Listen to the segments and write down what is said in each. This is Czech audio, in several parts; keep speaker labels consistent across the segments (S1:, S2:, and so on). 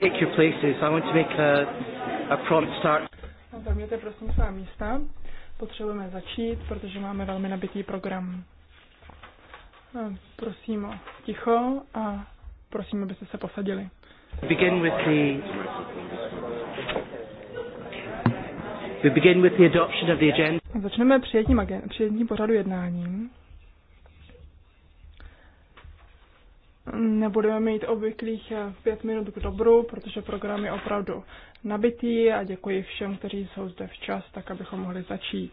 S1: Take your places. I want to make a, a prompt start.
S2: No, zaměte prosím svá místa. Potřebujeme začít, protože máme velmi nabitý program. No, prosím o ticho a prosím, abyste se posadili.
S3: Begin
S1: with the We begin with the adoption of the agenda.
S2: Začneme přijetím, agen- přijetím pořadu jednáním. Nebudeme mít obvyklých eh, pět minut k dobru, protože program je opravdu nabitý a děkuji všem, kteří jsou zde včas, tak abychom mohli začít.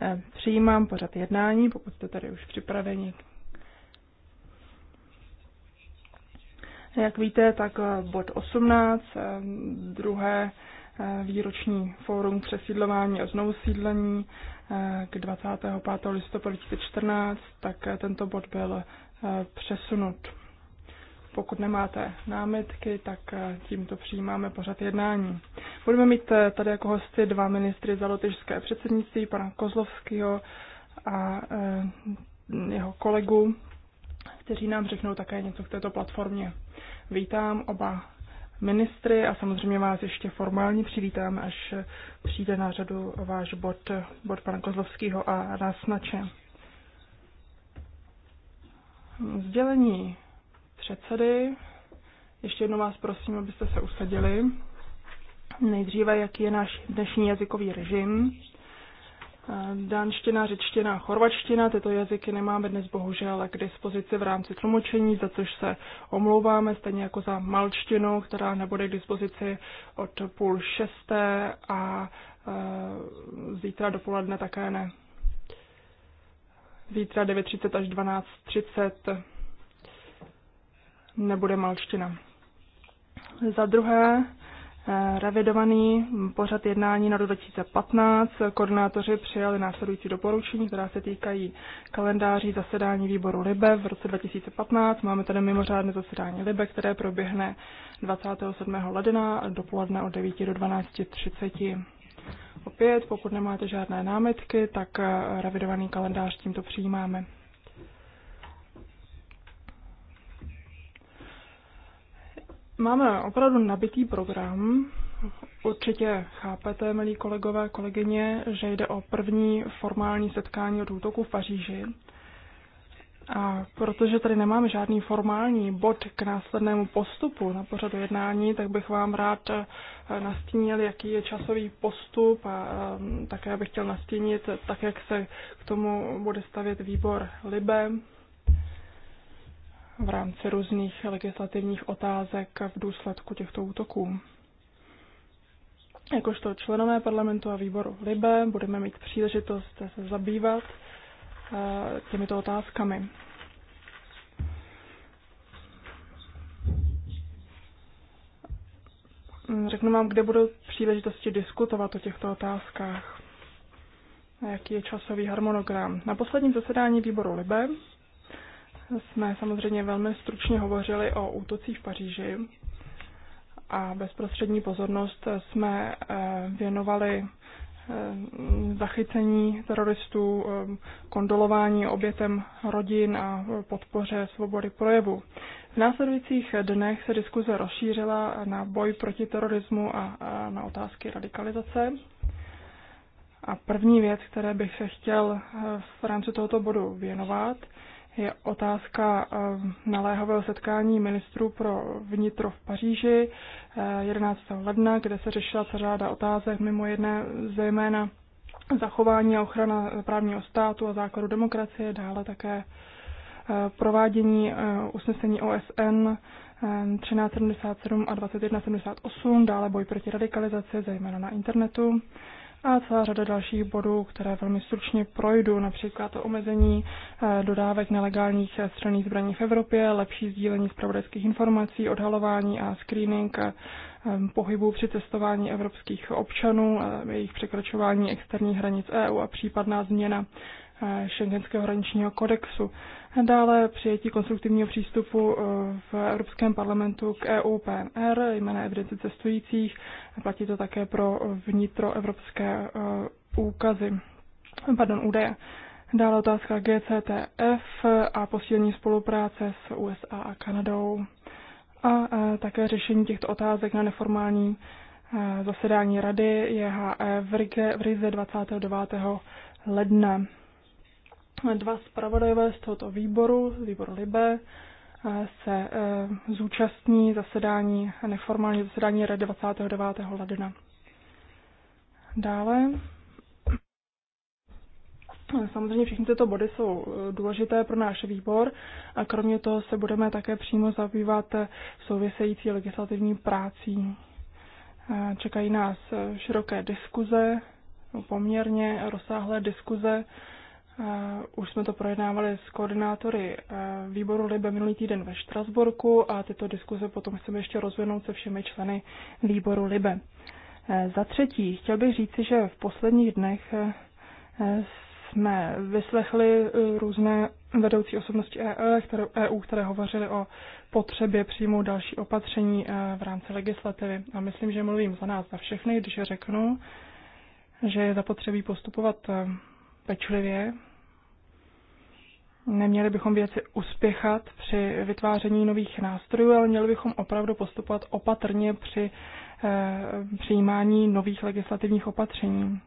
S2: Eh, přijímám pořad jednání, pokud jste tady už připraveni. Jak víte, tak eh, bod 18, druhé výroční fórum přesídlování a znovusídlení k 25. listopadu 2014, tak tento bod byl přesunut. Pokud nemáte námitky, tak eh, tímto přijímáme pořad jednání. Budeme mít eh, tady jako hosty dva ministry za lotyšské předsednictví, pana Kozlovského a eh, jeho kolegu, kteří nám řeknou také něco k této platformě. Vítám oba ministry a samozřejmě vás ještě formálně přivítám, až přijde na řadu váš bod, bod pana Kozlovského a Rasnače. Sdělení předsedy. Ještě jednou vás prosím, abyste se usadili. Nejdříve, jaký je náš dnešní jazykový režim. Dánština, řečtina chorvačtina, tyto jazyky nemáme dnes bohužel k dispozici v rámci tlumočení, za což se omlouváme, stejně jako za malčtinu, která nebude k dispozici od půl šesté a e, zítra dopoledne také ne. Zítra 9.30 až 12.30 nebude malština. Za druhé, eh, revidovaný pořad jednání na 2015. Koordinátoři přijali následující doporučení, která se týkají kalendáří zasedání výboru LIBE v roce 2015. Máme tady mimořádné zasedání LIBE, které proběhne 27. ledna dopoledne od 9 do 12.30. Opět, pokud nemáte žádné námitky, tak eh, revidovaný kalendář tímto přijímáme. Máme opravdu nabitý program. Určitě chápete, milí kolegové, kolegyně, že jde o první formální setkání od útoku v Paříži. A protože tady nemáme žádný formální bod k následnému postupu na pořadu jednání, tak bych vám rád eh, nastínil, jaký je časový postup a eh, také bych chtěl nastínit, tak jak se k tomu bude stavět výbor Libe v rámci různých legislativních otázek v důsledku těchto útoků. Jakožto členové parlamentu a výboru LIBE budeme mít příležitost se zabývat eh, těmito otázkami. Řeknu vám, kde budou příležitosti diskutovat o těchto otázkách. Jaký je časový harmonogram? Na posledním zasedání výboru LIBE jsme samozřejmě velmi stručně hovořili o útocích v Paříži a bezprostřední pozornost jsme eh, věnovali eh, zachycení teroristů, eh, kondolování obětem rodin a podpoře svobody projevu. V následujících dnech se diskuze rozšířila na boj proti terorismu a na otázky radikalizace. A první věc, které bych se chtěl v rámci tohoto bodu věnovat, je otázka eh, naléhavého setkání ministrů pro vnitro v Paříži 11. Eh, ledna, kde se řešila řada otázek, mimo jedné zejména zachování a ochrana právního státu a základu demokracie, dále také eh, provádění usnesení OSN 1377 a 2178, dále boj proti radikalizaci, zejména na internetu, a celá řada dalších bodů, které velmi stručně projdu, například to omezení eh, dodávek nelegálních eh, střelných zbraní v Evropě, lepší sdílení zpravodajských informací, odhalování a screening eh, pohybů při cestování evropských občanů, jejich překračování externích hranic EU a případná změna Schengenského hraničního kodexu. Dále přijetí konstruktivního přístupu eh, v Evropském parlamentu k EU PNR, jména evidence cestujících, platí to také pro vnitroevropské eh, úkazy, pardon, údaje. Dále otázka GCTF a posílení spolupráce s USA a Kanadou a eh, také řešení těchto otázek na neformální zasedání rady HE e v Rize 29. ledna. Dva zpravodajové z tohoto výboru, výbor Libe, eh, se eh, zúčastní zasedání, neformální zasedání Rady 29. ledna. Dále. Samozřejmě všechny tyto body jsou eh, důležité pro náš výbor a kromě toho se budeme také přímo zabývat související legislativní prácí. Čekají nás široké diskuze, poměrně rozsáhlé diskuze Eh, už jsme to projednávali s koordinátory eh, výboru Libe minulý týden ve Štrasburku a tyto diskuze potom chceme ještě rozvinout se všemi členy výboru Libe. Eh, za třetí, chtěl bych říci, že v posledních dnech jsme vyslechli různé vedoucí osobnosti EU, e, které, EU, které hovořily o potřebě přijmout další opatření v rámci legislativy. A myslím, že mluvím za nás, za všechny, když řeknu, že je zapotřebí postupovat pečlivě. Neměli bychom věci uspěchat při vytváření nových nástrojů, ale měli bychom opravdu postupovat opatrně při eh, přijímání nových legislativních opatření.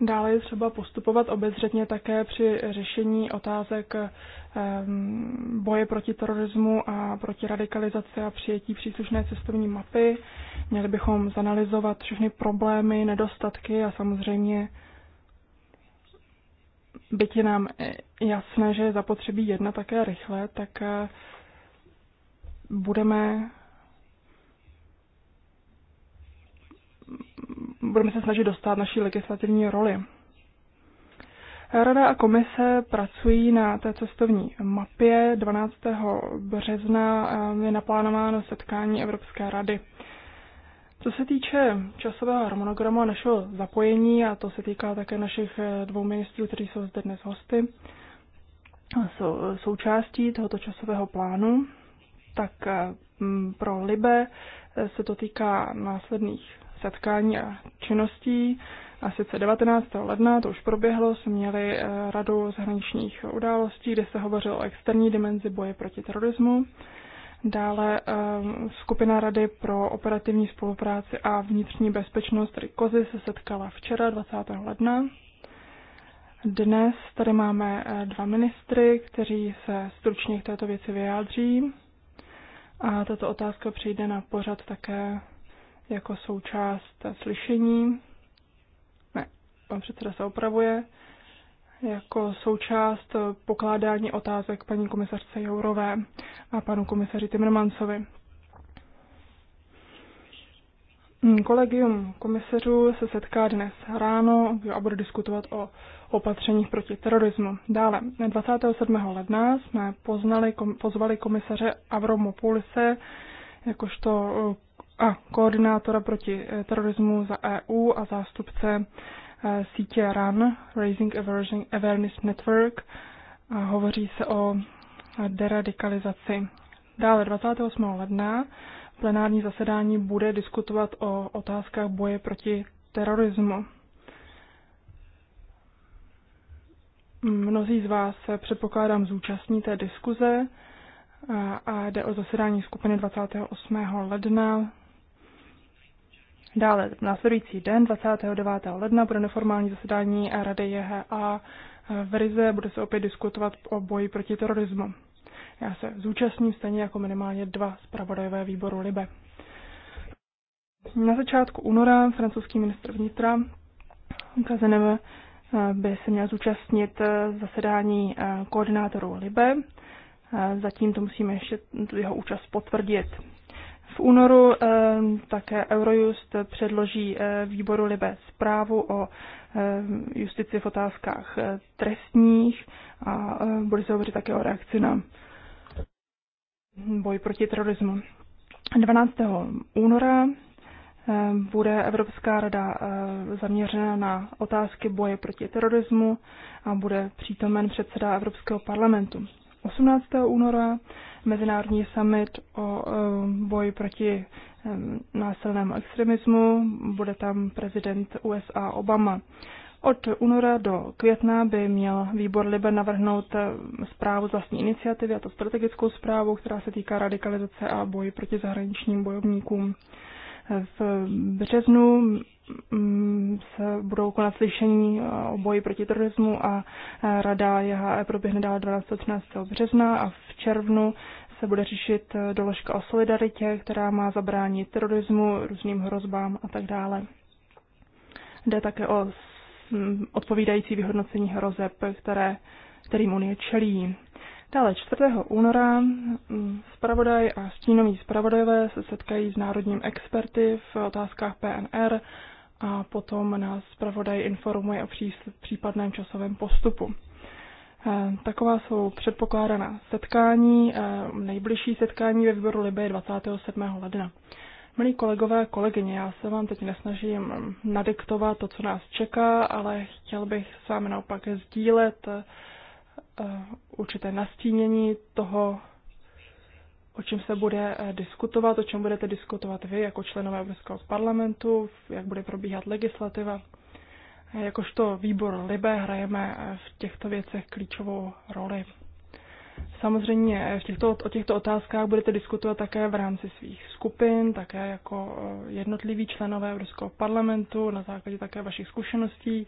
S2: Dále je třeba postupovat obezřetně také při řešení otázek eh, boje proti terorismu a proti radikalizaci a přijetí příslušné cestovní mapy. Měli bychom zanalizovat všechny problémy, nedostatky a samozřejmě byť je nám jasné, že je zapotřebí jedna také rychle, tak eh, budeme budeme se snažit dostat naší legislativní roli. Rada a komise pracují na té cestovní mapě. 12. března eh, je naplánováno setkání Evropské rady. Co se týče časového harmonogramu a našeho zapojení, a to se týká také našich eh, dvou ministrů, kteří jsou zde dnes hosty, jsou součástí tohoto časového plánu, tak eh, pro Libe se to týká následných setkání a činností. A sice 19. ledna, to už proběhlo, jsme měli eh, radu zahraničních událostí, kde se hovořilo o externí dimenzi boje proti terorismu. Dále eh, skupina Rady pro operativní spolupráci a vnitřní bezpečnost, Rikozy se setkala včera 20. ledna. Dnes tady máme eh, dva ministry, kteří se stručně k této věci vyjádří. A tato otázka přijde na pořad také jako součást slyšení pan předseda se opravuje, jako součást pokládání otázek paní komisařce Jourové a panu komisaři Timmermansovi. Kolegium komisařů se setká dnes ráno a bude diskutovat o opatřeních proti terorismu. Dále, 27. ledna jsme poznali, kom, pozvali komisaře Avromopulise jakožto eh, a koordinátora proti eh, terorismu za EU a zástupce sítě RAN, Raising Awareness Network, a hovoří se o deradikalizaci. Dále 28. ledna plenární zasedání bude diskutovat o otázkách boje proti terorismu. Mnozí z vás se předpokládám zúčastní té diskuze a jde o zasedání skupiny 28. ledna Dále následující den 29. ledna bude neformální zasedání Rady JHA v Rize. Bude se opět diskutovat o boji proti terorismu. Já se zúčastním stejně jako minimálně dva zpravodajové výboru LIBE. Na začátku února francouzský ministr vnitra Kazenem eh, by se měl zúčastnit eh, zasedání eh, koordinátorů LIBE. Zatím to musíme ještě jeho účast potvrdit. V únoru eh, také Eurojust předloží eh, výboru Libe zprávu o eh, justici v otázkách trestních a bude se hovořit také o reakci na boj proti terorismu. 12. února bude Evropská rada zaměřena na otázky boje proti terorismu a bude přítomen předseda Evropského parlamentu. 18. února mezinárodní summit o e, boji proti e, násilnému extremismu. Bude tam prezident USA Obama. Od února do května by měl výbor Libe navrhnout e, zprávu z vlastní iniciativy, a to strategickou zprávu, která se týká radikalizace a boji proti zahraničním bojovníkům. V březnu mm, se budou konat slyšení o boji proti terorismu a rada JHE proběhne dál 12. 13. března a v červnu se bude řešit e, doložka o solidaritě, která má zabránit terorismu, různým hrozbám a tak dále. Jde také o odpovídající vyhodnocení hrozeb, které, kterým Unie čelí. Dále 4. února mm, zpravodaj a stínoví zpravodajové se setkají s národním experty v otázkách PNR a potom nás zpravodaj informuje o případném časovém postupu. Eh, taková jsou předpokládaná setkání. Eh, nejbližší setkání ve výboru Libe je 27. ledna. Milí kolegové a kolegyně, já se vám teď nesnažím mm, nadiktovat to, co nás čeká, ale chtěl bych s vámi naopak sdílet eh, Eh, určité nastínění toho, o čem se bude eh, diskutovat, o čem budete diskutovat vy jako členové Evropského parlamentu, jak bude probíhat legislativa. Jakožto výbor Libe hrajeme eh, v těchto věcech klíčovou roli. Samozřejmě v těchto, o těchto otázkách budete diskutovat také v rámci svých skupin, také jako jednotliví členové Evropského parlamentu, na základě také vašich zkušeností,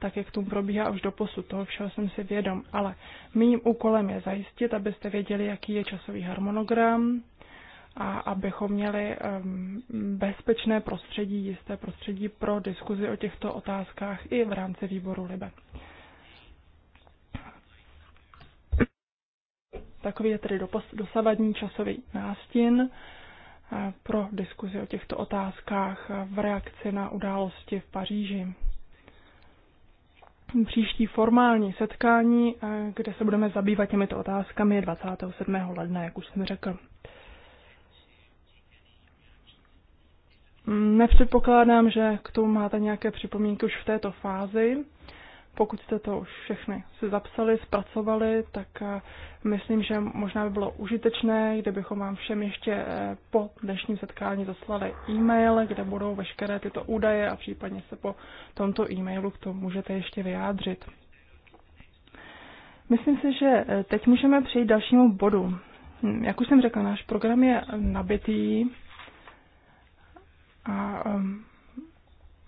S2: tak jak tomu probíhá už do posud. Toho všeho jsem si vědom, ale mým úkolem je zajistit, abyste věděli, jaký je časový harmonogram a abychom měli ehm, bezpečné prostředí, jisté prostředí pro diskuzi o těchto otázkách i v rámci výboru LIBE. Takový je tedy dosavadní časový nástin eh, pro diskuzi o těchto otázkách eh, v reakci na události v Paříži příští formální setkání, eh, kde se budeme zabývat těmito otázkami 27. ledna, jak už jsem řekl. Hm, nepředpokládám, že k tomu máte nějaké připomínky už v této fázi. Pokud jste to všechny si zapsali, zpracovali, tak eh, myslím, že možná by bylo užitečné, kdybychom vám všem ještě eh, po dnešním setkání zaslali e-mail, kde budou veškeré tyto údaje a případně se po tomto e-mailu k tomu můžete ještě vyjádřit. Myslím si, že eh, teď můžeme přejít dalšímu bodu. Hm, jak už jsem řekla, náš program je nabitý a ehm,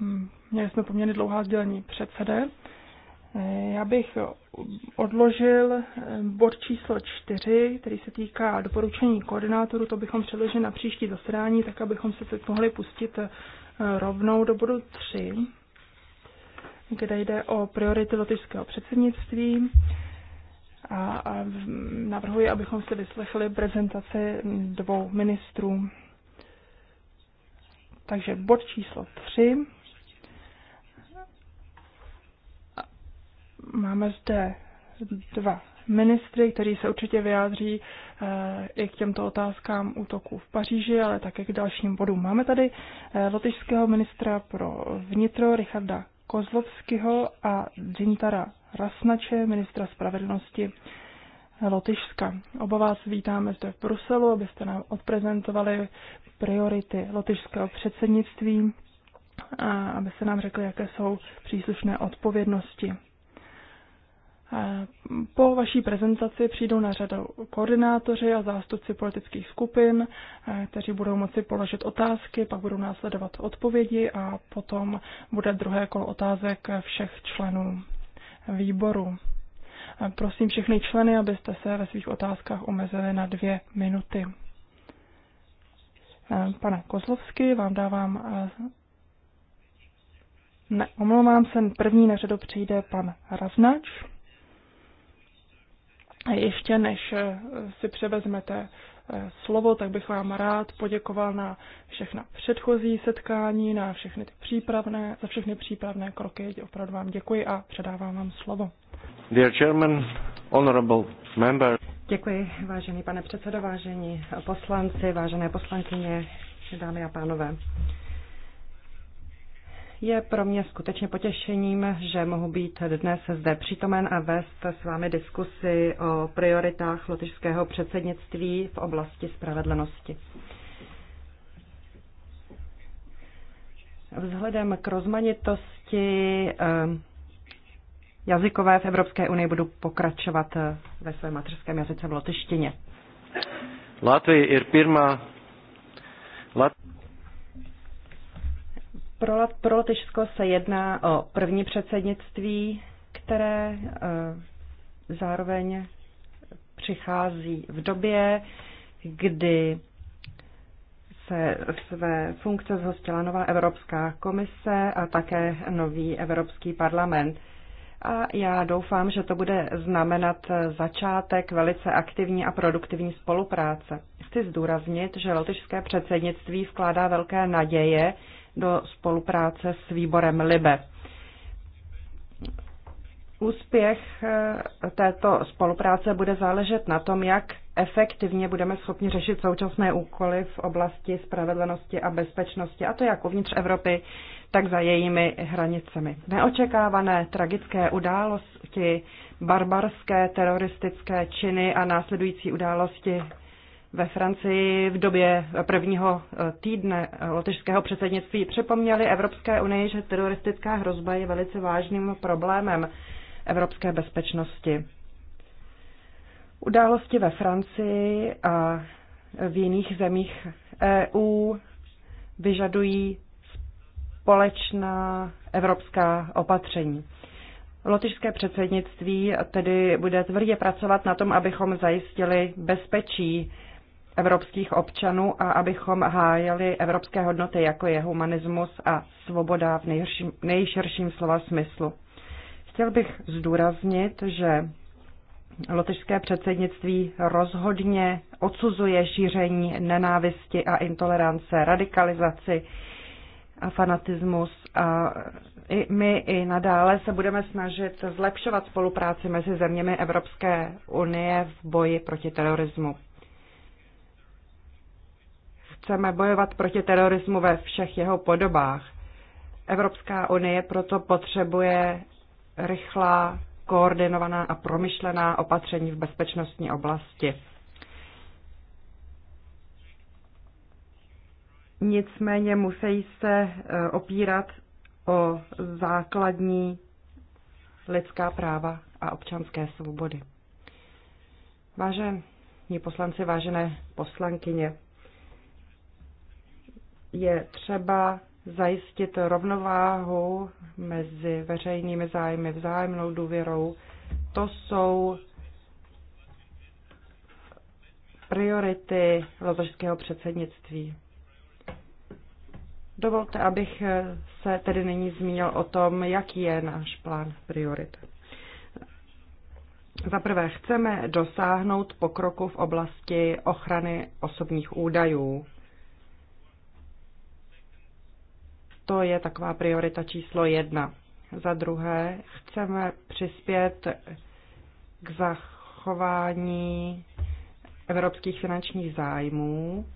S2: hm, měli jsme poměrně dlouhá sdělení předsede. Já bych odložil bod číslo čtyři, který se týká doporučení koordinátoru. To bychom předložili na příští zasedání, tak abychom se teď mohli pustit eh, rovnou do bodu tři, kde jde o priority lotyšského předsednictví. A, a navrhuji, abychom se vyslechli prezentaci dvou ministrů. Takže bod číslo tři Máme zde dva ministry, který se určitě vyjádří eh, i k těmto otázkám útoků v Paříži, ale také k dalším bodům. Máme tady eh, lotyšského ministra pro vnitro Richarda Kozlovského a Dintara Rasnače, ministra spravedlnosti Lotyšska. Oba vás vítáme zde v Bruselu, abyste nám odprezentovali priority lotyšského předsednictví a aby se nám řekli, jaké jsou příslušné odpovědnosti Eh, po vaší prezentaci přijdou na řadu koordinátoři a zástupci politických skupin, eh, kteří budou moci položit otázky, pak budou následovat odpovědi a potom bude druhé kolo otázek všech členů výboru. Eh, prosím všechny členy, abyste se ve svých otázkách omezili na dvě minuty. Pane Kozlovsky, vám dávám. Ne, omlouvám se, první na řadu přijde pan Raznač. Ještě než eh, si převezmete eh, slovo, tak bych vám rád poděkoval na všechna předchozí setkání, na všechny ty přípravné, za všechny přípravné kroky. Opravdu vám děkuji a předávám vám slovo.
S4: Dear Chairman, honorable member.
S5: Děkuji, vážený pane předsedo, vážení poslanci, vážené poslankyně, dámy a pánové. Je pro mě skutečně potěšením, že mohu být dnes zde přítomen a vést s vámi diskusi o prioritách lotyšského předsednictví v oblasti spravedlnosti. Vzhledem k rozmanitosti eh, jazykové v Evropské unii budu pokračovat eh, ve svém mateřském jazyce v lotyštině.
S4: Latvie ir pirmā. Lat...
S5: Pro, pro Lotyšsko se jedná o první předsednictví, které eh, zároveň přichází v době, kdy se své funkce zhostila nová Evropská komise a také nový Evropský parlament. A já doufám, že to bude znamenat začátek velice aktivní a produktivní spolupráce. Chci zdůraznit, že lotyšské předsednictví vkládá velké naděje do spolupráce s výborem LIBE. Úspěch eh, této spolupráce bude záležet na tom, jak efektivně budeme schopni řešit současné úkoly v oblasti spravedlnosti a bezpečnosti, a to jak uvnitř Evropy, tak za jejími hranicemi. Neočekávané tragické události, barbarské teroristické činy a následující události ve Francii v době prvního eh, týdne eh, lotyšského předsednictví připomněli Evropské unii, že teroristická hrozba je velice vážným problémem evropské bezpečnosti. Události ve Francii a v jiných zemích EU vyžadují společná evropská opatření. Lotyšské předsednictví tedy bude tvrdě pracovat na tom, abychom zajistili bezpečí evropských občanů a abychom hájili evropské hodnoty, jako je humanismus a svoboda v nejširším, nejširším slova smyslu. Chtěl bych zdůraznit, že lotyšské předsednictví rozhodně odsuzuje šíření nenávisti a intolerance, radikalizaci a fanatismus. A i my i nadále se budeme snažit zlepšovat spolupráci mezi zeměmi Evropské unie v boji proti terorismu chceme bojovat proti terorismu ve všech jeho podobách. Evropská unie proto potřebuje rychlá, koordinovaná a promyšlená opatření v bezpečnostní oblasti. Nicméně musí se e, opírat o základní lidská práva a občanské svobody. Vážení poslanci, vážené poslankyně, je třeba zajistit rovnováhu mezi veřejnými zájmy, vzájemnou důvěrou. To jsou priority lotošského předsednictví. Dovolte, abych se tedy nyní zmínil o tom, jaký je náš plán priorit. Za prvé, chceme dosáhnout pokroku v oblasti ochrany osobních údajů. to je taková priorita číslo jedna. Za druhé, chceme přispět k zachování evropských finančních zájmů.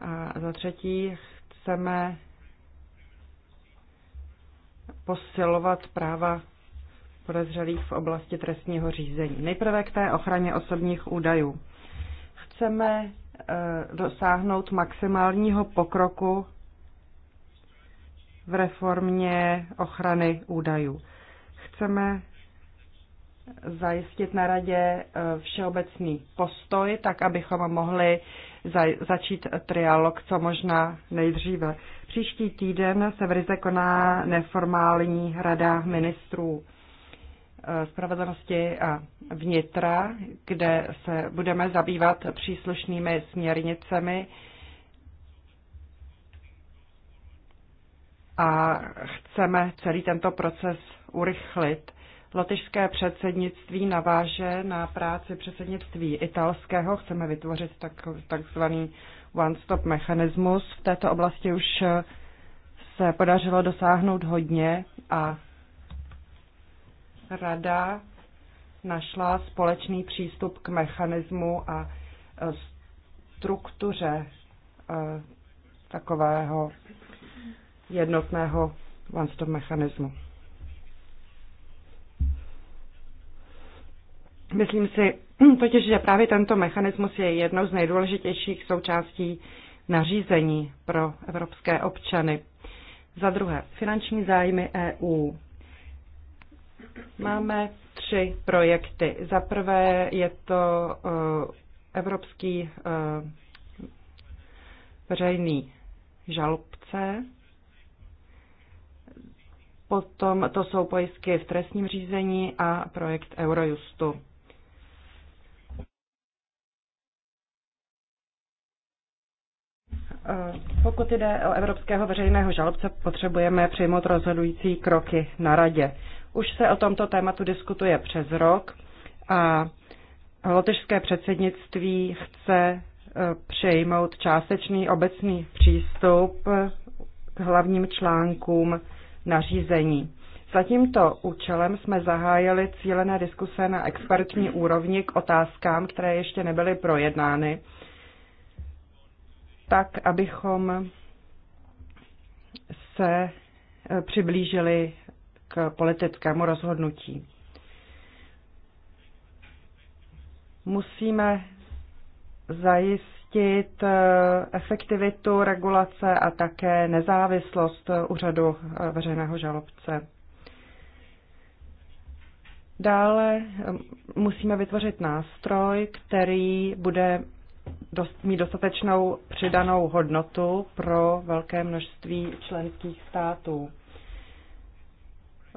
S5: A za třetí, chceme posilovat práva podezřelých v oblasti trestního řízení. Nejprve k té ochraně osobních údajů. Chceme eh, dosáhnout maximálního pokroku v reformě ochrany údajů. Chceme zajistit na radě eh, všeobecný postoj, tak abychom mohli začít trialog co možná nejdříve. Příští týden se v Rize koná neformální rada ministrů eh, spravedlnosti a vnitra, kde se budeme zabývat příslušnými směrnicemi, a chceme celý tento proces urychlit. Lotyšské předsednictví naváže na práci předsednictví italského. Chceme vytvořit tak, takzvaný one-stop mechanismus. V této oblasti už se podařilo dosáhnout hodně a rada našla společný přístup k mechanismu a e, struktuře e, takového jednotného one-stop mechanismu. Myslím si totiž, že právě tento mechanismus je jednou z nejdůležitějších součástí nařízení pro evropské občany. Za druhé, finanční zájmy EU. Máme tři projekty. Za prvé je to eh, Evropský eh, veřejný žalobce. Potom to jsou pojistky v trestním řízení a projekt Eurojustu. Eh, pokud jde o evropského veřejného žalobce, potřebujeme přijmout rozhodující kroky na radě. Už se o tomto tématu diskutuje přes rok a lotyšské předsednictví chce eh, přejmout částečný obecný přístup eh, k hlavním článkům nařízení. Za tímto účelem jsme zahájili cílené diskuse na expertní úrovni k otázkám, které ještě nebyly projednány, tak, abychom se e, přiblížili k politickému rozhodnutí. Musíme zajistit, zajistit eh, efektivitu regulace a také nezávislost úřadu eh, veřejného žalobce. Dále eh, musíme vytvořit nástroj, který bude dost, mít dostatečnou přidanou hodnotu pro velké množství členských států.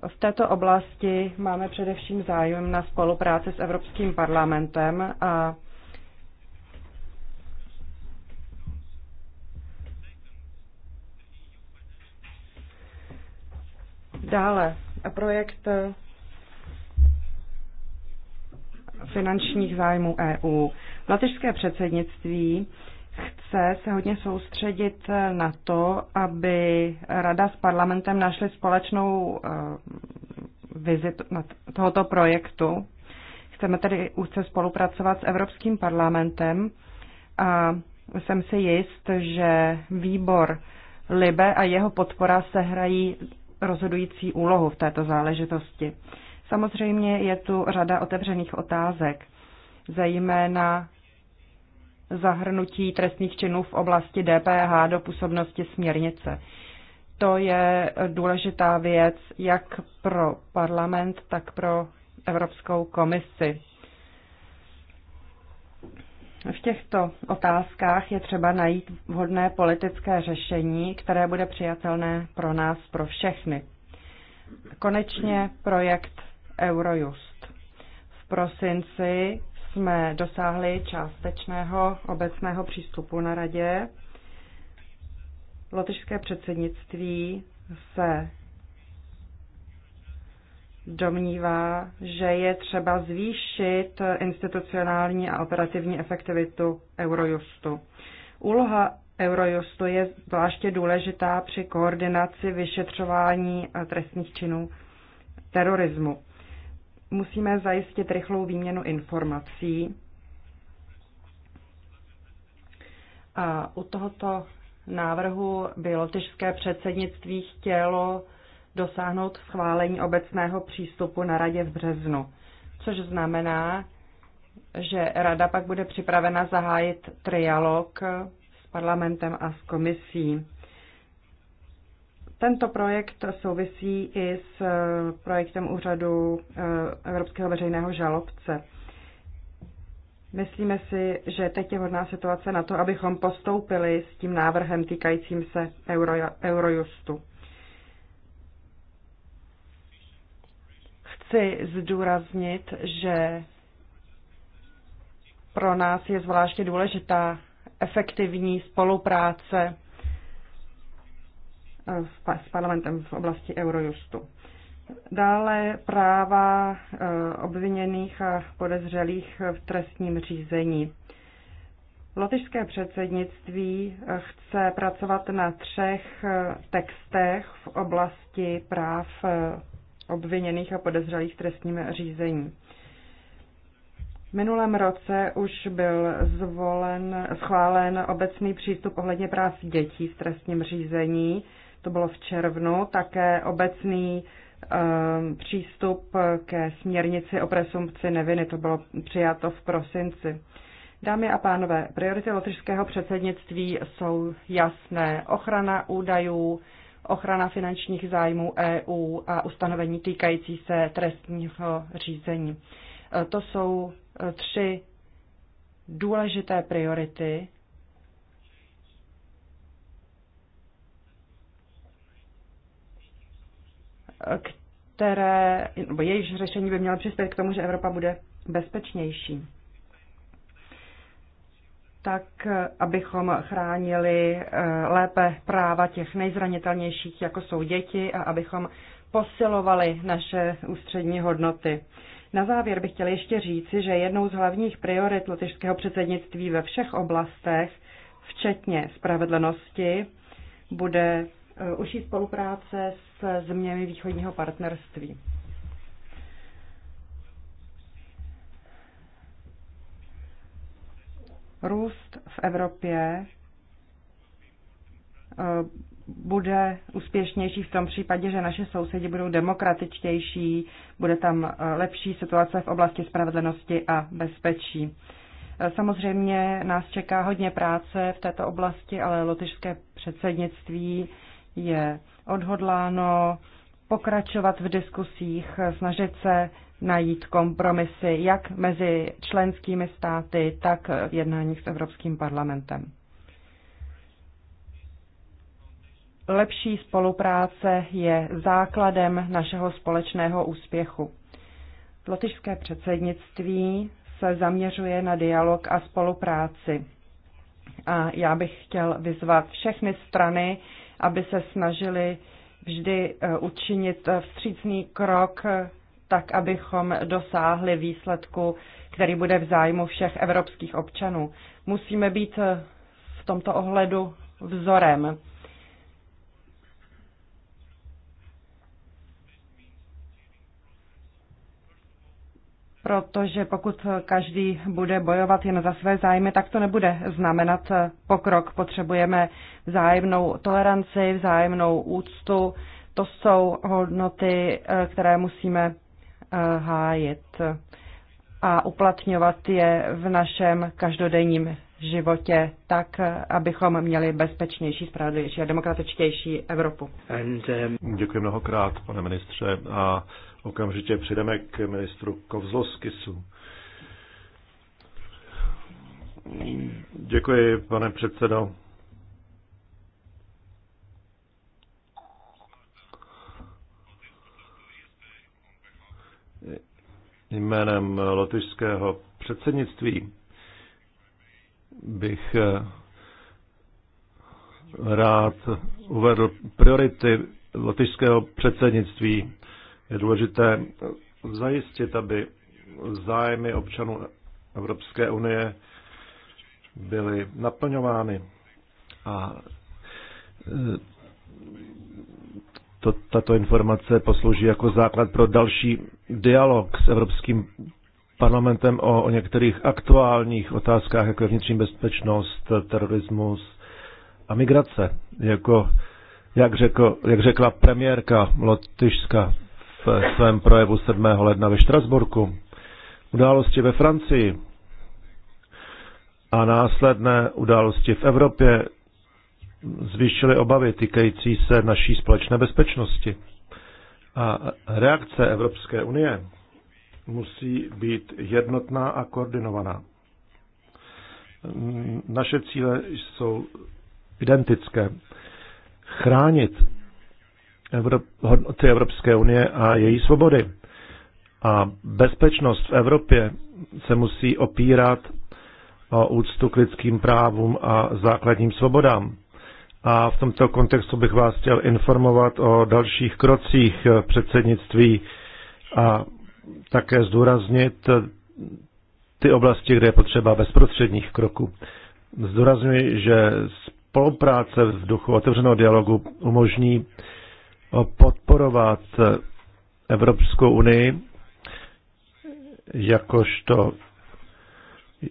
S5: V této oblasti máme především zájem na spolupráci s Evropským parlamentem a Dále projekt eh, finančních zájmů EU. Latyšské předsednictví chce se hodně soustředit eh, na to, aby Rada s parlamentem našly společnou eh, vizi tohoto projektu. Chceme tedy úzce spolupracovat s Evropským parlamentem a jsem si jist, že výbor Libe a jeho podpora se hrají rozhodující úlohu v této záležitosti. Samozřejmě je tu řada otevřených otázek, zejména zahrnutí trestných činů v oblasti DPH do působnosti směrnice. To je důležitá věc jak pro parlament, tak pro Evropskou komisi. V těchto otázkách je třeba najít vhodné politické řešení, které bude přijatelné pro nás, pro všechny. Konečně projekt Eurojust. V prosinci jsme dosáhli částečného obecného přístupu na radě. Lotyšské předsednictví se domnívá, že je třeba zvýšit institucionální a operativní efektivitu Eurojustu. Úloha Eurojustu je zvláště důležitá při koordinaci vyšetřování trestních činů terorismu. Musíme zajistit rychlou výměnu informací. A u tohoto návrhu by lotyšské předsednictví chtělo dosáhnout schválení obecného přístupu na radě v březnu, což znamená, že rada pak bude připravena zahájit trialog s parlamentem a s komisí. Tento projekt souvisí i s eh, projektem úřadu eh, Evropského veřejného žalobce. Myslíme si, že teď je hodná situace na to, abychom postoupili s tím návrhem týkajícím se Euro, Eurojustu. chci zdůraznit, že pro nás je zvláště důležitá efektivní spolupráce eh, s parlamentem v oblasti Eurojustu. Dále práva eh, obviněných a podezřelých v trestním řízení. Lotyšské předsednictví eh, chce pracovat na třech textech v oblasti práv obviněných a podezřelých v trestním řízení. V minulém roce už byl zvolen, schválen obecný přístup ohledně práv dětí v trestním řízení. To bylo v červnu. Také obecný ehm, přístup ke směrnici o presumpci neviny. To bylo přijato v prosinci. Dámy a pánové, priority lotyšského předsednictví jsou jasné. Ochrana údajů, ochrana finančních zájmů EU a ustanovení týkající se trestního řízení. E, to jsou e, tři důležité priority, e, které, nebo jejichž řešení by mělo přispět k tomu, že Evropa bude bezpečnější tak abychom chránili eh, lépe práva těch nejzranitelnějších, jako jsou děti, a abychom posilovali naše ústřední hodnoty. Na závěr bych chtěla ještě říci, že jednou z hlavních priorit lotyšského předsednictví ve všech oblastech, včetně spravedlnosti, bude eh, užší spolupráce s zeměmi východního partnerství. růst v Evropě eh, bude úspěšnější v tom případě, že naše sousedi budou demokratičtější, bude tam eh, lepší situace v oblasti spravedlnosti a bezpečí. Eh, samozřejmě nás čeká hodně práce v této oblasti, ale lotyšské předsednictví je odhodláno pokračovat v diskusích, snažit se najít kompromisy jak mezi členskými státy, tak v jednáních s Evropským parlamentem. Lepší spolupráce je základem našeho společného úspěchu. Lotyšské předsednictví se zaměřuje na dialog a spolupráci. A já bych chtěl vyzvat všechny strany, aby se snažili vždy eh, učinit eh, vstřícný krok tak abychom dosáhli výsledku, který bude v zájmu všech evropských občanů. Musíme být eh, v tomto ohledu vzorem. protože pokud každý bude bojovat jen za své zájmy, tak to nebude znamenat eh, pokrok. Potřebujeme vzájemnou toleranci, vzájemnou úctu. To jsou hodnoty, eh, které musíme Eh, hájit a uplatňovat je v našem každodenním životě tak, abychom měli bezpečnější, spravedlivější a demokratičtější Evropu.
S4: And, um... Děkuji mnohokrát, pane ministře, a okamžitě přijdeme k ministru Kovzloskisu. Děkuji, pane předsedo. jménem lotyšského předsednictví bych eh, rád uvedl priority lotyšského předsednictví. Je důležité zajistit, aby zájmy občanů Evropské unie byly naplňovány. A eh, to, tato informace poslouží jako základ pro další dialog s Evropským parlamentem o, o některých aktuálních otázkách, jako je vnitřní bezpečnost, terorismus a migrace, jako jak, řekl, jak řekla premiérka Lotyšska v svém projevu 7. ledna ve Štrasburku. Události ve Francii a následné události v Evropě zvýšily obavy týkající se naší společné bezpečnosti. A reakce Evropské unie musí být jednotná a koordinovaná. Naše cíle jsou identické. Chránit Evrop, hodnoty Evropské unie a její svobody. A bezpečnost v Evropě se musí opírat o úctu k lidským právům a základním svobodám. A v tomto kontextu bych vás chtěl informovat o dalších krocích eh, předsednictví a také zdůraznit eh, ty oblasti, kde je potřeba bezprostředních kroků. Zdůrazňuji, že spolupráce v duchu otevřeného dialogu umožní eh, podporovat Evropskou unii jakožto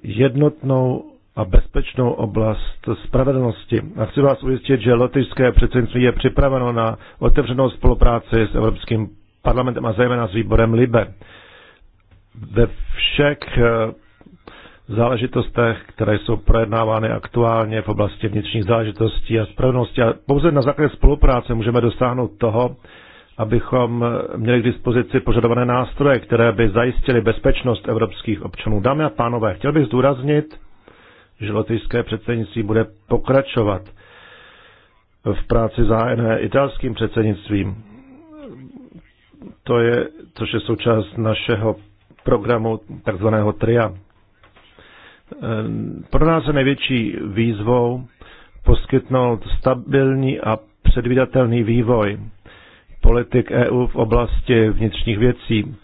S4: jednotnou a bezpečnou oblast spravedlnosti. A chci vás ujistit, že lotyšské předsednictví je připraveno na otevřenou spolupráci s Evropským parlamentem a zejména s výborem LIBE. Ve všech eh, záležitostech, které jsou projednávány aktuálně v oblasti vnitřních záležitostí a spravedlnosti. A pouze na základě spolupráce můžeme dosáhnout toho, abychom měli k dispozici požadované nástroje, které by zajistily bezpečnost evropských občanů. Dámy a pánové, chtěl bych zdůraznit, že lotyšské předsednictví bude pokračovat v práci zájené italským předsednictvím. To je, což je součást našeho programu takzvaného TRIA. E, pro nás je největší výzvou poskytnout stabilní a předvídatelný vývoj politik EU v oblasti vnitřních věcí,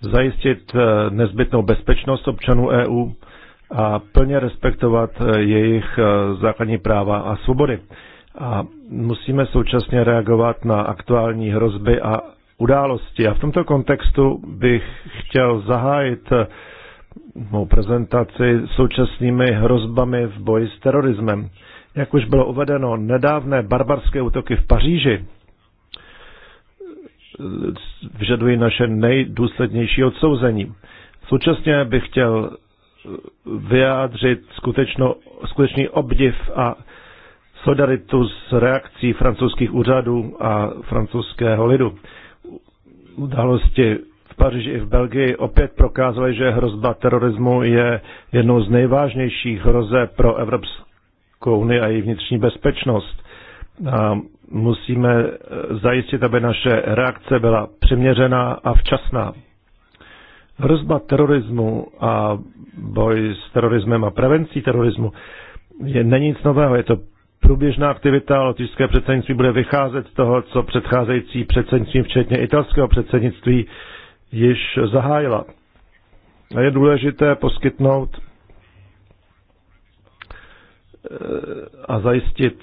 S4: zajistit e, nezbytnou bezpečnost občanů EU a plně respektovat eh, jejich eh, základní práva a svobody. A musíme současně reagovat na aktuální hrozby a události. A v tomto kontextu bych chtěl zahájit eh, mou prezentaci současnými hrozbami v boji s terorismem. Jak už bylo uvedeno, nedávné barbarské útoky v Paříži vyžadují naše nejdůslednější odsouzení. Současně bych chtěl vyjádřit skutečno, skutečný obdiv a solidaritu s reakcí francouzských úřadů a francouzského lidu. Události v Paříži i v Belgii opět prokázaly, že hrozba terorismu je jednou z nejvážnějších hroze pro Evropskou unii a její vnitřní bezpečnost. A musíme zajistit, aby naše reakce byla přiměřená a včasná. Hrozba terorismu a boj s terorismem a prevencí terorismu je, není nic nového, je to průběžná aktivita, lotyšské předsednictví bude vycházet z toho, co předcházející předsednictví, včetně italského předsednictví, již zahájila. A je důležité poskytnout eh, a zajistit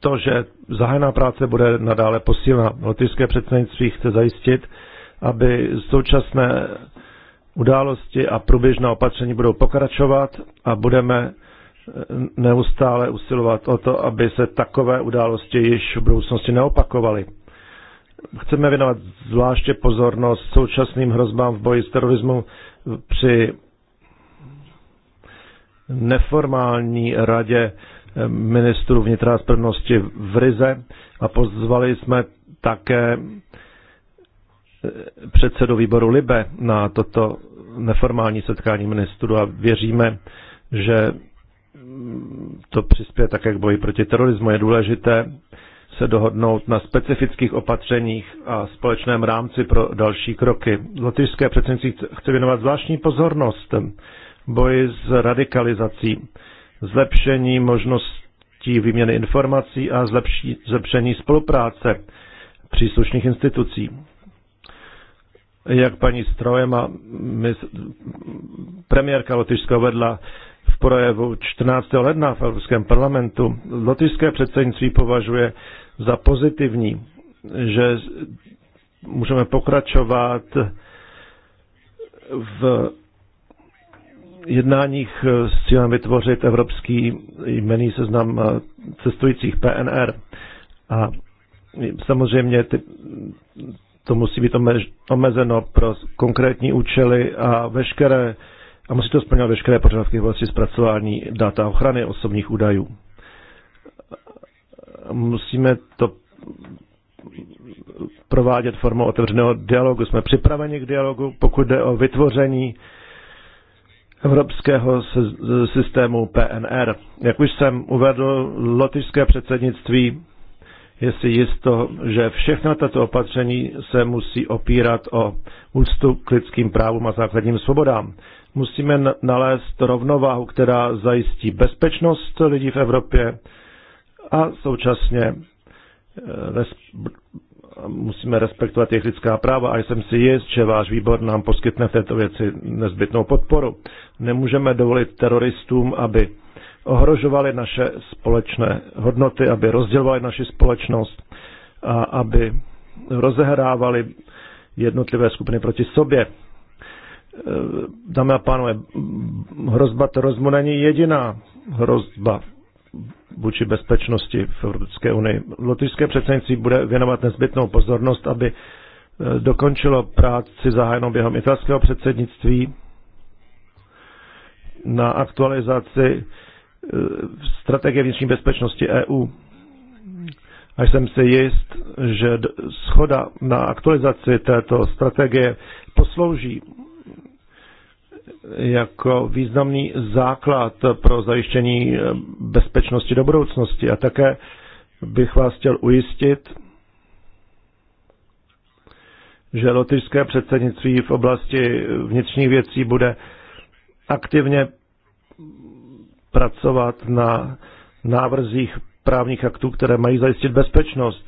S4: to, že zahájená práce bude nadále posílena. Lotyšské předsednictví chce zajistit, aby současné události a průběžné opatření budou pokračovat a budeme eh, neustále usilovat o to, aby se takové události již v budoucnosti neopakovaly. Chceme věnovat zvláště pozornost současným hrozbám v boji s terorismem při neformální radě eh, ministrů vnitra a spravedlnosti v Rize a pozvali jsme také předsedu výboru Libe na toto neformální setkání ministrů a věříme, že to přispěje také k boji proti terorismu. Je důležité se dohodnout na specifických opatřeních a společném rámci pro další kroky. Lotyšské předsednictví chce věnovat zvláštní pozornost boji s radikalizací, zlepšení možností výměny informací a zlepšení spolupráce příslušných institucí jak paní my, premiérka Lotyšska vedla v projevu 14. ledna v Evropském parlamentu, lotyšské předsednictví považuje za pozitivní, že můžeme pokračovat v jednáních s cílem vytvořit evropský jmený seznam cestujících PNR. A samozřejmě ty, to musí být omezeno pro konkrétní účely a veškeré a musí to splňovat veškeré požadavky v oblasti zpracování data ochrany osobních údajů. Musíme to provádět formou otevřeného dialogu. Jsme připraveni k dialogu, pokud jde o vytvoření evropského systému PNR. Jak už jsem uvedl, lotyšské předsednictví je si jisto, že všechna tato opatření se musí opírat o úctu k lidským právům a základním svobodám. Musíme nalézt rovnováhu, která zajistí bezpečnost lidí v Evropě a současně eh, musíme respektovat jejich lidská práva a jsem si jist, že váš výbor nám poskytne v této věci nezbytnou podporu. Nemůžeme dovolit teroristům, aby ohrožovali naše společné hodnoty, aby rozdělovali naši společnost a aby rozehrávali jednotlivé skupiny proti sobě. E, dámy a pánové, hrozba terorismu není jediná hrozba vůči bezpečnosti v Evropské unii. Lotyšské předsednictví bude věnovat nezbytnou pozornost, aby e, dokončilo práci zahájenou během italského předsednictví na aktualizaci strategie vnitřní bezpečnosti EU. A jsem si jist, že schoda na aktualizaci této strategie poslouží jako významný základ pro zajištění e, bezpečnosti do budoucnosti. A také bych vás chtěl ujistit, že lotyšské předsednictví v oblasti vnitřních věcí bude aktivně pracovat na návrzích právních aktů, které mají zajistit bezpečnost.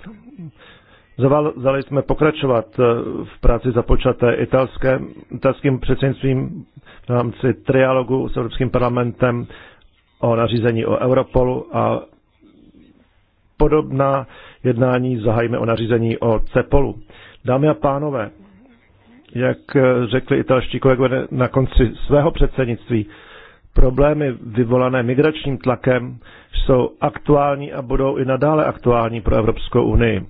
S4: Zavali jsme pokračovat eh, v práci započaté italské, italským předsednictvím v rámci trialogu s Evropským parlamentem o nařízení o Europolu a podobná jednání zahajíme o nařízení o CEPOLu. Dámy a pánové, jak eh, řekli italští kolegové na konci svého předsednictví, problémy vyvolané migračním tlakem jsou aktuální a budou i nadále aktuální pro Evropskou unii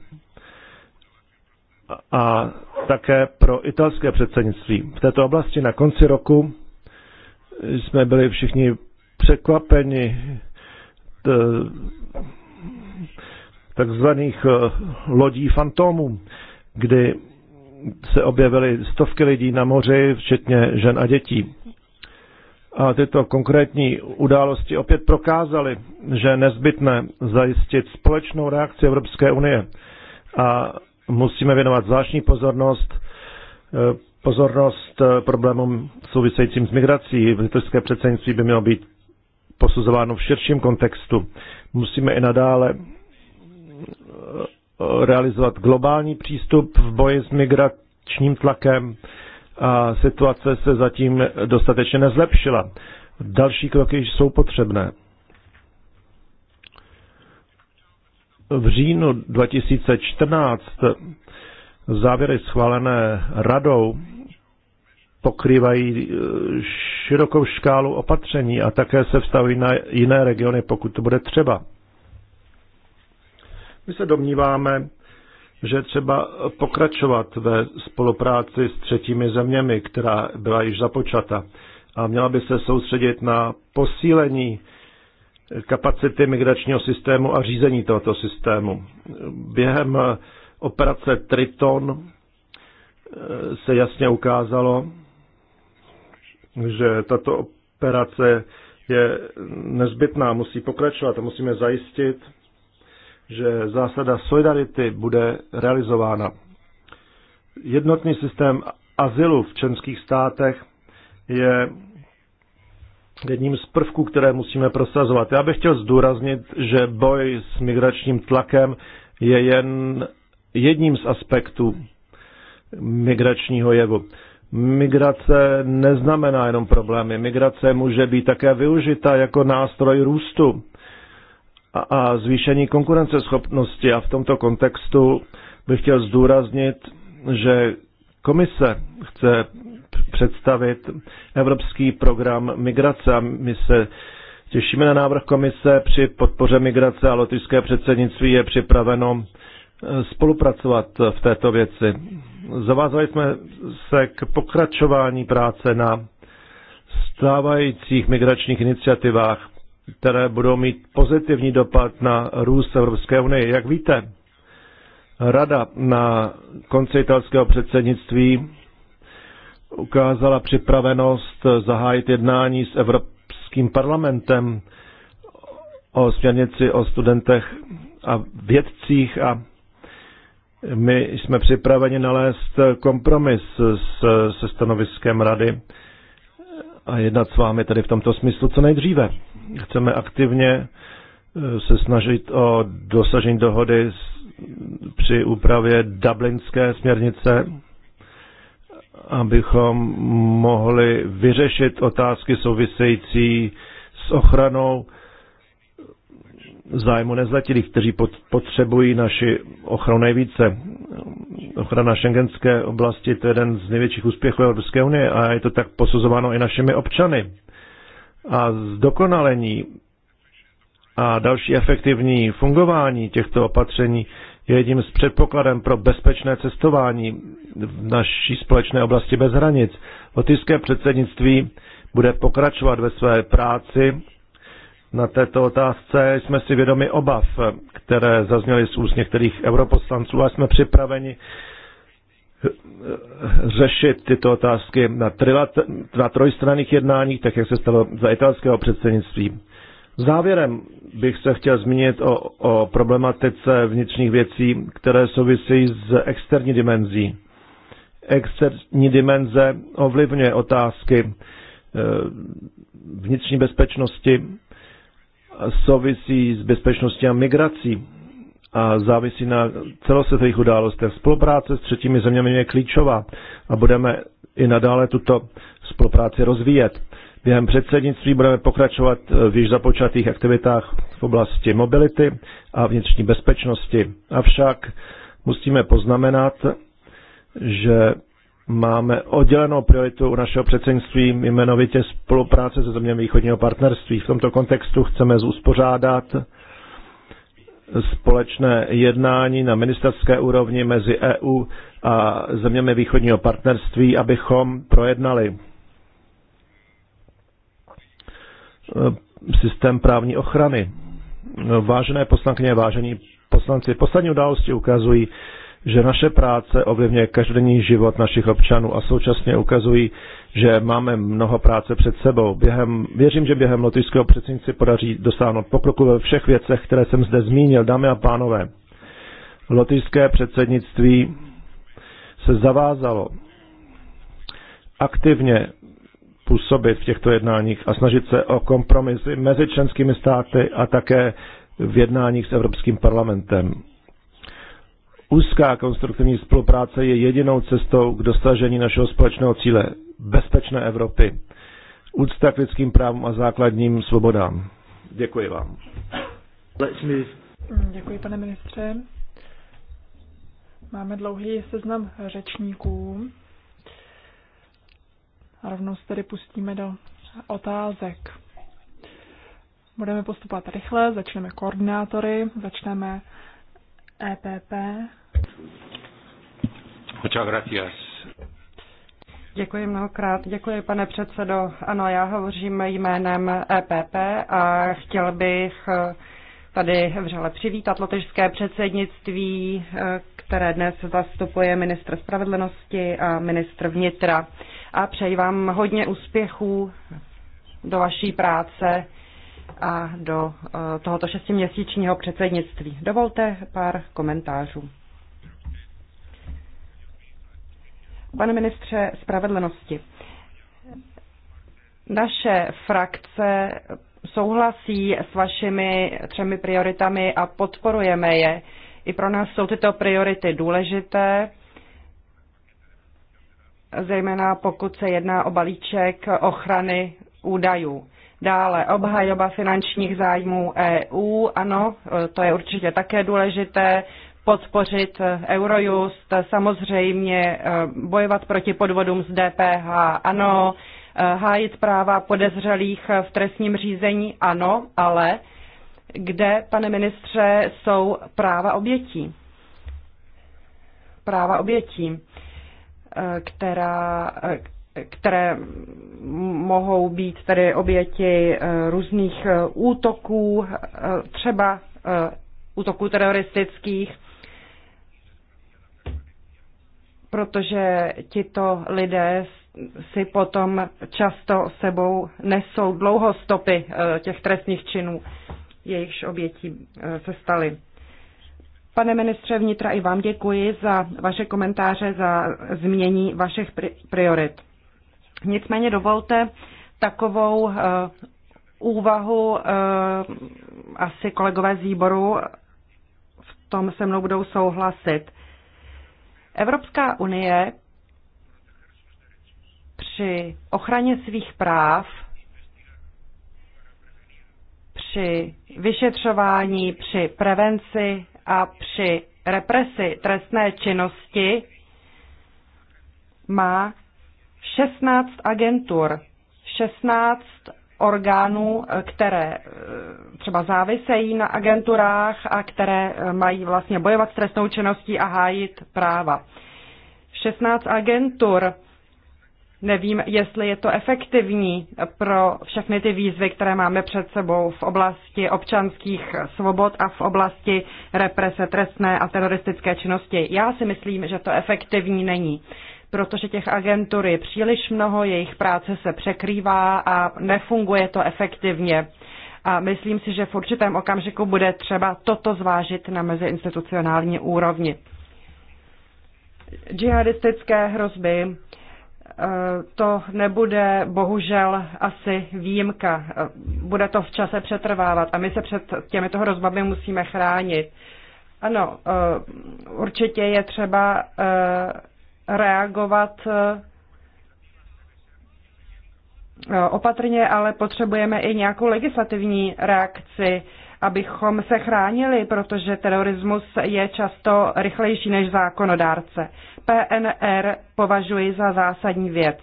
S4: a také pro italské předsednictví. V této oblasti na konci roku jsme byli všichni překvapeni takzvaných eh, lodí fantomů, kdy se objevily stovky lidí na moři, včetně žen a dětí. A tyto konkrétní události opět prokázaly, že je nezbytné zajistit společnou reakci Evropské unie. A musíme věnovat zvláštní pozornost eh, pozornost eh, problémům souvisejícím s migrací. Litevské předsednictví by mělo být posuzováno v širším kontextu. Musíme i nadále eh, realizovat globální přístup v boji s migračním tlakem a situace se zatím dostatečně nezlepšila. Další kroky jsou potřebné. V říjnu 2014 závěry schválené radou pokrývají e, širokou škálu opatření a také se vstavují na jiné regiony, pokud to bude třeba. My se domníváme, že třeba pokračovat ve spolupráci s třetími zeměmi, která byla již započata a měla by se soustředit na posílení kapacity migračního systému a řízení tohoto systému. Během operace Triton eh, se jasně ukázalo, že tato operace je nezbytná, musí pokračovat a musíme zajistit, že zásada solidarity bude realizována. Jednotný systém azylu v členských státech je jedním z prvků, které musíme prosazovat. Já bych chtěl zdůraznit, že boj s migračním tlakem je jen jedním z aspektů migračního jevu. Migrace neznamená jenom problémy. Migrace může být také využita jako nástroj růstu a, zvýšení konkurenceschopnosti. A v tomto kontextu bych chtěl zdůraznit, že komise chce představit evropský program migrace a my se těšíme na návrh komise při podpoře migrace a lotyšské předsednictví je připraveno e, spolupracovat v této věci. Zavázali jsme se k pokračování práce na stávajících migračních iniciativách které budou mít pozitivní dopad na růst Evropské unie. Jak víte, Rada na konci italského předsednictví ukázala připravenost zahájit jednání s Evropským parlamentem o směrnici o studentech a vědcích a my jsme připraveni nalézt kompromis se stanoviskem rady a jednat s vámi tedy v tomto smyslu co nejdříve. Chceme aktivně e, se snažit o dosažení dohody při úpravě dublinské směrnice, abychom mohli vyřešit otázky související s ochranou zájmu nezletilých, kteří potřebují naši ochranu nejvíce. Ochrana šengenské oblasti to je jeden z největších úspěchů Evropské unie a je to tak posuzováno i našimi občany a zdokonalení a další efektivní fungování těchto opatření je jedním z předpokladem pro bezpečné cestování v naší společné oblasti bez hranic. Lotyšské předsednictví bude pokračovat ve své práci. Na této otázce jsme si vědomi obav, které zazněly z úst některých europoslanců a jsme připraveni řešit tyto otázky na, trilat, na trojstranných jednáních, tak jak se stalo za italského předsednictví. Závěrem bych se chtěl zmínit o, o problematice vnitřních věcí, které souvisí s externí dimenzí. Externí dimenze ovlivňuje otázky eh, vnitřní bezpečnosti, souvisí s bezpečností a migrací a závisí na celosvětových událostech. Spolupráce s třetími zeměmi je klíčová a budeme i nadále tuto spolupráci rozvíjet. Během předsednictví budeme pokračovat v již započatých aktivitách v oblasti mobility a vnitřní bezpečnosti. Avšak musíme poznamenat, že máme oddělenou prioritu u našeho předsednictví, jmenovitě spolupráce se zeměmi východního partnerství. V tomto kontextu chceme uspořádat společné jednání na ministerské úrovni mezi EU a zeměmi východního partnerství, abychom projednali eh, systém právní ochrany. Vážené poslankyně, vážení poslanci, poslední události ukazují, že naše práce ovlivňuje každodenní život našich občanů a současně ukazují, že máme mnoho práce před sebou. Během, věřím, že během lotyšského předsednictví podaří dosáhnout pokroku ve všech věcech, které jsem zde zmínil. Dámy a pánové, lotyšské předsednictví se zavázalo aktivně působit v těchto jednáních a snažit se o kompromisy mezi členskými státy a také v jednáních s Evropským parlamentem. Úzká konstruktivní spolupráce je jedinou cestou k dosažení našeho společného cíle, bezpečné Evropy. Úcta k lidským právům a základním svobodám. Děkuji vám.
S2: Děkuji, pane ministře. Máme dlouhý seznam řečníků. A rovnou se tedy pustíme do otázek. Budeme postupovat rychle, začneme koordinátory, začneme EPP.
S1: Muchas gracias.
S5: Děkuji mnohokrát. Děkuji, pane předsedo. Ano, já hovořím jménem EPP a chtěl bych eh, tady vřele přivítat lotežské předsednictví, eh, které dnes zastupuje ministr spravedlnosti a ministr vnitra. A přeji vám hodně úspěchů do vaší práce a do eh, tohoto šestiměsíčního předsednictví. Dovolte pár komentářů. Pane ministře spravedlnosti, naše frakce souhlasí s vašimi třemi prioritami a podporujeme je. I pro nás jsou tyto priority důležité, zejména pokud se jedná o balíček ochrany údajů. Dále obhajoba finančních zájmů EU, ano, to je určitě také důležité podpořit eh, Eurojust, eh, samozřejmě eh, bojovat proti podvodům z DPH, ano, hájit práva podezřelých v trestním řízení, ano, ale kde, pane ministře, jsou práva obětí? Práva obětí, která, které mohou být tedy oběti různých útoků, třeba útoků teroristických, protože tito lidé si potom často sebou nesou dlouho stopy eh, těch trestních činů, jejichž obětí eh, se staly. Pane ministře vnitra, i vám děkuji za vaše komentáře, za změní vašich priorit. Nicméně dovolte takovou eh, úvahu, asi kolegové z výboru v tom se mnou budou souhlasit. Evropská unie při ochraně svých práv, při vyšetřování, při prevenci a při represi trestné činnosti má 16 agentur, 16 orgánů, které eh, třeba závisejí na agenturách a které eh, mají vlastně bojovat s trestnou činností a hájit práva. 16 agentur, nevím, jestli je to efektivní pro všechny ty výzvy, které máme před sebou v oblasti občanských svobod a v oblasti represe trestné a teroristické činnosti. Já si myslím, že to efektivní není protože těch agentur je příliš mnoho, jejich práce se překrývá a nefunguje to efektivně. A myslím si, že v určitém okamžiku bude třeba toto zvážit na meziinstitucionální úrovni. Džihadistické hrozby, eh, to nebude bohužel asi výjimka. Eh, bude to v čase přetrvávat a my se před těmito hrozbami musíme chránit. Ano, eh, určitě je třeba reagovat eh, opatrně, ale potřebujeme i nějakou legislativní reakci, abychom se chránili, protože terorismus je často rychlejší než zákonodárce. PNR považuji za zásadní věc.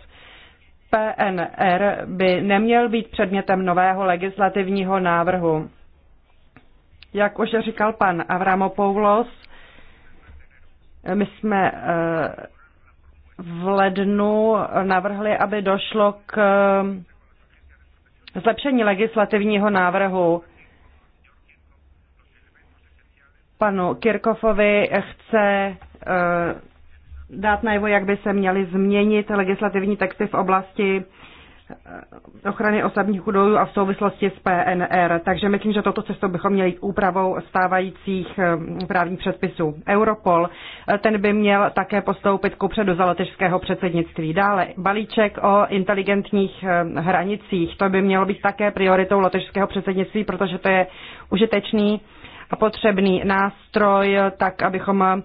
S5: PNR by neměl být předmětem nového legislativního návrhu. Jak už říkal pan Avramopoulos, my jsme eh, v lednu navrhli, aby došlo k eh, zlepšení legislativního návrhu. Panu Kirkofovi chce eh, dát najevo, jak by se měly změnit legislativní texty v oblasti Eh, ochrany osobních údajů a v souvislosti s PNR. Takže myslím, že toto cestou bychom měli jít úpravou stávajících eh, právních předpisů. Europol, eh, ten by měl také postoupit ku předu za letežského předsednictví. Dále balíček o inteligentních hranicích, to by mělo být také prioritou letežského předsednictví, protože to je užitečný a potřebný nástroj, tak abychom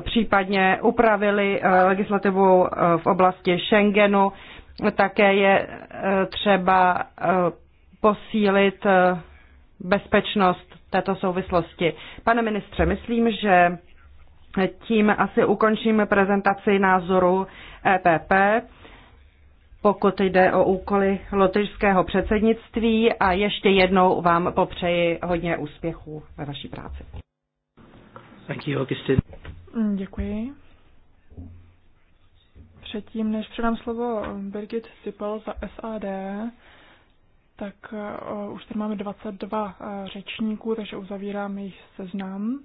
S5: případně upravili legislativu v oblasti Schengenu, také je eh, třeba eh, posílit eh, bezpečnost této souvislosti. Pane ministře, myslím, že tím asi ukončím prezentaci názoru EPP, pokud jde o úkoly lotyšského předsednictví a ještě jednou vám popřeji hodně úspěchů ve vaší práci.
S2: Děkuji. Předtím, než předám slovo eh, Birgit Cipel za SAD, tak uh, už tady máme 22 uh, eh, řečníků, takže uzavírám jejich seznam,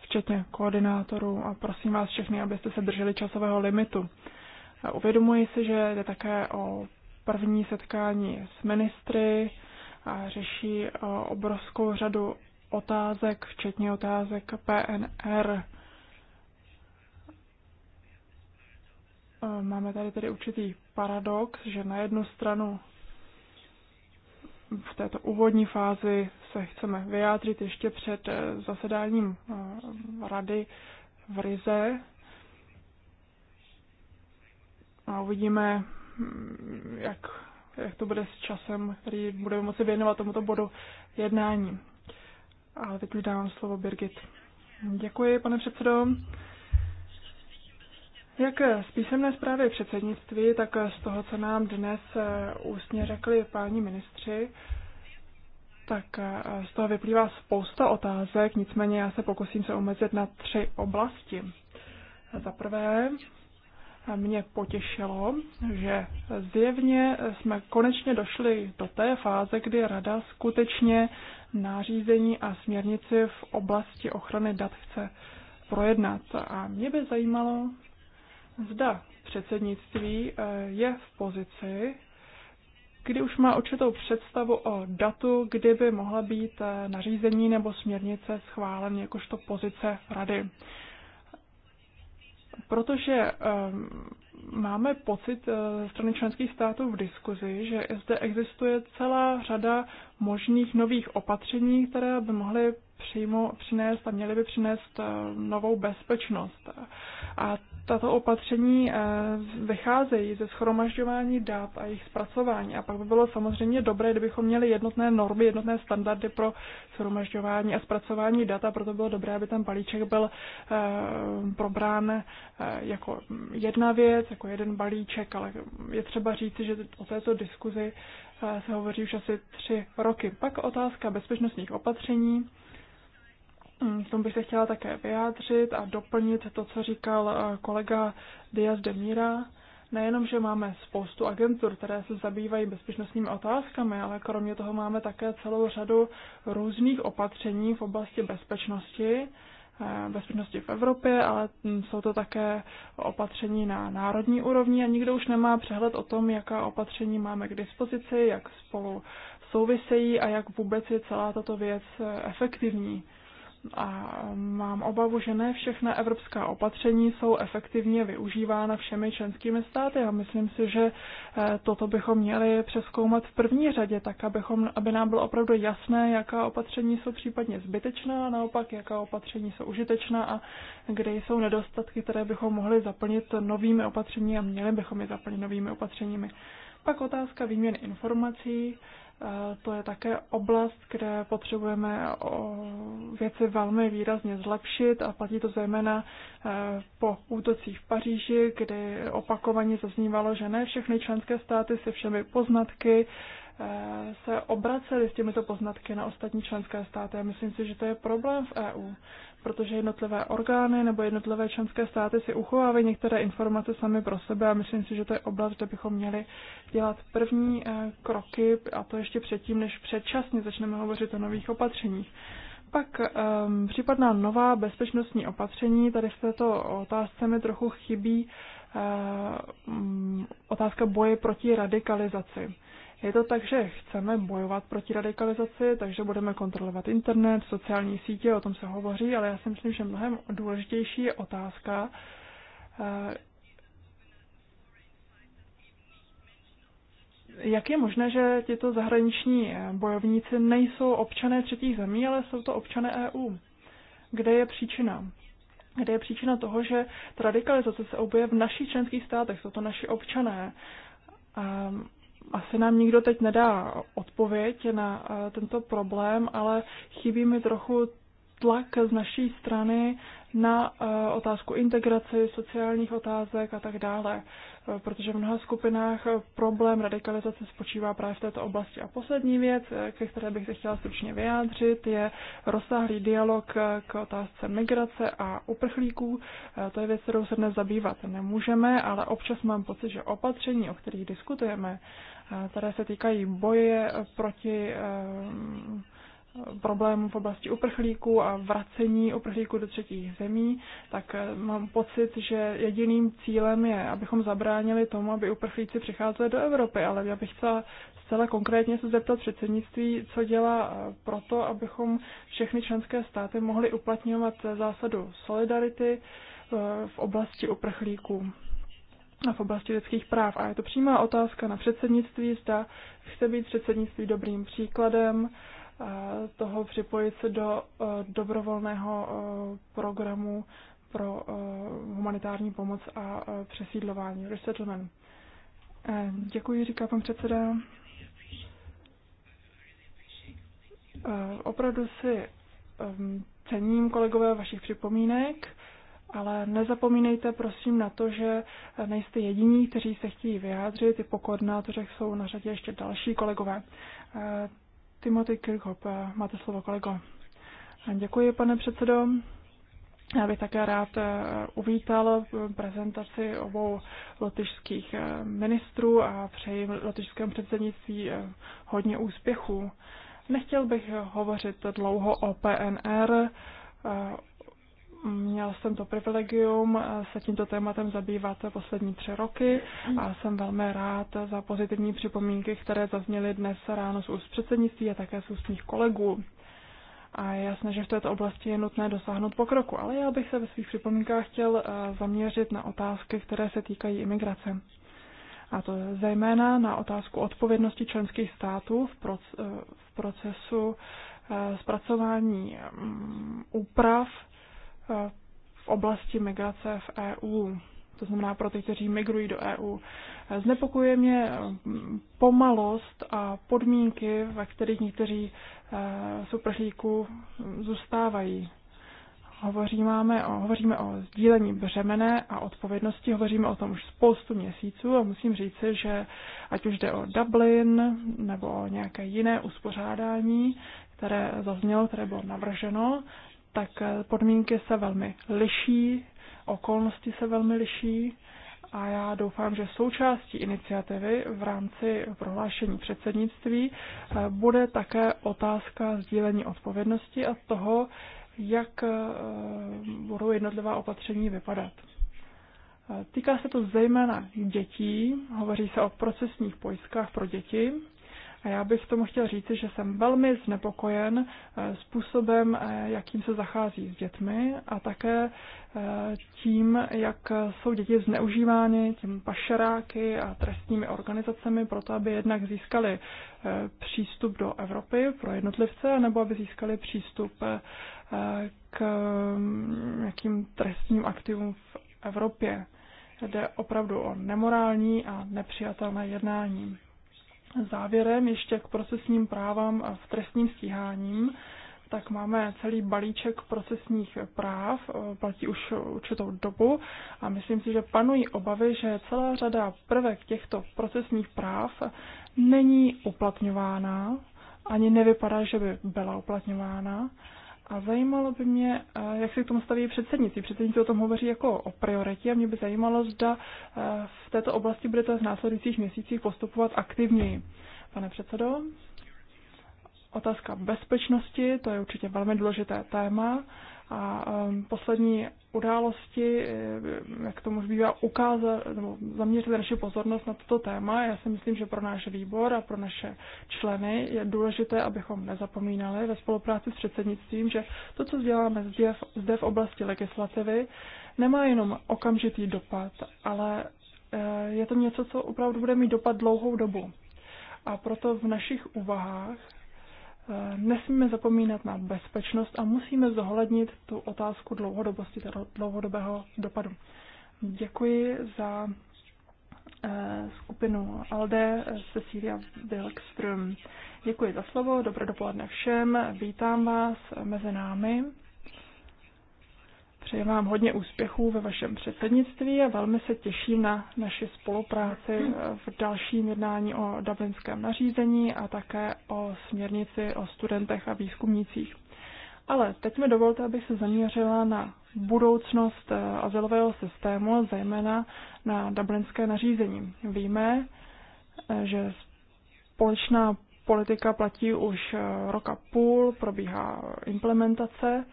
S2: včetně koordinátorů a prosím vás všechny, abyste se drželi časového limitu. Uvědomuji si, že jde také o první setkání s ministry a řeší obrovskou řadu otázek, včetně otázek PNR Eh, máme tady tedy určitý paradox, že na jednu stranu v této úvodní fázi se chceme vyjádřit ještě před eh, zasedáním eh, rady v Rize a uvidíme, hm, jak, jak to bude s časem, který budeme moci věnovat tomuto bodu jednání. Ale teď už dávám slovo Birgit. Děkuji, pane předsedo. Jak z písemné zprávy předsednictví, tak z toho, co nám dnes eh, ústně řekli páni ministři, tak eh, z toho vyplývá spousta otázek, nicméně já se pokusím se omezit na tři oblasti. Za prvé, mě potěšilo, že zjevně jsme konečně došli do té fáze, kdy Rada skutečně nářízení a směrnici v oblasti ochrany dat chce projednat. A mě by zajímalo, zda předsednictví eh, je v pozici, kdy už má určitou představu o datu, kdy by mohla být eh, nařízení nebo směrnice schválen jakožto pozice rady. Protože eh, máme pocit ze strany členských států v diskuzi, že zde existuje celá řada možných nových opatření, které by mohly přijmu, přinést a měly by přinést eh, novou bezpečnost. A tato opatření eh, vycházejí ze schromažďování dat a jejich zpracování. A pak by bylo samozřejmě dobré, kdybychom měli jednotné normy, jednotné standardy pro schromažďování a zpracování dat. A proto bylo dobré, aby ten balíček byl eh, probrán jako jedna věc, jako jeden balíček, ale je třeba říci, že o této diskuzi se hovoří už asi tři roky. Pak otázka bezpečnostních opatření. Mm, k tomu bych se chtěla také vyjádřit a doplnit to, co říkal eh, kolega Diaz de Mira. Nejenom, že máme spoustu agentur, které se zabývají bezpečnostními otázkami, ale kromě toho máme také celou řadu různých opatření v oblasti bezpečnosti, eh, bezpečnosti v Evropě, ale hm, jsou to také opatření na národní úrovni a nikdo už nemá přehled o tom, jaká opatření máme k dispozici, jak spolu souvisejí a jak vůbec je celá tato věc eh, efektivní a mám obavu, že ne všechna evropská opatření jsou efektivně využívána všemi členskými státy a myslím si, že eh, toto bychom měli přeskoumat v první řadě, tak abychom, aby nám bylo opravdu jasné, jaká opatření jsou případně zbytečná a naopak, jaká opatření jsou užitečná a kde jsou nedostatky, které bychom mohli zaplnit novými opatřeními a měli bychom je zaplnit novými opatřeními. Pak otázka výměny informací. Eh, to je také oblast, kde potřebujeme eh, věci velmi výrazně zlepšit a platí to zejména eh, po útocích v Paříži, kdy opakovaně zaznívalo, že ne všechny členské státy se všemi poznatky Eh, se obraceli s těmito poznatky na ostatní členské státy. A myslím si, že to je problém v EU, protože jednotlivé orgány nebo jednotlivé členské státy si uchovávají některé informace sami pro sebe a myslím si, že to je oblast, kde bychom měli dělat první eh, kroky a to ještě předtím, než předčasně začneme hovořit o nových opatřeních. Pak um, případná nová bezpečnostní opatření, tady v této otázce mi trochu chybí uh, um, otázka boje proti radikalizaci. Je to tak, že chceme bojovat proti radikalizaci, takže budeme kontrolovat internet, sociální sítě, o tom se hovoří, ale já si myslím, že mnohem důležitější je otázka, eh, jak je možné, že tito zahraniční eh, bojovníci nejsou občané třetích zemí, ale jsou to občané EU? Kde je příčina? Kde je příčina toho, že ta radikalizace se objeví v našich členských státech, jsou to naši občané? Um, asi nám nikdo teď nedá odpověď na eh, tento problém, ale chybí mi trochu tlak z naší strany na eh, otázku integrace, sociálních otázek a tak dále, eh, protože v mnoha skupinách problém radikalizace spočívá právě v této oblasti. A poslední věc, ke které bych se chtěla stručně vyjádřit, je rozsáhlý dialog k otázce migrace a uprchlíků. To je věc, kterou se dnes zabývat nemůžeme, ale občas mám pocit, že opatření, o kterých diskutujeme, které se týkají boje eh, proti eh, problémů v oblasti uprchlíků a vracení uprchlíků do třetích zemí, tak eh, mám pocit, že jediným cílem je, abychom zabránili tomu, aby uprchlíci přicházeli do Evropy, ale já bych chtěla zcela konkrétně se zeptat předsednictví, co dělá proto, abychom všechny členské státy mohly uplatňovat zásadu solidarity v oblasti uprchlíků v oblasti lidských práv. A je to přímá otázka na předsednictví, zda chce být předsednictví dobrým příkladem eh, toho připojit se do eh, dobrovolného eh, programu pro humanitární pomoc a přesídlování, resettlement. Děkuji, říká pan předseda. Opravdu si cením, kolegové, vašich připomínek. Ale nezapomínejte prosím na to, že nejste jediní, kteří se chtějí vyjádřit. I po že jsou na řadě ještě další kolegové. Eh, Timothy Kirchhoff, eh, máte slovo kolego. Eh, děkuji, pane předsedo. Já bych také rád uvítal prezentaci obou lotyšských ministrů a přeji lotyšském předsednictví hodně úspěchů. Nechtěl bych hovořit dlouho o PNR, Měl jsem to privilegium eh, se tímto tématem zabývat poslední tři roky a jsem velmi rád za pozitivní připomínky, které zazněly dnes ráno z úst předsednictví a také z úst mých kolegů. A je jasné, že v této oblasti je nutné dosáhnout pokroku, ale já bych se ve svých připomínkách chtěl eh, zaměřit na otázky, které se týkají imigrace. A to zejména na otázku odpovědnosti členských států v eh, procesu zpracování mm, úprav Eh, v oblasti migrace v EU. To znamená pro ty, kteří migrují do EU. Znepokuje mě eh, pomalost a podmínky, ve kterých někteří z eh, uprchlíků zůstávají. Hovoříme o, hovoříme o sdílení břemene a odpovědnosti, hovoříme o tom už spoustu měsíců a musím říci, že ať už jde o Dublin nebo o nějaké jiné uspořádání, které zaznělo, které bylo navrženo, tak eh, podmínky se velmi liší, okolnosti se velmi liší a já doufám, že součástí iniciativy v rámci prohlášení předsednictví eh, bude také otázka sdílení odpovědnosti a toho, jak eh, budou jednotlivá opatření vypadat. Týká se to zejména dětí, hovoří se o procesních pojistkách pro děti a já bych tomu chtěl říci, že jsem velmi znepokojen eh, způsobem, eh, jakým se zachází s dětmi a také eh, tím, jak jsou děti zneužívány tím pašeráky a trestními organizacemi proto, aby jednak získali přístup do Evropy pro jednotlivce, nebo aby získali přístup k mm, jakým trestním aktivům v Evropě. Jde opravdu o nemorální a nepřijatelné jednání. Závěrem ještě k procesním právám a v trestním stíháním tak máme celý balíček procesních práv, eh, platí už určitou dobu a myslím si, že panují obavy, že celá řada prvek těchto procesních práv není uplatňována, ani nevypadá, že by byla uplatňována a zajímalo by mě, jak se k tomu staví předsednici. Předsednici o tom hovoří jako o prioritě a mě by zajímalo, zda e, v této oblasti budete v následujících měsících postupovat aktivněji. Pane předsedo, otázka bezpečnosti, to je určitě velmi důležité téma. A um, poslední události, eh, jak to už bývá, ukázat nebo zaměřit naši pozornost na toto téma. Já si myslím, že pro náš výbor a pro naše členy je důležité, abychom nezapomínali ve spolupráci s předsednictvím, že to, co děláme zde v, zde v oblasti legislativy, nemá jenom okamžitý dopad, ale eh, je to něco, co opravdu bude mít dopad dlouhou dobu. A proto v našich úvahách Nesmíme zapomínat na bezpečnost a musíme zohlednit tu otázku dlouhodobosti, teda dlouhodobého dopadu. Děkuji za eh, skupinu ALDE Cecilia Wilkström. Děkuji za slovo, dobré dopoledne všem, vítám vás mezi námi. Přeji vám hodně úspěchů ve vašem předsednictví a velmi se těším na naši spolupráci v dalším jednání o dublinském nařízení a také o směrnici o studentech a výzkumnících. Ale teď mi dovolte, abych se zaměřila na budoucnost eh, azylového systému, zejména na dublinské nařízení. Víme, eh, že společná politika platí už eh, roka půl, probíhá implementace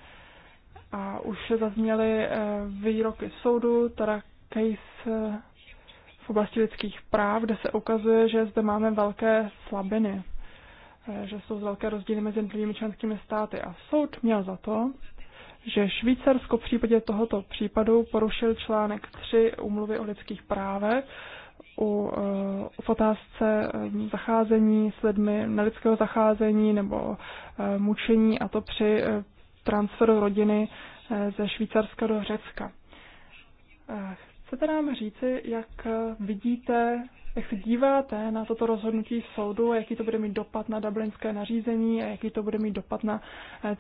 S2: a už se zazněly eh, výroky soudu, teda case eh, v oblasti lidských práv, kde se ukazuje, že zde máme velké slabiny, eh, že jsou velké rozdíly mezi jednotlivými členskými státy. A soud měl za to, že Švýcarsko v případě tohoto případu porušil článek 3 umluvy o lidských právech u, v otázce zacházení s lidmi, nelidského zacházení nebo mučení a to při transferu rodiny eh, ze Švýcarska do Řecka. Eh, chcete nám říci, jak eh, vidíte, jak se díváte na toto rozhodnutí soudu, jaký to bude mít dopad na dublinské nařízení a jaký to bude mít dopad na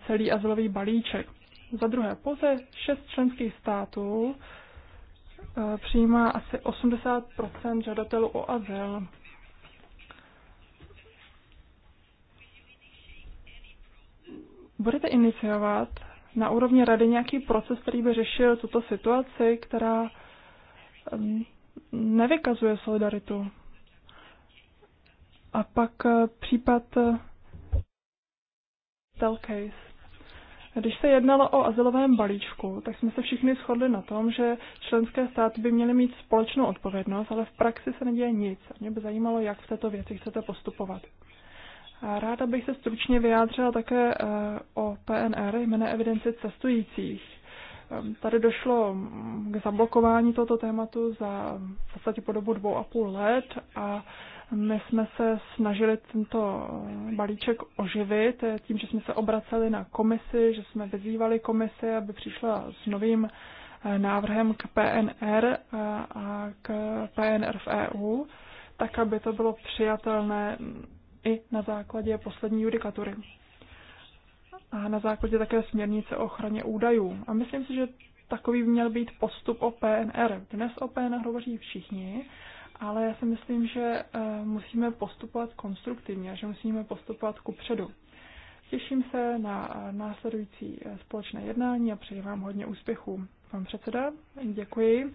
S2: celý azylový balíček. Za druhé, pouze šest členských států přijímá asi 80 žadatelů o azyl. Budete iniciovat na úrovni rady nějaký proces, který by řešil tuto situaci, která nevykazuje solidaritu. A pak eh, případ eh, Telcase. Když se jednalo o azylovém balíčku, tak jsme se všichni shodli na tom, že členské státy by měly mít společnou odpovědnost, ale v praxi se neděje nic. Mě by zajímalo, jak v této věci chcete postupovat. Ráda bych se stručně vyjádřila také eh, o PNR, jméne evidenci cestujících. Ehm, tady došlo mm, k zablokování tohoto tématu za mm, v podstatě po dobu dvou a půl let a my jsme se snažili tento mm, balíček oživit tím, že jsme se obraceli na komisi, že jsme vyzývali komisi, aby přišla s novým eh, návrhem k PNR eh, a k PNR v EU, tak aby to bylo přijatelné i na základě poslední judikatury. A na základě také směrnice o ochraně údajů. A myslím si, že takový měl být postup o PNR. Dnes o PNR hovoří všichni, ale já si myslím, že eh, musíme postupovat konstruktivně, že musíme postupovat ku předu. Těším se na eh, následující eh, společné jednání a přeji vám hodně úspěchů. Pan předseda, děkuji.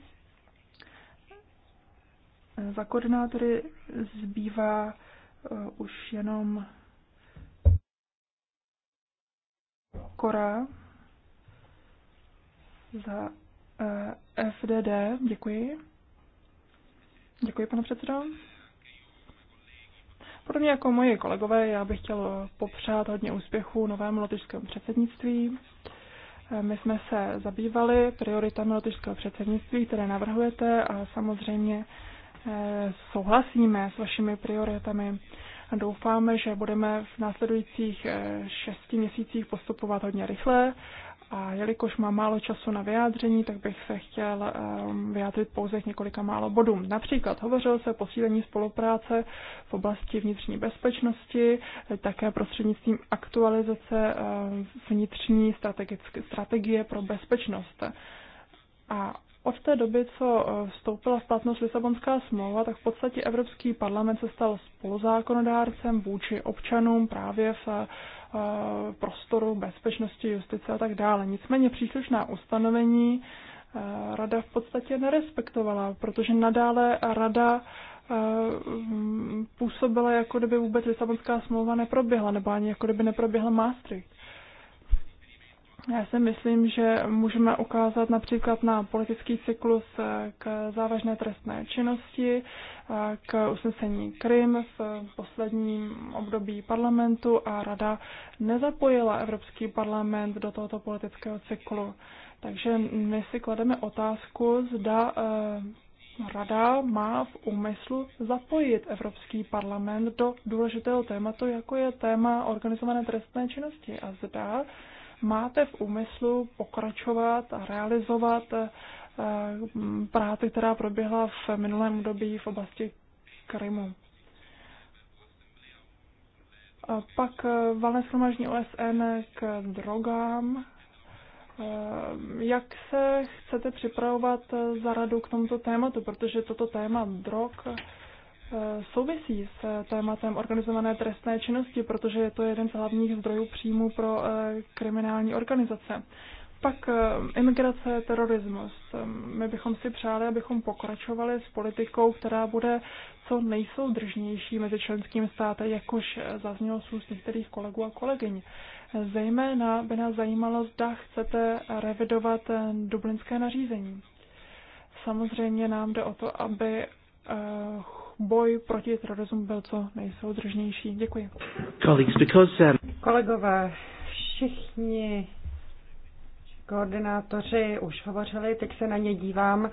S2: Za koordinátory zbývá Eh, už jenom Kora za eh, FDD. Děkuji. Děkuji, pane předsedo. Podobně jako moji kolegové, já bych chtěl popřát hodně úspěchu novému lotyšskému předsednictví. Eh, my jsme se zabývali prioritami lotyšského předsednictví, které navrhujete a samozřejmě Eh, souhlasíme s vašimi prioritami a doufáme, že budeme v následujících eh, šesti měsících postupovat hodně rychle. A jelikož mám málo času na vyjádření, tak bych se chtěl ehm, vyjádřit pouze k několika málo bodům. Například hovořil se o posílení spolupráce v oblasti vnitřní bezpečnosti, eh, také prostřednictvím aktualizace ehm, vnitřní strategie pro bezpečnost. A od té doby, co e, vstoupila v platnost Lisabonská smlouva, tak v podstatě Evropský parlament se stal spoluzákonodárcem vůči občanům právě v e, prostoru bezpečnosti, justice a tak dále. Nicméně příslušná ustanovení e, rada v podstatě nerespektovala, protože nadále rada působila, jako kdyby vůbec Lisabonská smlouva neproběhla, nebo ani jako kdyby neproběhla Maastricht. Já si myslím, že můžeme ukázat například na politický cyklus eh, k závažné trestné činnosti, eh, k usnesení Krym v posledním období parlamentu a rada nezapojila Evropský parlament do tohoto politického cyklu. Takže my si klademe otázku, zda eh, rada má v úmyslu zapojit Evropský parlament do důležitého tématu, jako je téma organizované trestné činnosti. A zda máte v úmyslu pokračovat a realizovat eh, práci, která proběhla v minulém období v oblasti Krymu. A pak eh, valné shromaždění OSN k drogám. Eh, jak se chcete připravovat za radu k tomuto tématu, protože toto téma drog Eh, souvisí s eh, tématem organizované trestné činnosti, protože je to jeden z hlavních zdrojů příjmu pro eh, kriminální organizace. Pak imigrace, terorismus. Ehm, my bychom si přáli, abychom pokračovali s politikou, která bude co nejsoudržnější mezi členskými státy, jakož zaznělo z úst některých kolegů a kolegyň. Zejména by nás zajímalo, zda chcete revidovat dublinské nařízení. Samozřejmě nám jde o to, aby boj proti terorismu byl co nejsoudržnější. Děkuji.
S1: Um,
S5: Kolegové, všichni koordinátoři už hovořili, teď se na ně dívám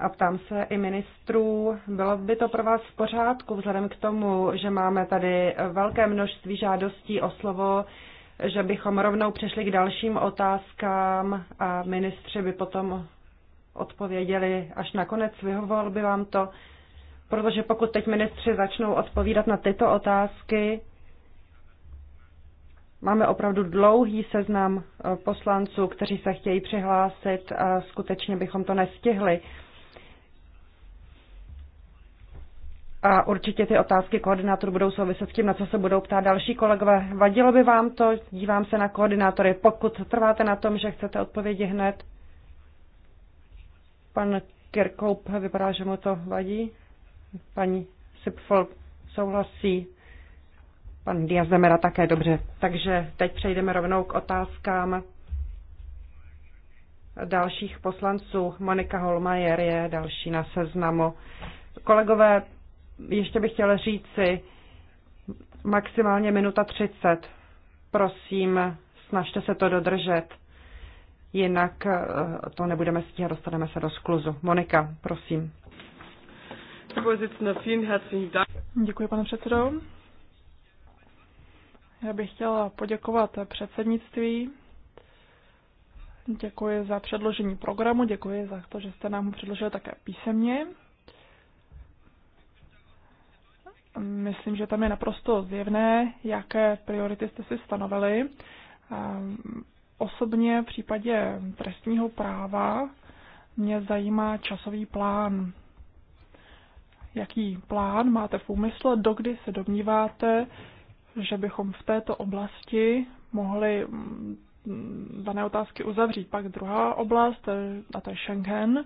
S5: a ptám se i ministrů, bylo by to pro vás v pořádku, vzhledem k tomu, že máme tady velké množství žádostí o slovo, že bychom rovnou přešli k dalším otázkám a ministři by potom odpověděli až nakonec, Vyhovol by vám to protože pokud teď ministři začnou odpovídat na tyto otázky, máme opravdu dlouhý seznam eh, poslanců, kteří se chtějí přihlásit a skutečně bychom to nestihli. A určitě ty otázky koordinátorů budou souviset s tím, na co se budou ptát další kolegové. Vadilo by vám to? Dívám se na koordinátory. Pokud trváte na tom, že chcete odpovědi hned, pan Kirkoup vypadá, že mu to vadí. Paní Sipfol souhlasí. Pan Diaz Demera také dobře. Takže teď přejdeme rovnou k otázkám dalších poslanců. Monika Holmajer je další na seznamu. Kolegové, ještě bych chtěla říci maximálně minuta 30. Prosím, snažte se to dodržet, jinak eh, to nebudeme stíhat, dostaneme se do skluzu. Monika, prosím.
S2: Děkuji, pane předsedo. Já bych chtěla poděkovat předsednictví. Děkuji za předložení programu, děkuji za to, že jste nám ho předložili také písemně. Myslím, že tam je naprosto zjevné, jaké priority jste si stanovili. Osobně v případě trestního práva mě zajímá časový plán jaký plán máte v úmyslu, dokdy se domníváte, že bychom v této oblasti mohli mm, dané otázky uzavřít. Pak druhá oblast, eh, a to je Schengen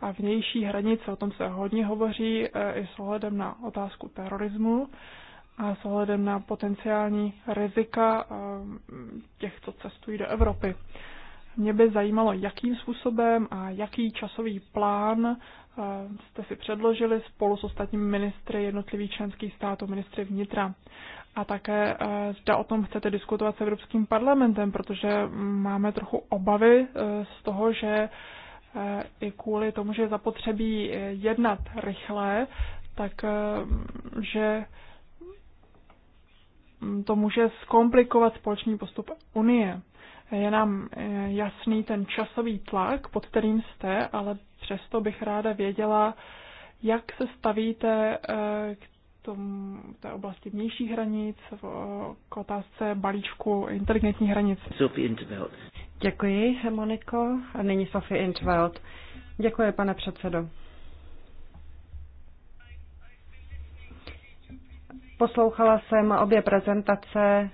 S2: a vnější hranice, o tom se hodně hovoří eh, i s ohledem na otázku terorismu a s ohledem na potenciální rizika eh, těch, co cestují do Evropy. Mě by zajímalo, jakým způsobem a jaký časový plán jste si předložili spolu s ostatními ministry jednotlivých členských států, ministry vnitra. A také e, zda o tom chcete diskutovat s Evropským parlamentem, protože máme trochu obavy e, z toho, že e, i kvůli tomu, že je zapotřebí jednat rychle, tak že to může zkomplikovat společný postup Unie. Je nám jasný ten časový tlak, pod kterým jste, ale Přesto bych ráda věděla, jak se stavíte eh, k tom, té oblasti vnějších hranic, k otázce balíčku inteligentních
S5: hranic. Intveld. Děkuji,
S2: Moniko. A
S5: nyní Sophie Intveld. Děkuji, pane předsedo. Poslouchala jsem obě prezentace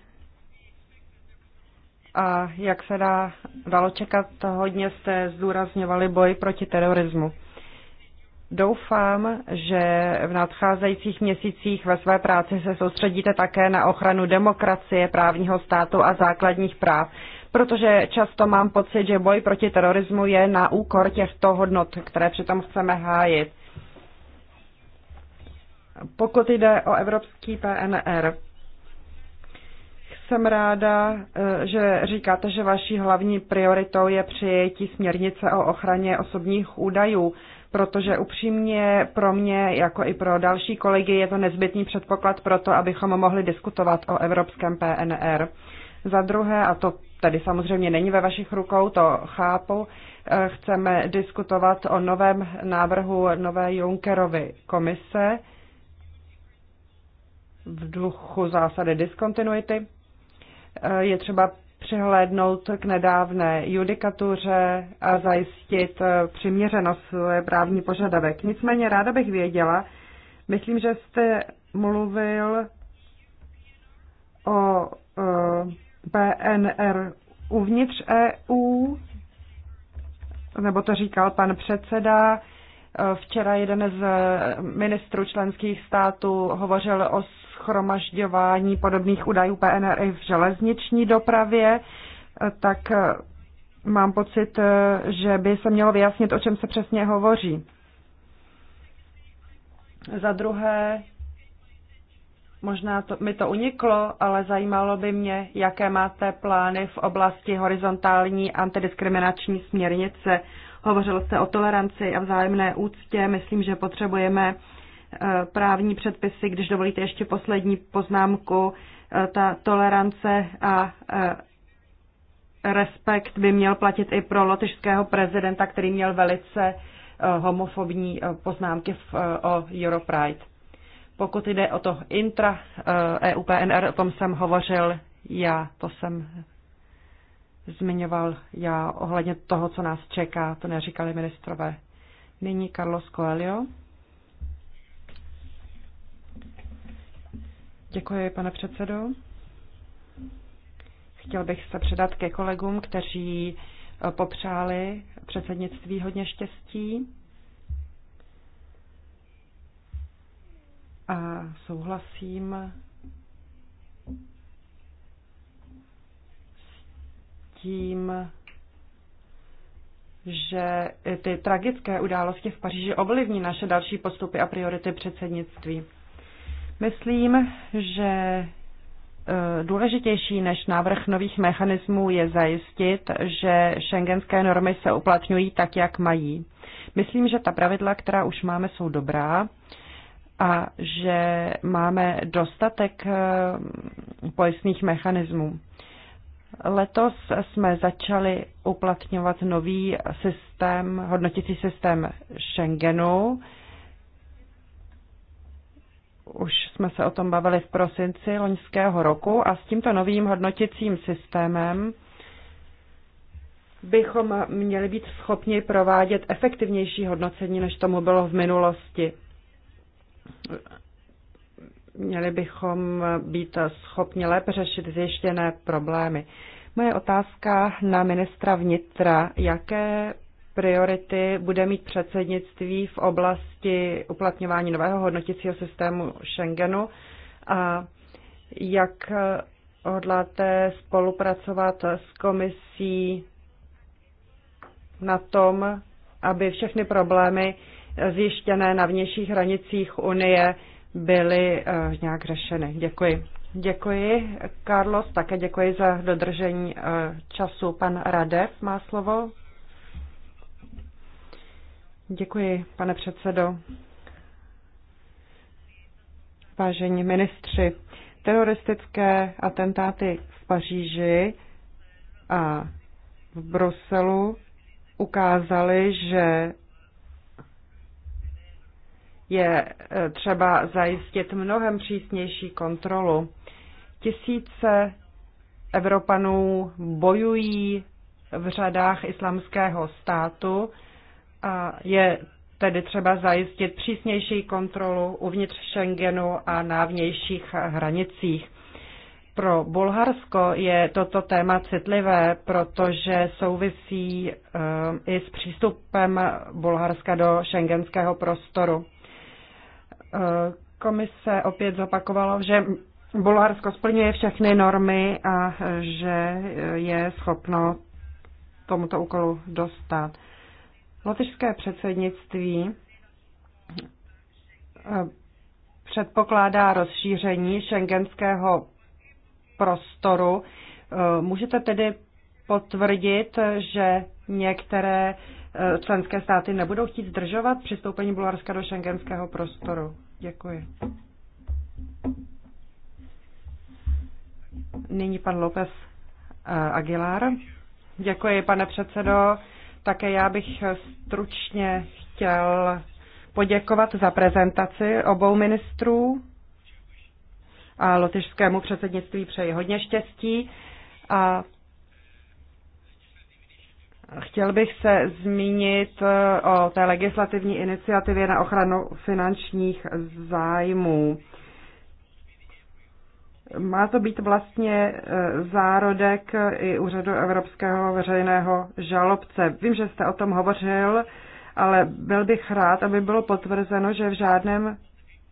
S5: a jak se dá, dalo čekat, hodně jste zdůrazňovali boj proti terorismu. Doufám, že v nadcházejících měsících ve své práci se soustředíte také na ochranu demokracie, právního státu a základních práv, protože často mám pocit, že boj proti terorismu je na úkor těchto hodnot, které přitom chceme hájit. Pokud jde o evropský PNR, jsem ráda, eh, že říkáte, že vaší hlavní prioritou je přijetí směrnice o ochraně osobních údajů, protože upřímně pro mě, jako i pro další kolegy, je to nezbytný předpoklad pro to, abychom mohli diskutovat o evropském PNR. Za druhé, a to tady samozřejmě není ve vašich rukou, to chápu, eh, chceme diskutovat o novém návrhu nové Junckerovy komise v duchu zásady diskontinuity. Eh, je třeba přihlédnout k nedávné judikatuře a zajistit eh, přiměřenost právní požadavek. Nicméně ráda bych věděla, myslím, že jste mluvil o eh, PNR uvnitř EU, nebo to říkal pan předseda. Včera jeden z ministrů členských států hovořil o schromažďování podobných údajů PNR i v železniční dopravě, tak eh, mám pocit, eh, že by se mělo vyjasnit, o čem se přesně hovoří. Za druhé, možná to, mi to uniklo, ale zajímalo by mě, jaké máte plány v oblasti horizontální antidiskriminační směrnice. Hovořilo jste o toleranci a vzájemné úctě. Myslím, že potřebujeme Eh, právní předpisy, když dovolíte ještě poslední poznámku, eh, ta tolerance a eh, respekt by měl platit i pro lotyšského prezidenta, který měl velice homofobní poznámky o Europride. Pokud jde o to intra EU e o tom jsem hovořil já, to jsem zmiňoval já ohledně toho, co nás čeká, to neříkali ministrové. Nyní Carlos Coelho. Děkuji, pane předsedo. Chtěl bych se předat ke kolegům, kteří eh, popřáli předsednictví hodně štěstí. A souhlasím s tím, že ty tragické události v Paříži ovlivní naše další postupy a priority předsednictví. Myslím, že eh, důležitější než návrh nových mechanismů je zajistit, že šengenské normy se uplatňují tak, jak mají. Myslím, že ta pravidla, která už máme, jsou dobrá a že máme dostatek eh, pojistných mechanismů. Letos jsme začali uplatňovat nový systém, hodnotící systém Schengenu, už jsme se o tom bavili v prosinci loňského roku a s tímto novým hodnoticím systémem bychom měli být schopni provádět efektivnější hodnocení, než tomu bylo v minulosti. Měli bychom být schopni lépe řešit zjištěné problémy. Moje otázka na ministra vnitra. Jaké priority bude mít předsednictví v oblasti uplatňování nového hodnoticího systému Schengenu a jak hodláte spolupracovat s komisí na tom, aby všechny problémy zjištěné na vnějších hranicích Unie byly eh, nějak řešeny. Děkuji. Děkuji, Carlos, také děkuji za dodržení eh, času. Pan Radev má slovo. Děkuji, pane předsedo. Vážení ministři, teroristické atentáty v Paříži a v Bruselu ukázaly, že je e, třeba zajistit mnohem přísnější kontrolu. Tisíce Evropanů bojují v řadách islamského státu, a je tedy třeba zajistit přísnější kontrolu uvnitř Schengenu a na vnějších hranicích. Pro Bulharsko je toto téma citlivé, protože souvisí eh, i s přístupem Bulharska do šengenského prostoru. Eh, komise opět zopakovala, že Bulharsko splňuje všechny normy a že je schopno tomuto úkolu dostat. Lotyšské předsednictví eh, předpokládá rozšíření šengenského prostoru. Eh, můžete tedy potvrdit, že některé eh, členské státy nebudou chtít zdržovat přistoupení Bulharska do šengenského prostoru? Děkuji. Nyní pan López Aguilar. Děkuji, pane předsedo. Také já bych stručně chtěl poděkovat za prezentaci obou ministrů a lotyšskému předsednictví přeji hodně štěstí. A chtěl bych se zmínit eh, o té legislativní iniciativě na ochranu finančních zájmů. Má to být vlastně e, zárodek i úřadu Evropského veřejného žalobce. Vím, že jste o tom hovořil, ale byl bych rád, aby bylo potvrzeno, že v žádném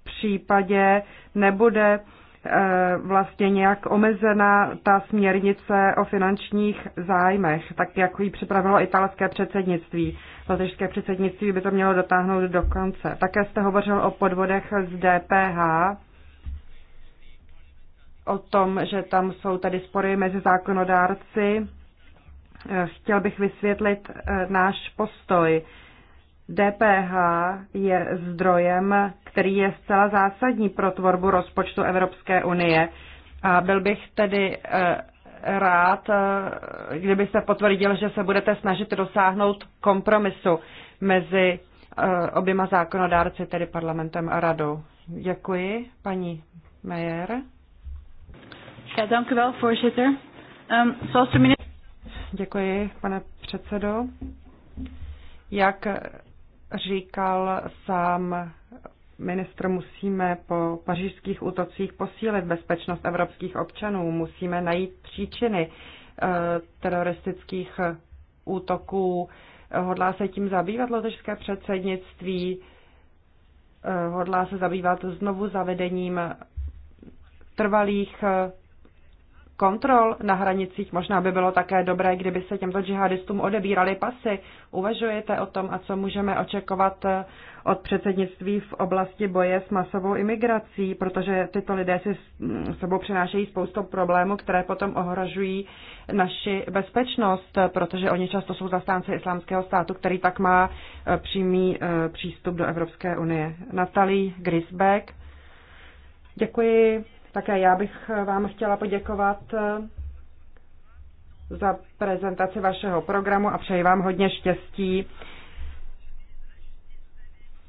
S5: případě nebude e, vlastně nějak omezena ta směrnice o finančních zájmech, tak jak ji připravilo italské předsednictví. Lotyšské předsednictví by to mělo dotáhnout do konce. Také jste hovořil o podvodech z DPH o tom, že tam jsou tady spory mezi zákonodárci, eh, chtěl bych vysvětlit eh, náš postoj. DPH je zdrojem, který je zcela zásadní pro tvorbu rozpočtu Evropské unie. A byl bych tedy eh, rád, kdyby se potvrdil, že se budete snažit dosáhnout kompromisu mezi oběma zákonodárci, tedy parlamentem a radou. Děkuji, paní Mayer.
S3: Ja, dank u wel, voorzitter.
S5: Um, zoals de minister... Děkuji, pane předsedo. Jak eh, říkal sám ministr, musíme po pařížských útocích posílit bezpečnost evropských občanů, musíme najít příčiny eh, teroristických eh, útoků. Hodlá se tím zabývat lotežské předsednictví, hodlá se zabývat znovu zavedením trvalých kontrol na hranicích. Možná by bylo také dobré, kdyby se těmto džihadistům odebíraly pasy. Uvažujete o tom a co můžeme očekovat eh, od předsednictví v oblasti boje s masovou imigrací, protože tyto lidé si s mm, sebou přinášejí spoustu problémů, které potom ohrožují naši bezpečnost, protože oni často jsou zastánci islámského státu, který tak má eh, přímý eh, přístup do Evropské unie. Natalí Grisbeck. Děkuji. Také já bych eh, vám chtěla poděkovat eh, za prezentaci vašeho programu a přeji vám hodně štěstí.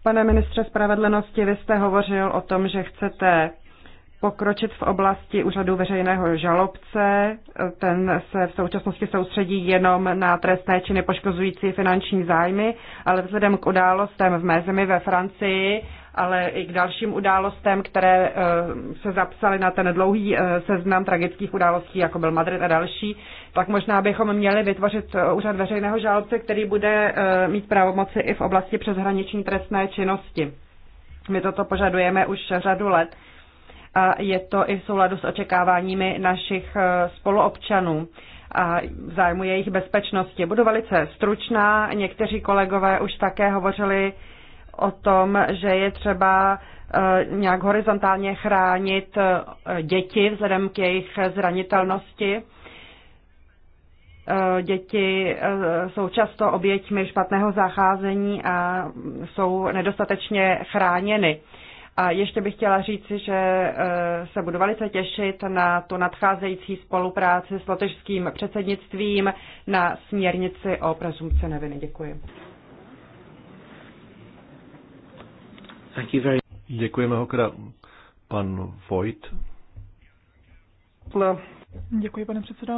S5: Pane ministře spravedlnosti, vy jste hovořil o tom, že chcete pokročit v oblasti úřadu veřejného žalobce. Ten se v současnosti soustředí jenom na trestné činy poškozující finanční zájmy, ale vzhledem k událostem v mé zemi ve Francii ale i k dalším událostem, které eh, se zapsaly na ten dlouhý eh, seznam tragických událostí, jako byl Madrid a další, tak možná bychom měli vytvořit eh, úřad veřejného žalobce, který bude mít pravomoci i v oblasti přeshraniční trestné činnosti. My toto požadujeme už řadu let a je to i v souladu s očekáváními našich spoluobčanů a v zájmu jejich bezpečnosti. Budu velice stručná, někteří kolegové už také hovořili o tom, že je třeba eh, nějak horizontálně chránit eh, děti vzhledem k jejich zranitelnosti. Eh, děti jsou často oběťmi špatného zacházení a jsou nedostatečně chráněny. A ještě bych chtěla říci, že se budu velice těšit na tu nadcházející spolupráci s lotežským předsednictvím na směrnici o prezumci neviny. Děkuji.
S4: Thank you very... Děkuji mnohokrát. Pan Vojt.
S2: Děkuji, pane předsedo.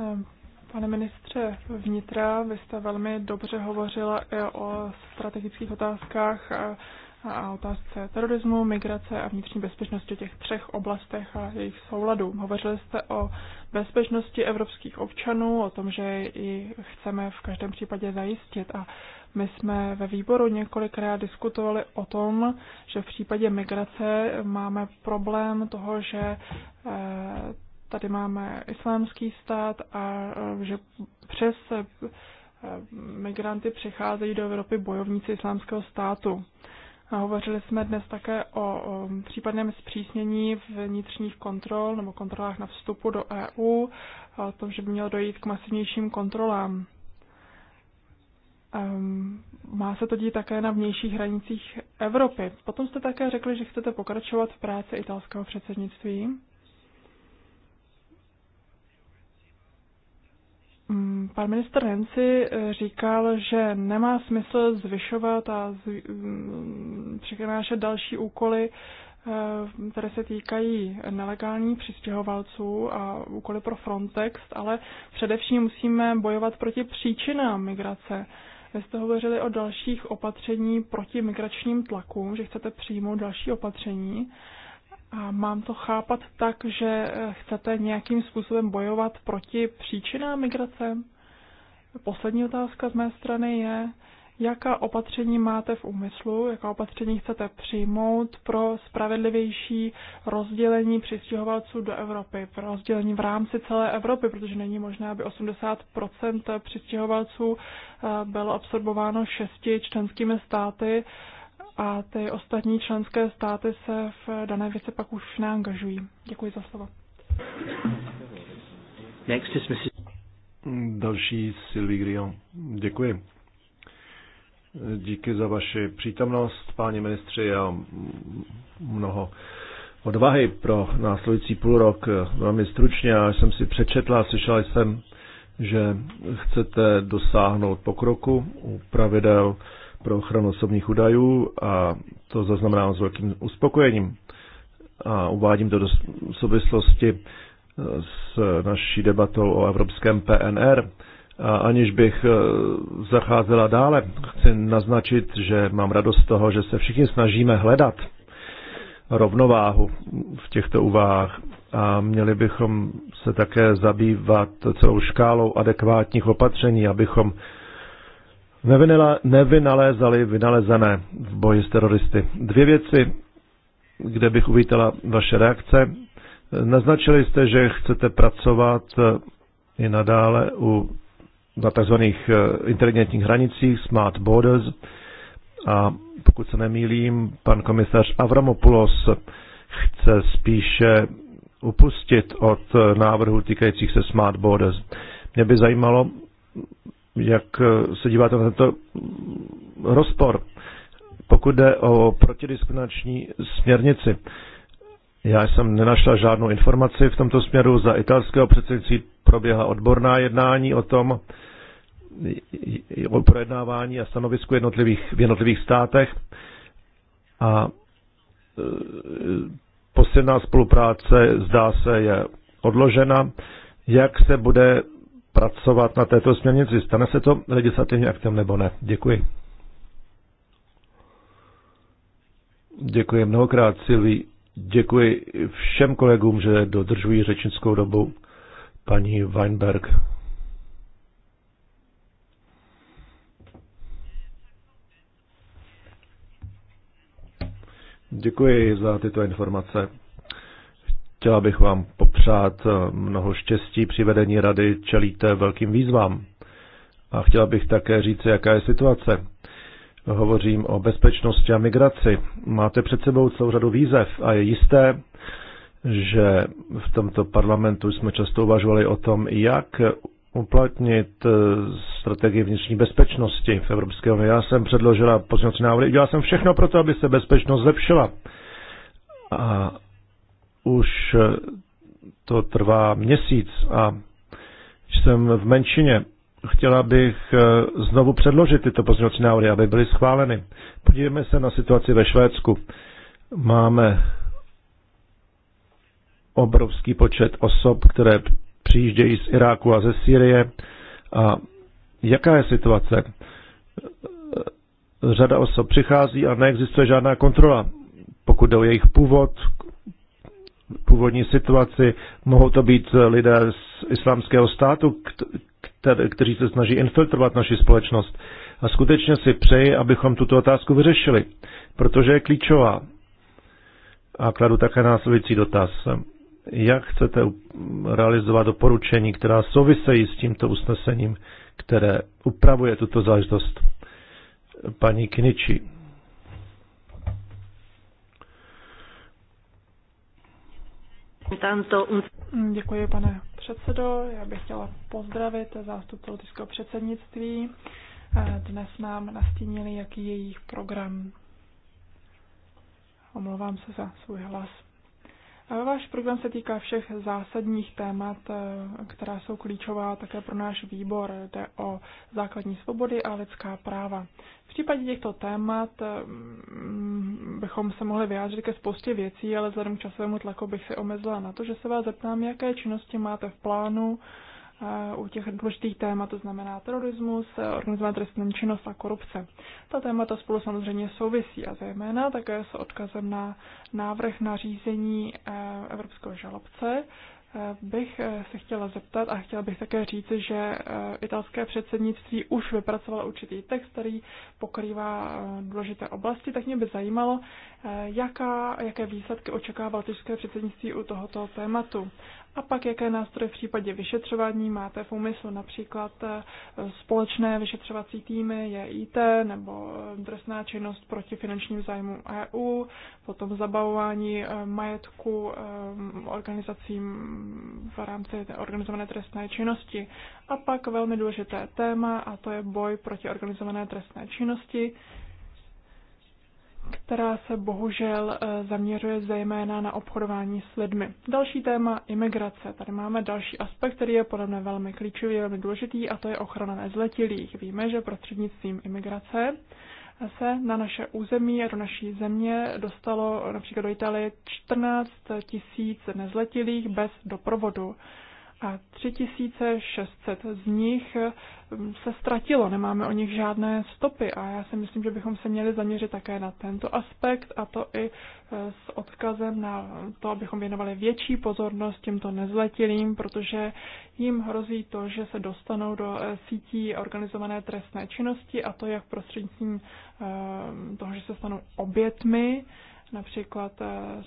S2: Ehm, pane ministře vnitra, vy jste velmi dobře hovořila i o strategických otázkách a, a otázce terorismu, migrace a vnitřní bezpečnosti těch třech oblastech a jejich souladu. Hovořili jste o bezpečnosti evropských občanů, o tom, že ji chceme v každém případě zajistit a my jsme ve výboru několikrát diskutovali o tom, že v případě migrace máme problém toho, že eh, tady máme islámský stát a eh, že přes eh, migranty přicházejí do Evropy bojovníci islámského státu. A hovořili jsme dnes také o, případném zpřísnění vnitřních kontrol nebo kontrolách na vstupu do EU, o tom, že by mělo dojít k masivnějším kontrolám. Um, má se to dít také na vnějších hranicích Evropy. Potom jste také řekli, že chcete pokračovat v práci italského předsednictví. Ehm, pan minister Renzi eh, říkal, že nemá smysl zvyšovat a zvy, um, ehm, další úkoly, eh, které se týkají nelegální přistěhovalců a úkoly pro Frontex, ale především musíme bojovat proti příčinám migrace. Vy jste hovořili o dalších opatření proti migračním tlakům, že chcete přijmout další opatření. A mám to chápat tak, že eh, chcete nějakým způsobem bojovat proti příčinám migrace? Poslední otázka z mé strany je, jaká opatření máte v úmyslu, jaká opatření chcete přijmout pro spravedlivější rozdělení přistěhovalců do Evropy, pro rozdělení v rámci celé Evropy, protože není možné, aby 80 přistěhovalců eh, bylo absorbováno šesti členskými státy a ty ostatní členské státy se v dané věci pak už neangažují. Děkuji za slovo.
S4: Next is Mrs. Další Sylvie Grion. Děkuji. Díky za vaši přítomnost, páni ministři, a mnoho odvahy pro následující půl rok. Velmi stručně, já jsem si přečetla a slyšela jsem, že chcete dosáhnout pokroku u pravidel pro ochranu osobních údajů a to zaznamenám s velkým uspokojením. A uvádím to do souvislosti s naší debatou o evropském PNR. A aniž bych eh, zacházela dále, chci naznačit, že mám radost z toho, že se všichni snažíme hledat rovnováhu v těchto úvahách a měli bychom se také zabývat celou škálou adekvátních opatření, abychom nevynalézali vynalezené v boji s teroristy. Dvě věci, kde bych uvítala vaše reakce. Naznačili jste, že chcete pracovat i nadále u na tzv. Eh, inteligentních hranicích, smart borders. A pokud se nemýlím, pan komisař Avramopoulos chce spíše upustit od eh, návrhu týkajících se smart borders. Mě by zajímalo, jak eh, se díváte na tento rozpor, pokud jde o protidiskriminační směrnici. Já jsem nenašla žádnou informaci v tomto směru. Za italského předsednictví proběhla odborná jednání o tom, o projednávání a stanovisku jednotlivých, v jednotlivých státech a e, posledná spolupráce, zdá se, je odložena. Jak se bude pracovat na této směrnici? Stane se to legislativně aktem nebo ne? Děkuji. Děkuji mnohokrát, Silví. Děkuji všem kolegům, že dodržují řečnickou dobu. Paní Weinberg. Děkuji za tyto informace. Chtěla bych vám popřát mnoho štěstí při vedení rady, čelíte velkým výzvám. A chtěla bych také říct, jaká je situace. Hovořím o bezpečnosti a migraci. Máte před sebou celou řadu výzev a je jisté, že v tomto parlamentu jsme často uvažovali o tom, jak uplatnit eh, strategii vnitřní bezpečnosti v Evropské unii. Já jsem předložila pozměňovací návrhy, dělal jsem všechno pro to, aby se bezpečnost zlepšila. A už eh, to trvá měsíc a jsem v menšině chtěla bych eh, znovu předložit tyto pozměňovací návrhy, aby byly schváleny. Podívejme se na situaci ve Švédsku. Máme obrovský počet osob, které přijíždějí z Iráku a ze Sýrie. A jaká je situace? Eh, řada osob přichází a neexistuje žádná kontrola, pokud jde o jejich původ, původní situaci. Mohou to být lidé z islámského státu, kteří se snaží infiltrovat naši společnost. A skutečně si přeji, abychom tuto otázku vyřešili, protože je klíčová. A kladu také následující dotaz. Jak chcete realizovat doporučení, která souvisejí s tímto usnesením, které upravuje tuto záležitost? Paní Kniči.
S2: Děkuji, pane předsedo. Já bych chtěla pozdravit zástupce lotyšského předsednictví. Eh, dnes nám nastínili, jaký je jejich program. Omlouvám se za svůj hlas. Váš program se týká všech zásadních témat, eh, která jsou klíčová také pro náš výbor. Jde o základní svobody a lidská práva. V případě těchto témat eh, mm, bychom se mohli vyjádřit ke spoustě věcí, ale vzhledem k časovému tlaku bych se omezila na to, že se vás zeptám, jaké činnosti máte v plánu Eh, u těch důležitých témat, to znamená terorismus, eh, organizovaná trestná činnost a korupce. Ta témata spolu samozřejmě souvisí a zejména také s odkazem na návrh na řízení eh, evropského žalobce bych se chtěla zeptat a chtěla bych také říct, že italské předsednictví už vypracovalo určitý text, který pokrývá důležité oblasti, tak mě by zajímalo, jaká, jaké výsledky očekává italské předsednictví u tohoto tématu. A pak, jaké nástroje v případě vyšetřování máte v úmyslu, například eh, společné vyšetřovací týmy JIT nebo eh, trestná činnost proti finančním zájmům EU, potom zabavování eh, majetku organizacím mm, v rámci organizované trestné činnosti. A pak velmi důležité téma, a to je boj proti organizované trestné činnosti která se bohužel eh, zaměřuje zejména na obchodování s lidmi. Další téma imigrace. Tady máme další aspekt, který je podle mě velmi klíčový, velmi důležitý, a to je ochrana nezletilých. Víme, že prostřednictvím imigrace se na naše území a do naší země dostalo například do Itálie 14 tisíc nezletilých bez doprovodu a 3600 z nich hm, se ztratilo, nemáme o nich žádné stopy a já si myslím, že bychom se měli zaměřit také na tento aspekt a to i eh, s odkazem na to, abychom věnovali větší pozornost těmto nezletilým, protože jim hrozí to, že se dostanou do eh, sítí organizované trestné činnosti a to jak prostřednictvím eh, toho, že se stanou obětmi, například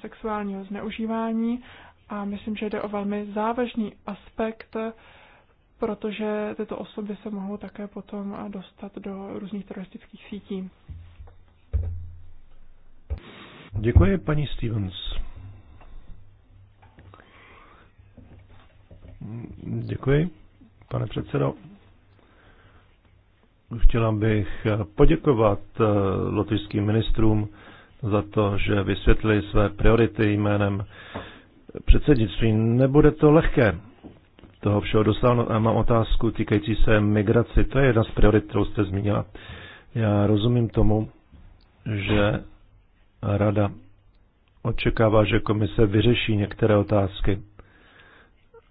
S2: sexuálního zneužívání, a myslím, že jde o velmi závažný aspekt, protože tyto osoby se mohou také potom dostat do různých teroristických sítí.
S4: Děkuji, paní Stevens. Děkuji, pane předsedo. Chtěla bych poděkovat eh, lotyšským ministrům za to, že vysvětlili své priority jménem předsednictví. Nebude to lehké toho všeho dosáhnout. A mám otázku týkající se migraci. To je jedna z priorit, kterou jste zmínila. Já rozumím tomu, že rada očekává, že komise vyřeší některé otázky.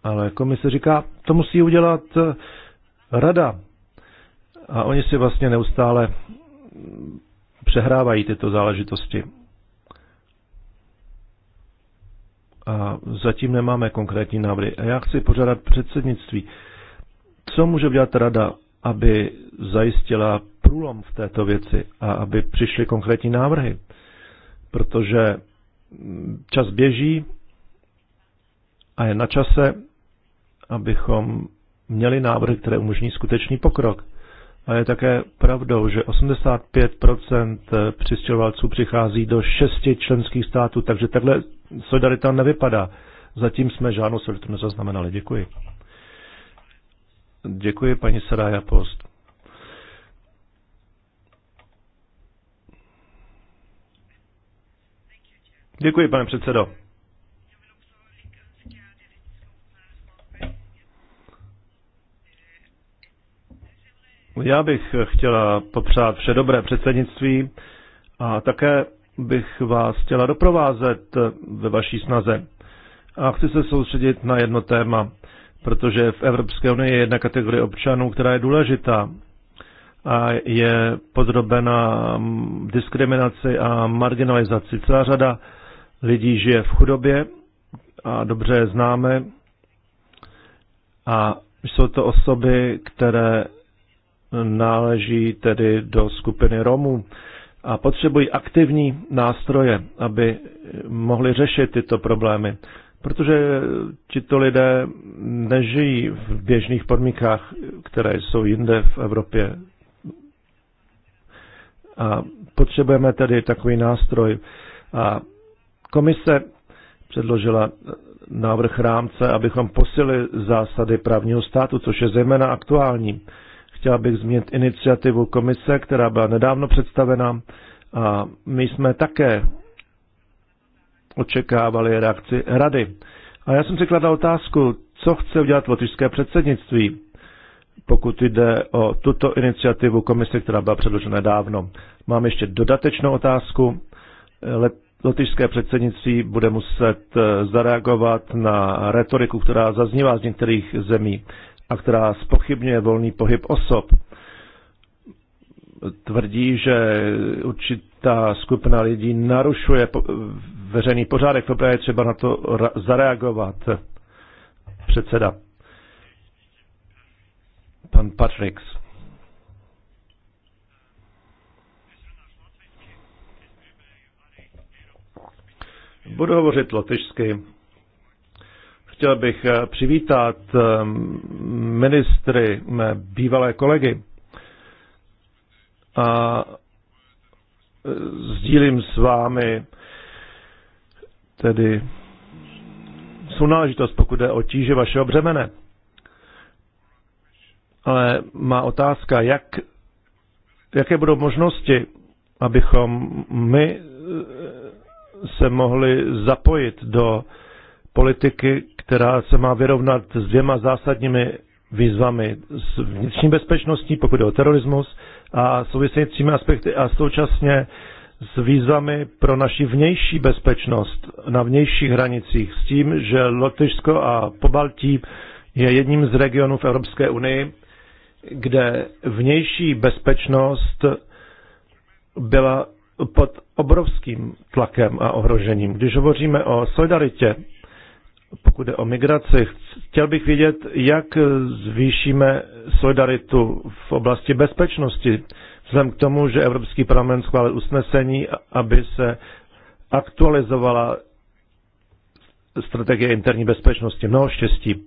S4: Ale komise říká, to musí udělat eh, rada. A oni si vlastně neustále přehrávají tyto záležitosti. a zatím nemáme konkrétní návrhy. A já chci požádat předsednictví, co může udělat rada, aby zajistila průlom v této věci a aby přišly konkrétní návrhy. Protože čas běží a je na čase, abychom měli návrhy, které umožní skutečný pokrok. A je také pravdou, že 85% přistěhovalců přichází do šesti členských států, takže takhle solidarita nevypadá. Zatím jsme žádnou solidaritu nezaznamenali. Děkuji. Děkuji, paní Saraja Post. Děkuji, pane předsedo. Já bych chtěla popřát vše dobré předsednictví a také bych vás chtěla doprovázet ve vaší snaze. A chci se soustředit na jedno téma, protože v Evropské unii je jedna kategorie občanů, která je důležitá a je podrobena diskriminaci a marginalizaci. Celá řada lidí žije v chudobě a dobře je známe. A jsou to osoby, které náleží tedy do skupiny Romů a potřebují aktivní nástroje, aby mohli řešit tyto problémy. Protože tito lidé nežijí v běžných podmínkách, které jsou jinde v Evropě. A potřebujeme tedy takový nástroj. A komise předložila návrh rámce, abychom posili zásady právního státu, což je zejména aktuální Chtěla bych změnit iniciativu komise, která byla nedávno představena a my jsme také očekávali reakci rady. A já jsem si kladl otázku, co chce udělat lotyšské předsednictví, pokud jde o tuto iniciativu komise, která byla předložena dávno. Mám ještě dodatečnou otázku. Lotyšské předsednictví bude muset eh, zareagovat na retoriku, která zaznívá z některých zemí a která spochybňuje volný pohyb osob, tvrdí, že určitá skupina lidí narušuje veřejný pořádek, to je třeba na to zareagovat. Předseda. Pan Patricks. Budu hovořit lotyšsky. Chtěl bych eh, přivítat eh, ministry, mé bývalé kolegy. A eh, sdílím s vámi tedy sounáležitost, pokud jde o tíže vašeho břemene. Ale má otázka, jak, jaké budou možnosti, abychom my se mohli zapojit do politiky, která se má vyrovnat s dvěma zásadními výzvami s vnitřní bezpečností, pokud je o terorismus, a souvisejícími aspekty a současně s výzvami pro naši vnější bezpečnost na vnějších hranicích s tím, že Lotyšsko a Pobaltí je jedním z regionů v Evropské unii, kde vnější bezpečnost byla pod obrovským tlakem a ohrožením. Když hovoříme o solidaritě pokud jde o migraci, chtěl bych vědět, jak zvýšíme solidaritu v oblasti bezpečnosti, vzhledem k tomu, že Evropský parlament schválil usnesení, aby se aktualizovala strategie interní bezpečnosti. Mnoho štěstí.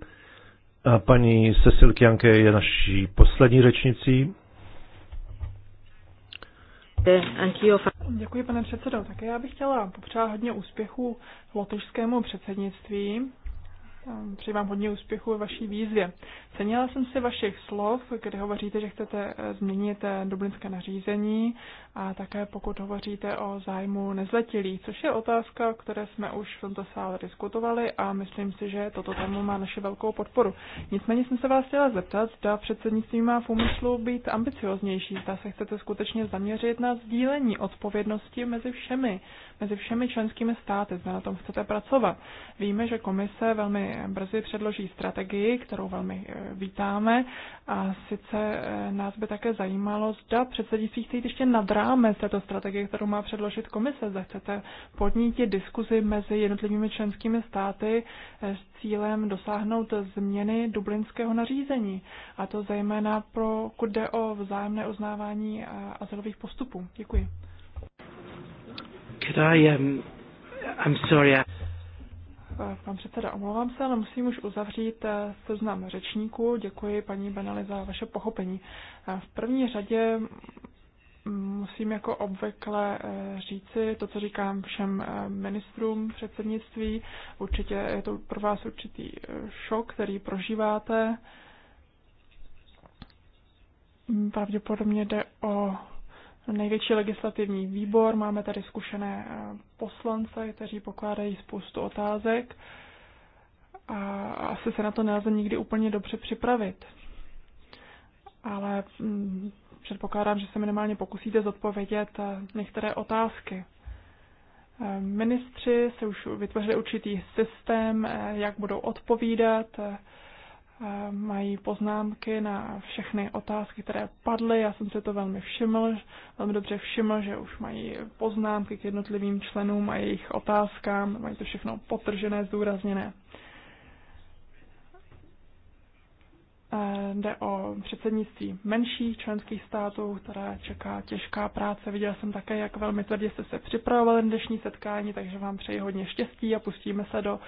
S4: A paní Cecil Kianke je naší poslední řečnicí.
S2: Děkuji, pane předsedo. Také já bych chtěla popřát hodně úspěchů lotyšskému předsednictví. Přeji vám hodně úspěchu ve vaší výzvě. Cenila jsem si vašich slov, kde hovoříte, že chcete eh, změnit eh, dublinské nařízení a také pokud hovoříte o zájmu nezletilých, což je otázka, o které jsme už v tomto sále diskutovali a myslím si, že toto téma má naše velkou podporu. Nicméně jsem se vás chtěla zeptat, zda předsednictví má v úmyslu být ambicioznější, zda se chcete skutečně zaměřit na sdílení odpovědnosti mezi všemi, mezi všemi členskými státy, zda na tom chcete pracovat. Víme, že komise velmi brzy předloží strategii, kterou velmi eh, vítáme a sice eh, nás by také zajímalo, zda předsednictví chce jít ještě nadrát rámec této strategie, kterou má předložit komise. Zda chcete podnítit diskuzi mezi jednotlivými členskými státy eh, s cílem dosáhnout změny dublinského nařízení. A to zejména pro, kde jde o vzájemné uznávání eh, azylových postupů. Děkuji.
S1: Could I, um, I'm sorry, I...
S2: Eh, pan předseda, omlouvám se, ale musím už uzavřít seznam řečníků. Děkuji paní Benali za vaše pochopení. V první řadě musím jako obvykle eh, říci to, co říkám všem eh, ministrům předsednictví. Určitě je to pro vás určitý eh, šok, který prožíváte. Pravděpodobně jde o největší legislativní výbor. Máme tady zkušené poslance, kteří pokládají spoustu otázek a asi se na to nelze nikdy úplně dobře připravit. Ale mm, předpokládám, že se minimálně pokusíte zodpovědět eh, některé otázky. Eh, ministři se už vytvořili určitý systém, eh, jak budou odpovídat, mají poznámky na všechny otázky, které padly. Já jsem se to velmi všiml, velmi dobře všiml, že už mají poznámky k jednotlivým členům a jejich otázkám, mají to všechno potržené, zdůrazněné. Eh, jde o předsednictví menších členských států, které čeká těžká práce. Viděla jsem také, jak velmi tvrdě jste se připravovali na dnešní setkání, takže vám přeji hodně štěstí a pustíme se do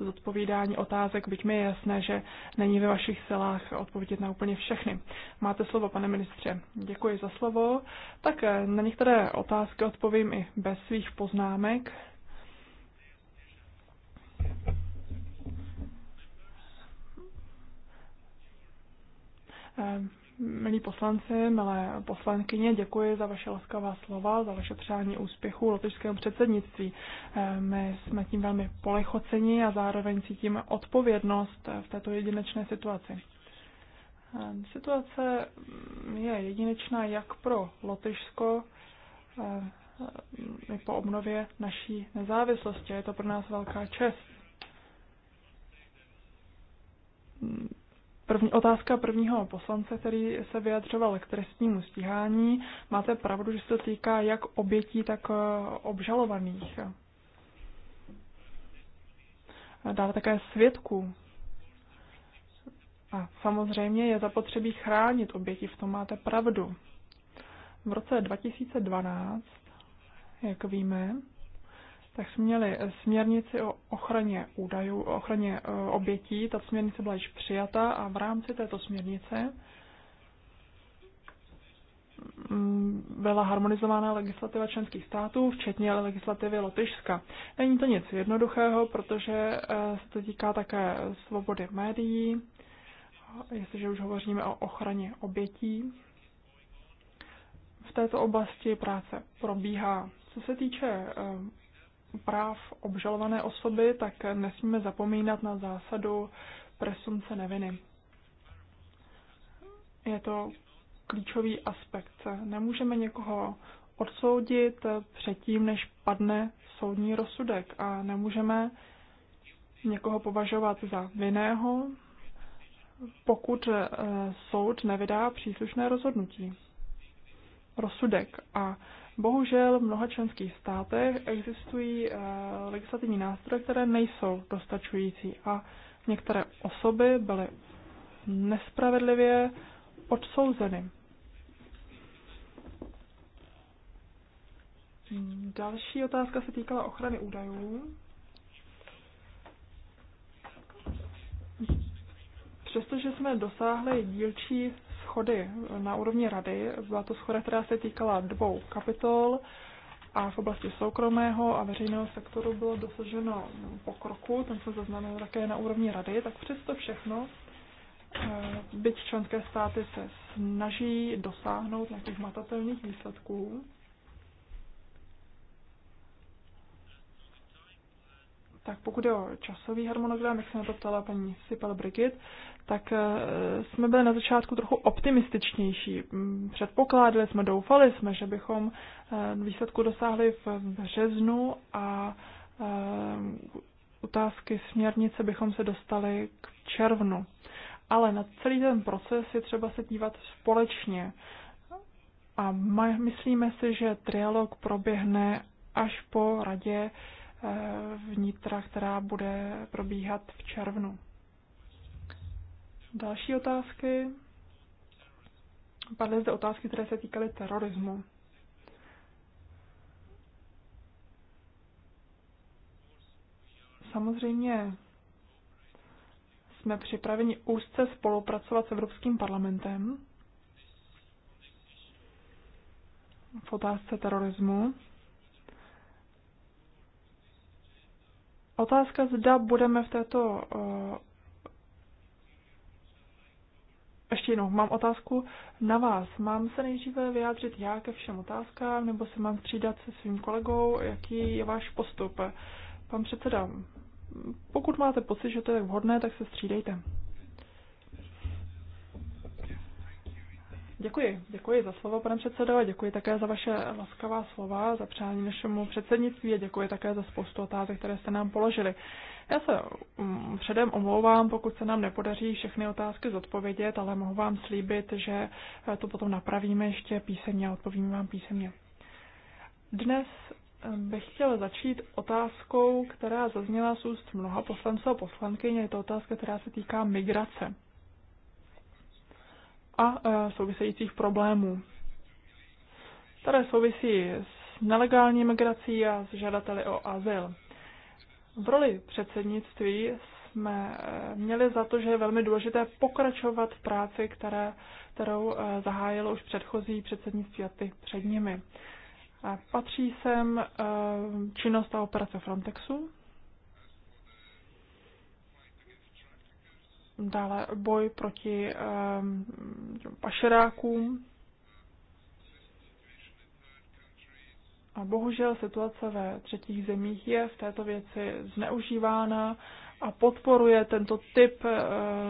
S2: zodpovídání otázek, byť mi je jasné, že není ve vašich silách odpovědět na úplně všechny. Máte slovo, pane ministře. Děkuji za slovo. Tak eh, na některé otázky odpovím i bez svých poznámek. Eh, milí poslanci, milé poslankyně, děkuji za vaše laskavá slova, za vaše přání úspěchu lotyšskému předsednictví. Eh, my jsme tím velmi polechoceni a zároveň cítíme odpovědnost v této jedinečné situaci. Eh, situace je jedinečná jak pro Lotyšsko, i po obnově naší nezávislosti. Je to pro nás velká čest První, otázka prvního poslance, který se vyjadřoval k trestnímu stíhání. Máte pravdu, že se to týká jak obětí, tak eh, obžalovaných. Dále také svědků. A samozřejmě je zapotřebí chránit oběti, v tom máte pravdu. V roce 2012, jak víme, tak jsme měli směrnici o ochraně údajů, o ochraně eh, obětí. Ta směrnice byla již přijata a v rámci této směrnice mm, byla harmonizována legislativa členských států, včetně legislativy Lotyšska. Není to nic jednoduchého, protože eh, se to týká také svobody médií, jestliže už hovoříme o ochraně obětí. V této oblasti práce probíhá. Co se týče eh, práv obžalované osoby, tak nesmíme zapomínat na zásadu presumce neviny. Je to klíčový aspekt. Nemůžeme někoho odsoudit předtím, než padne soudní rozsudek a nemůžeme někoho považovat za vinného, pokud eh, soud nevydá příslušné rozhodnutí. Rozsudek a Bohužel v mnoha členských státech existují eh, legislativní nástroje, které nejsou dostačující a některé osoby byly nespravedlivě odsouzeny. Další otázka se týkala ochrany údajů. Přestože jsme dosáhli dílčí schody na úrovni rady. Byla to schoda, která se týkala dvou kapitol a v oblasti soukromého a veřejného sektoru bylo dosaženo pokroku, ten se zaznamenal také na úrovni rady, tak přesto všechno, eh, byť členské státy se snaží dosáhnout nějakých matatelných výsledků, Tak pokud je o časový harmonogram, jak se na to ptala paní Sipel Brigit, tak eh, jsme byli na začátku trochu optimističnější. Mm, předpokládali jsme, doufali jsme, že bychom eh, výsledku dosáhli v březnu a eh, otázky směrnice bychom se dostali k červnu. Ale na celý ten proces je třeba se dívat společně. A myslíme si, že trialog proběhne až po radě vnitra, která bude probíhat v červnu. Další otázky. Padly zde otázky, které se týkaly terorismu. Samozřejmě jsme připraveni úzce spolupracovat s Evropským parlamentem v otázce terorismu. Otázka, zda budeme v této eh, ještě jednou, mám otázku na vás. Mám se nejdříve vyjádřit já ke všem otázkám, nebo se mám střídat se svým kolegou? Jaký je váš postup? Pan předseda, pokud máte pocit, že to je vhodné, tak se střídejte. Děkuji, děkuji za slovo, pane předsedo, a děkuji také za vaše laskavá slova, za přání našemu předsednictví a děkuji také za spoustu otázek, které jste nám položili. Já se mm, předem omlouvám, pokud se nám nepodaří všechny otázky zodpovědět, ale mohu vám slíbit, že eh, to potom napravíme ještě písemně a odpovíme vám písemně. Dnes eh, bych chtěla začít otázkou, která zazněla z úst mnoha poslanců a poslankyně. Je to otázka, která se týká migrace a eh, souvisejících problémů, které souvisí s nelegální migrací a s žadateli o azyl. V roli předsednictví jsme eh, měli za to, že je velmi důležité pokračovat v práci, které, kterou eh, zahájilo už předchozí předsednictví a ty před nimi. Patří sem eh, činnost a operace Frontexu, dále boj proti pašerákům, A bohužel situace ve třetích zemích je v této věci zneužívána a podporuje tento typ e,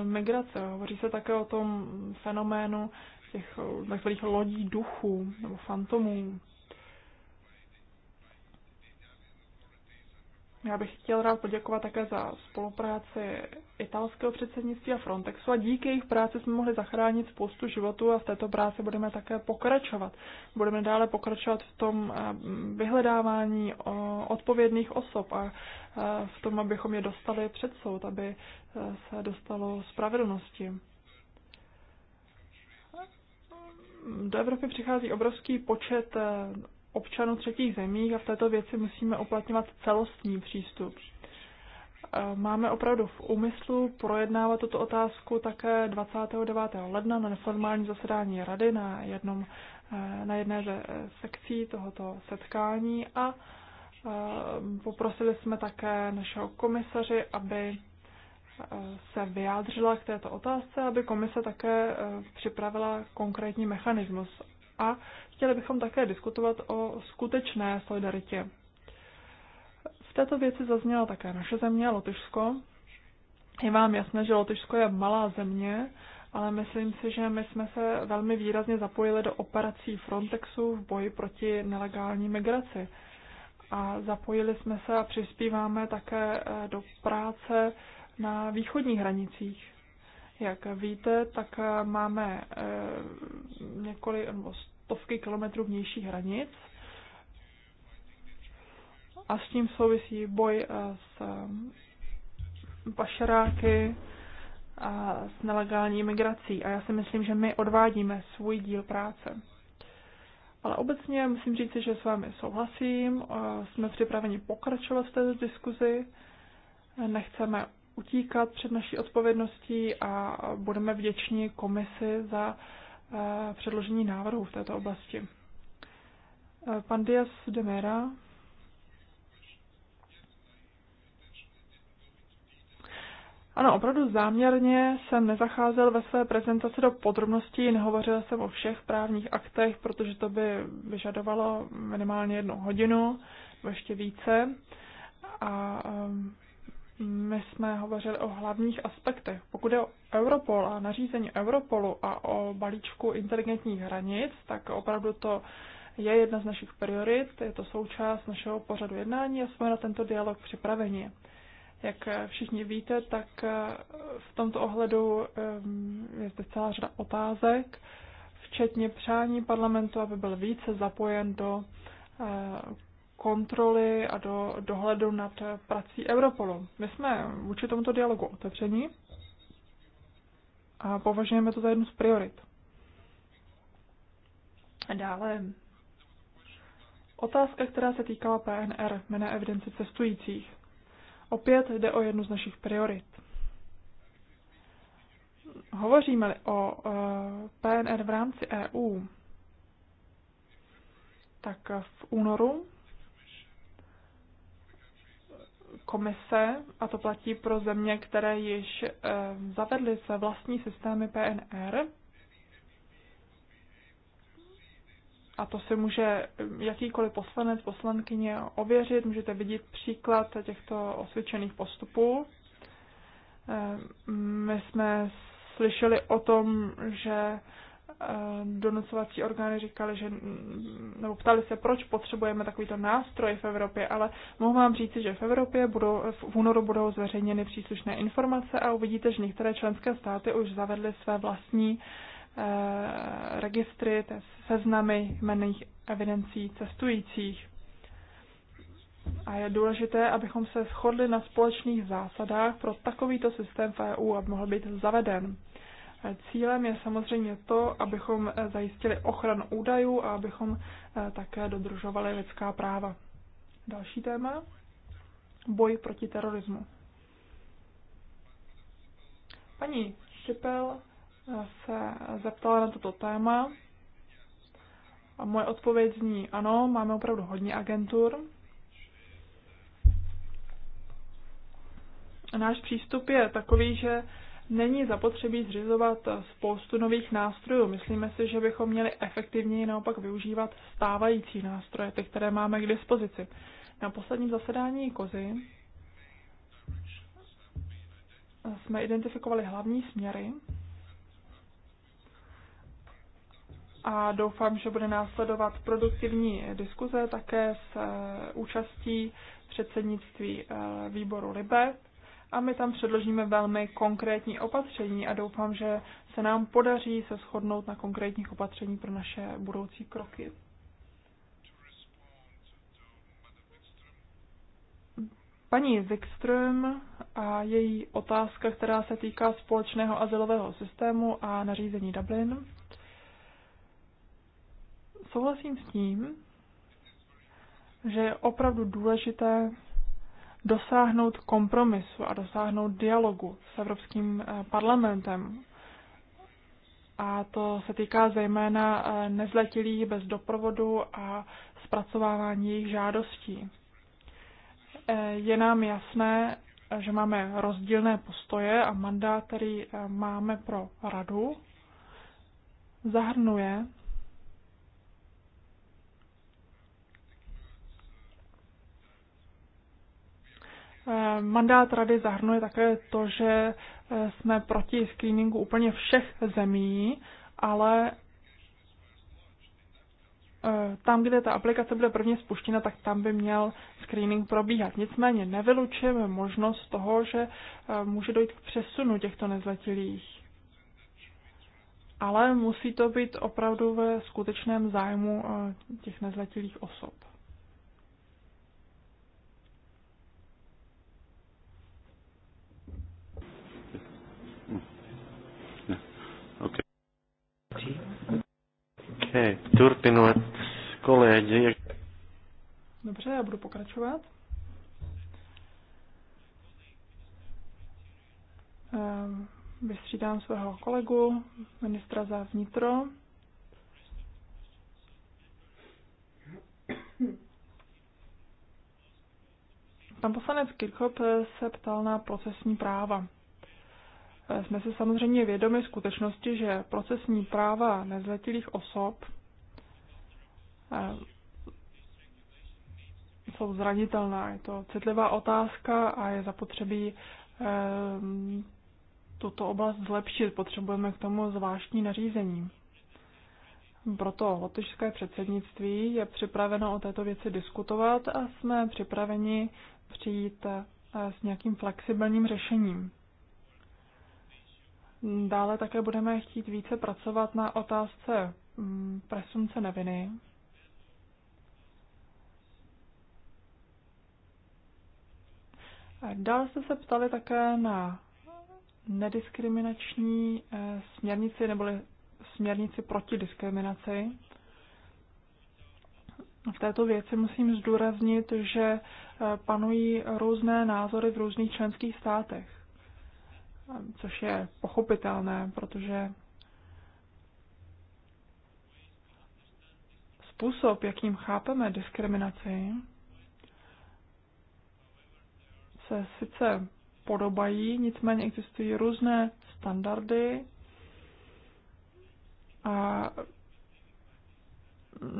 S2: migrace. Hovoří se také o tom fenoménu těch e, takzvaných lodí duchů nebo fantomů. Já bych chtěl rád poděkovat také za spolupráci italského předsednictví a Frontexu a díky jejich práci jsme mohli zachránit spoustu životů a v této práci budeme také pokračovat. Budeme dále pokračovat v tom eh, vyhledávání odpovědných osob a eh, v tom, abychom je dostali před soud, aby eh, se dostalo spravedlnosti. Do Evropy přichází obrovský počet občanů třetích zemí a v této věci musíme uplatňovat celostní přístup. E, máme opravdu v úmyslu projednávat tuto otázku také 29. ledna na neformálním zasedání rady na, jednom, e, na jedné ze e, sekcí tohoto setkání a poprosili jsme také našeho komisaři, aby se vyjádřila k této otázce, aby komise také připravila konkrétní mechanismus a chtěli bychom také diskutovat o skutečné solidaritě. V této věci zazněla také naše země, Lotyšsko. Je vám jasné, že Lotyšsko je malá země, ale myslím si, že my jsme se velmi výrazně zapojili do operací Frontexu v boji proti nelegální migraci. A zapojili jsme se a přispíváme také eh, do práce na východních hranicích. Jak víte, tak máme eh, několik nebo stovky kilometrů vnějších hranic a s tím souvisí boj eh, s eh, pašeráky a s nelegální migrací. A já si myslím, že my odvádíme svůj díl práce. Ale obecně musím říct, že s vámi souhlasím, jsme připraveni pokračovat v této diskuzi, nechceme utíkat před naší odpovědností a budeme vděční komisi za eh, předložení návrhů v této oblasti. Eh, pan Dias de Mera. Ano, opravdu záměrně jsem nezacházel ve své prezentaci do podrobností, nehovořil jsem o všech právních aktech, protože to by vyžadovalo minimálně jednu hodinu, nebo ještě více. A ehm, my jsme hovořili o hlavních aspektech. Pokud je o Europol a nařízení Europolu a o balíčku inteligentních hranic, tak opravdu to je jedna z našich priorit, je to součást našeho pořadu jednání a jsme na tento dialog připraveni. Jak všichni víte, tak eh, v tomto ohledu eh, je zde celá řada otázek, včetně přání parlamentu, aby byl více zapojen do eh, kontroly a do dohledu nad prací Europolu. My jsme vůči tomuto dialogu otevření a považujeme to za jednu z priorit. A dále otázka, která se týkala PNR, jména evidence cestujících. Opět jde o jednu z našich priorit. Hovoříme-li o eh, PNR v rámci EU, tak v únoru komise, a to platí pro země, které již eh, zavedly své vlastní systémy PNR, a to si může eh, jakýkoliv poslanec, poslankyně ověřit, můžete vidět příklad těchto osvědčených postupů. Eh, my jsme slyšeli o tom, že donocovací orgány říkali, že, nebo ptali se, proč potřebujeme takovýto nástroj v Evropě, ale mohu vám říci, že v Evropě budou, v únoru budou zveřejněny příslušné informace a uvidíte, že některé členské státy už zavedly své vlastní e, registry, seznamy jmených evidencí cestujících. A je důležité, abychom se shodli na společných zásadách pro takovýto systém v EU, aby mohl být zaveden. Cílem je samozřejmě to, abychom eh, zajistili ochranu údajů a abychom eh, také dodržovali lidská práva. Další téma. Boj proti terorismu. Paní Šipel eh, se zeptala na toto téma. A moje odpověď zní ano, máme opravdu hodně agentur. Náš přístup je takový, že není zapotřebí zřizovat spoustu nových nástrojů. Myslíme si, že bychom měli efektivněji naopak využívat stávající nástroje, ty, které máme k dispozici. Na posledním zasedání kozy jsme identifikovali hlavní směry a doufám, že bude následovat produktivní diskuze také s eh, účastí předsednictví eh, výboru LIBE a my tam předložíme velmi konkrétní opatření a doufám, že se nám podaří se shodnout na konkrétních opatření pro naše budoucí kroky. Paní Wikström a její otázka, která se týká společného azylového systému a nařízení Dublin. Souhlasím s tím, že je opravdu důležité dosáhnout kompromisu a dosáhnout dialogu s Evropským eh, parlamentem. A to se týká zejména eh, nezletilých bez doprovodu a zpracovávání jejich žádostí. Eh, je nám jasné, že máme rozdílné postoje a mandát, který máme pro radu, zahrnuje Eh, mandát rady zahrnuje také to, že eh, jsme proti screeningu úplně všech zemí, ale eh, tam, kde ta aplikace bude prvně spuštěna, tak tam by měl screening probíhat. Nicméně nevylučujeme možnost toho, že může dojít k přesunu těchto nezletilých. Ale musí to být opravdu ve skutečném zájmu těch nezletilých osob.
S1: Okay, turpinovat
S4: kolegy?
S2: Dobře, já budu pokračovat. Ehm, vystřídám svého kolegu, ministra za vnitro. Pan poslanec Kirchhoff se ptal na procesní práva jsme se samozřejmě vědomi skutečnosti, že procesní práva nezletilých osob eh, jsou zranitelná. Je to citlivá otázka a je zapotřebí eh, tuto oblast zlepšit. Potřebujeme k tomu zvláštní nařízení. Proto lotyšské předsednictví je připraveno o této věci diskutovat a jsme připraveni přijít eh, s nějakým flexibilním řešením. Dále také budeme chtít více pracovat na otázce mm, presumce neviny. Dále jste se ptali také na nediskriminační eh, směrnici neboli směrnici proti diskriminaci. V této věci musím zdůraznit, že eh, panují různé názory v různých členských státech což je pochopitelné, protože způsob, jakým chápeme diskriminaci, se sice podobají, nicméně existují různé standardy a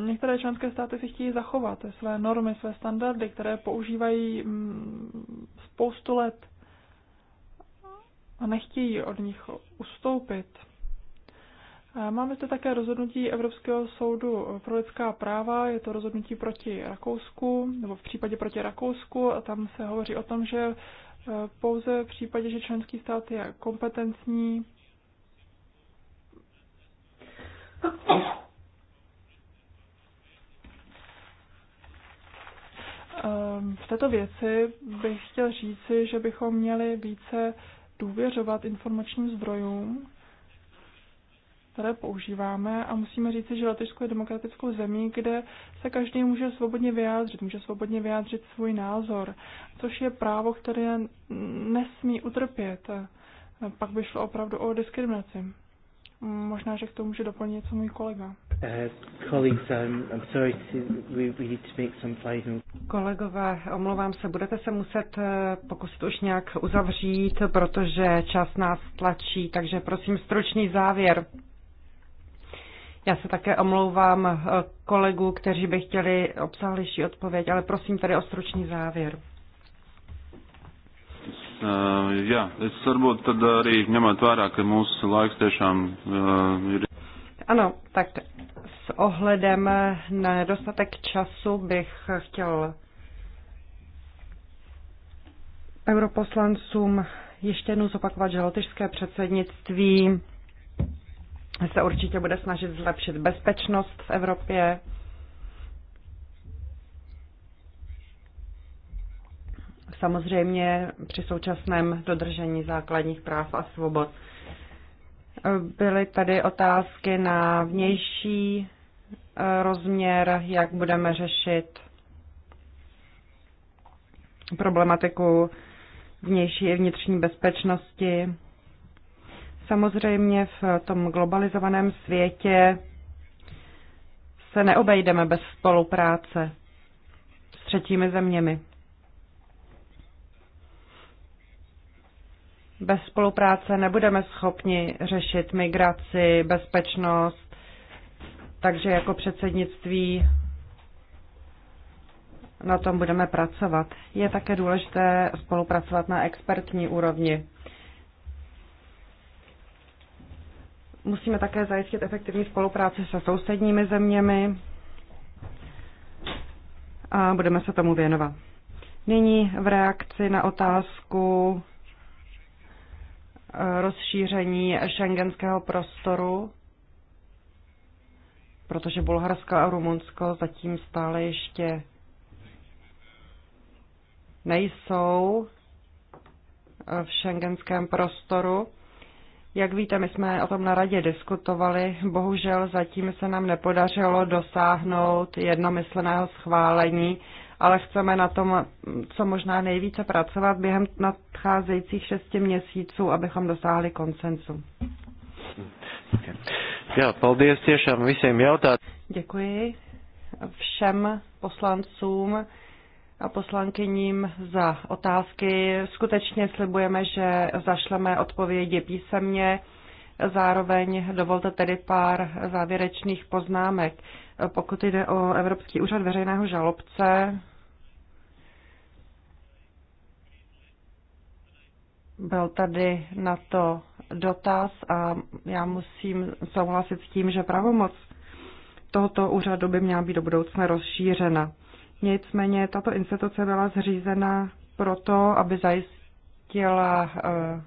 S2: některé členské státy si chtějí zachovat své normy, své standardy, které používají mm, spoustu let a nechtějí od nich ustoupit. Máme zde také rozhodnutí Evropského soudu pro lidská práva, je to rozhodnutí proti Rakousku, nebo v případě proti Rakousku, a tam se hovoří o tom, že e, pouze v případě, že členský stát je kompetentní, ehm, v této věci bych chtěl říci, že bychom měli více důvěřovat informačním zdrojům, které používáme a musíme říct, že Lotyšsko je demokratickou zemí, kde se každý může svobodně vyjádřit, může svobodně vyjádřit svůj názor, což je právo, které nesmí utrpět. Pak by šlo opravdu o diskriminaci. Možná, že k tomu může doplnit něco můj kolega.
S1: Uh, um, Kolegové, omlouvám se, budete se muset
S5: eh, pokusit už nějak uzavřít, protože čas nás tlačí, takže prosím stručný závěr. Já se také omlouvám eh, kolegů, kteří by chtěli obsáhlejší odpověď, ale prosím tady o stručný závěr.
S3: Eh, jā, es varbūt tad arī ņemot vērā, ka mūsu laiks tiešām uh, ir.
S5: Ano, tak s ohledem na dostatek času bych chtěl europoslancům ještě jednou zopakovat, že lotyšské předsednictví se určitě bude snažit zlepšit bezpečnost v Evropě samozřejmě při současném dodržení základních práv a svobod. Byly tady otázky na vnější eh, rozměr, jak budeme řešit problematiku vnější i vnitřní bezpečnosti. Samozřejmě v tom globalizovaném světě se neobejdeme bez spolupráce s třetími zeměmi. Bez spolupráce nebudeme schopni řešit migraci, bezpečnost, takže jako předsednictví na tom budeme pracovat. Je také důležité spolupracovat na expertní úrovni. Musíme také zajistit efektivní spolupráci se sousedními zeměmi a budeme se tomu věnovat. Nyní v reakci na otázku Eh, rozšíření šengenského prostoru, protože Bulharsko a Rumunsko zatím stále ještě nejsou eh, v šengenském prostoru. Jak víte, my jsme o tom na radě diskutovali. Bohužel zatím se nám nepodařilo dosáhnout jednomyslného schválení ale chceme na tom co možná nejvíce pracovat během nadcházejících šesti měsíců, abychom dosáhli koncensu. Děkuji všem poslancům a poslankyním za otázky. Skutečně slibujeme, že zašleme odpovědi písemně. Zároveň dovolte tedy pár závěrečných poznámek. Pokud jde o Evropský úřad veřejného žalobce, Byl tady na to dotaz a já musím souhlasit s tím, že pravomoc tohoto úřadu by měla být do budoucna rozšířena. Nicméně tato instituce byla zřízena proto, aby zajistila eh,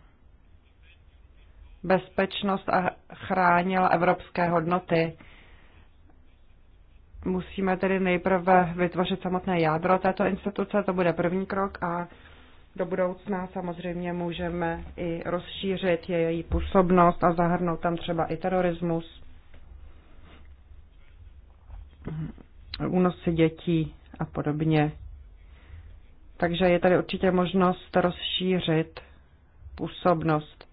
S5: bezpečnost a chránila evropské hodnoty. Musíme tedy nejprve vytvořit samotné jádro této instituce, to bude první krok a do budoucna samozřejmě můžeme i rozšířit její působnost a zahrnout tam třeba i terorismus, únosy dětí a podobně. Takže je tady určitě možnost rozšířit působnost.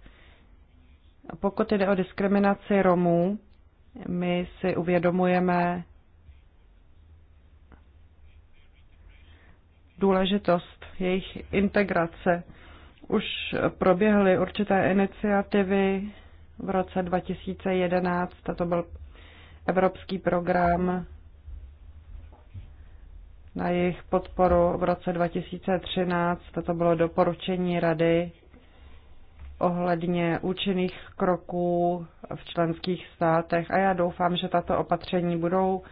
S5: Pokud jde o diskriminaci Romů, my si uvědomujeme, důležitost jejich integrace. Už proběhly určité iniciativy v roce 2011, to byl evropský program na jejich podporu v roce 2013, to bylo doporučení Rady ohledně účinných kroků v členských státech a já doufám, že tato opatření budou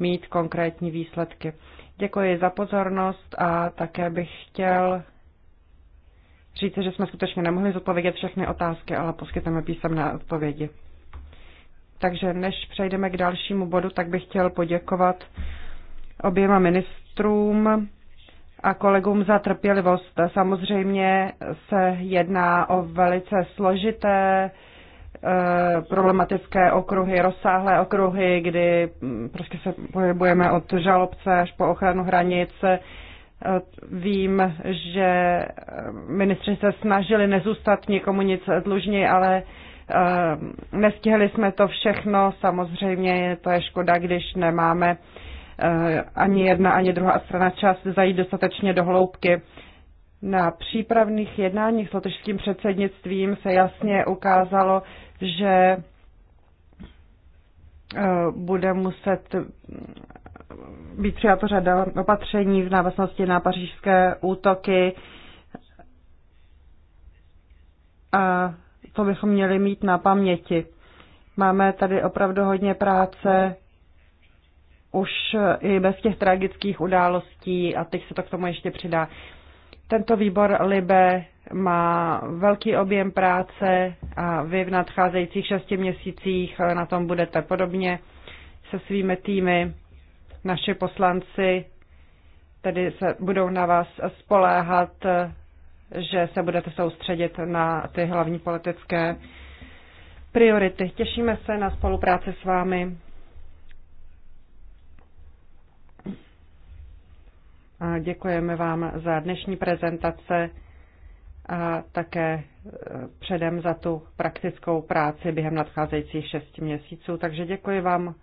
S5: mít konkrétní výsledky. Děkuji za pozornost a také bych chtěl říct, že jsme skutečně nemohli zodpovědět všechny otázky, ale poskytneme písemné odpovědi. Takže než přejdeme k dalšímu bodu, tak bych chtěl poděkovat oběma ministrům a kolegům za trpělivost. Samozřejmě se jedná o velice složité Eh, problematické okruhy, rozsáhlé okruhy, kdy mm, prostě se pohybujeme od žalobce až po ochranu hranic. Eh, vím, že eh, ministři se snažili nezůstat nikomu nic dlužní, ale nestihli jsme to všechno. Samozřejmě to je škoda, když nemáme ani jedna, ani druhá strana čas zajít dostatečně do hloubky. Na přípravných jednáních s lotyšským předsednictvím se jasně ukázalo, že eh, bude muset být přijato řada opatření v návaznosti na pařížské útoky. A to bychom měli mít na paměti. Máme tady opravdu hodně práce už i bez těch tragických událostí a teď se to k tomu ještě přidá. Tento výbor Libe má velký objem práce a vy v nadcházejících šesti měsících na tom budete podobně se svými týmy. Naši poslanci tedy se budou na vás spoléhat, že se budete soustředit na ty hlavní politické priority. Těšíme se na spolupráci s vámi A děkujeme vám za dnešní prezentace a také e, předem za tu praktickou práci během nadcházejících šesti měsíců. Takže děkuji vám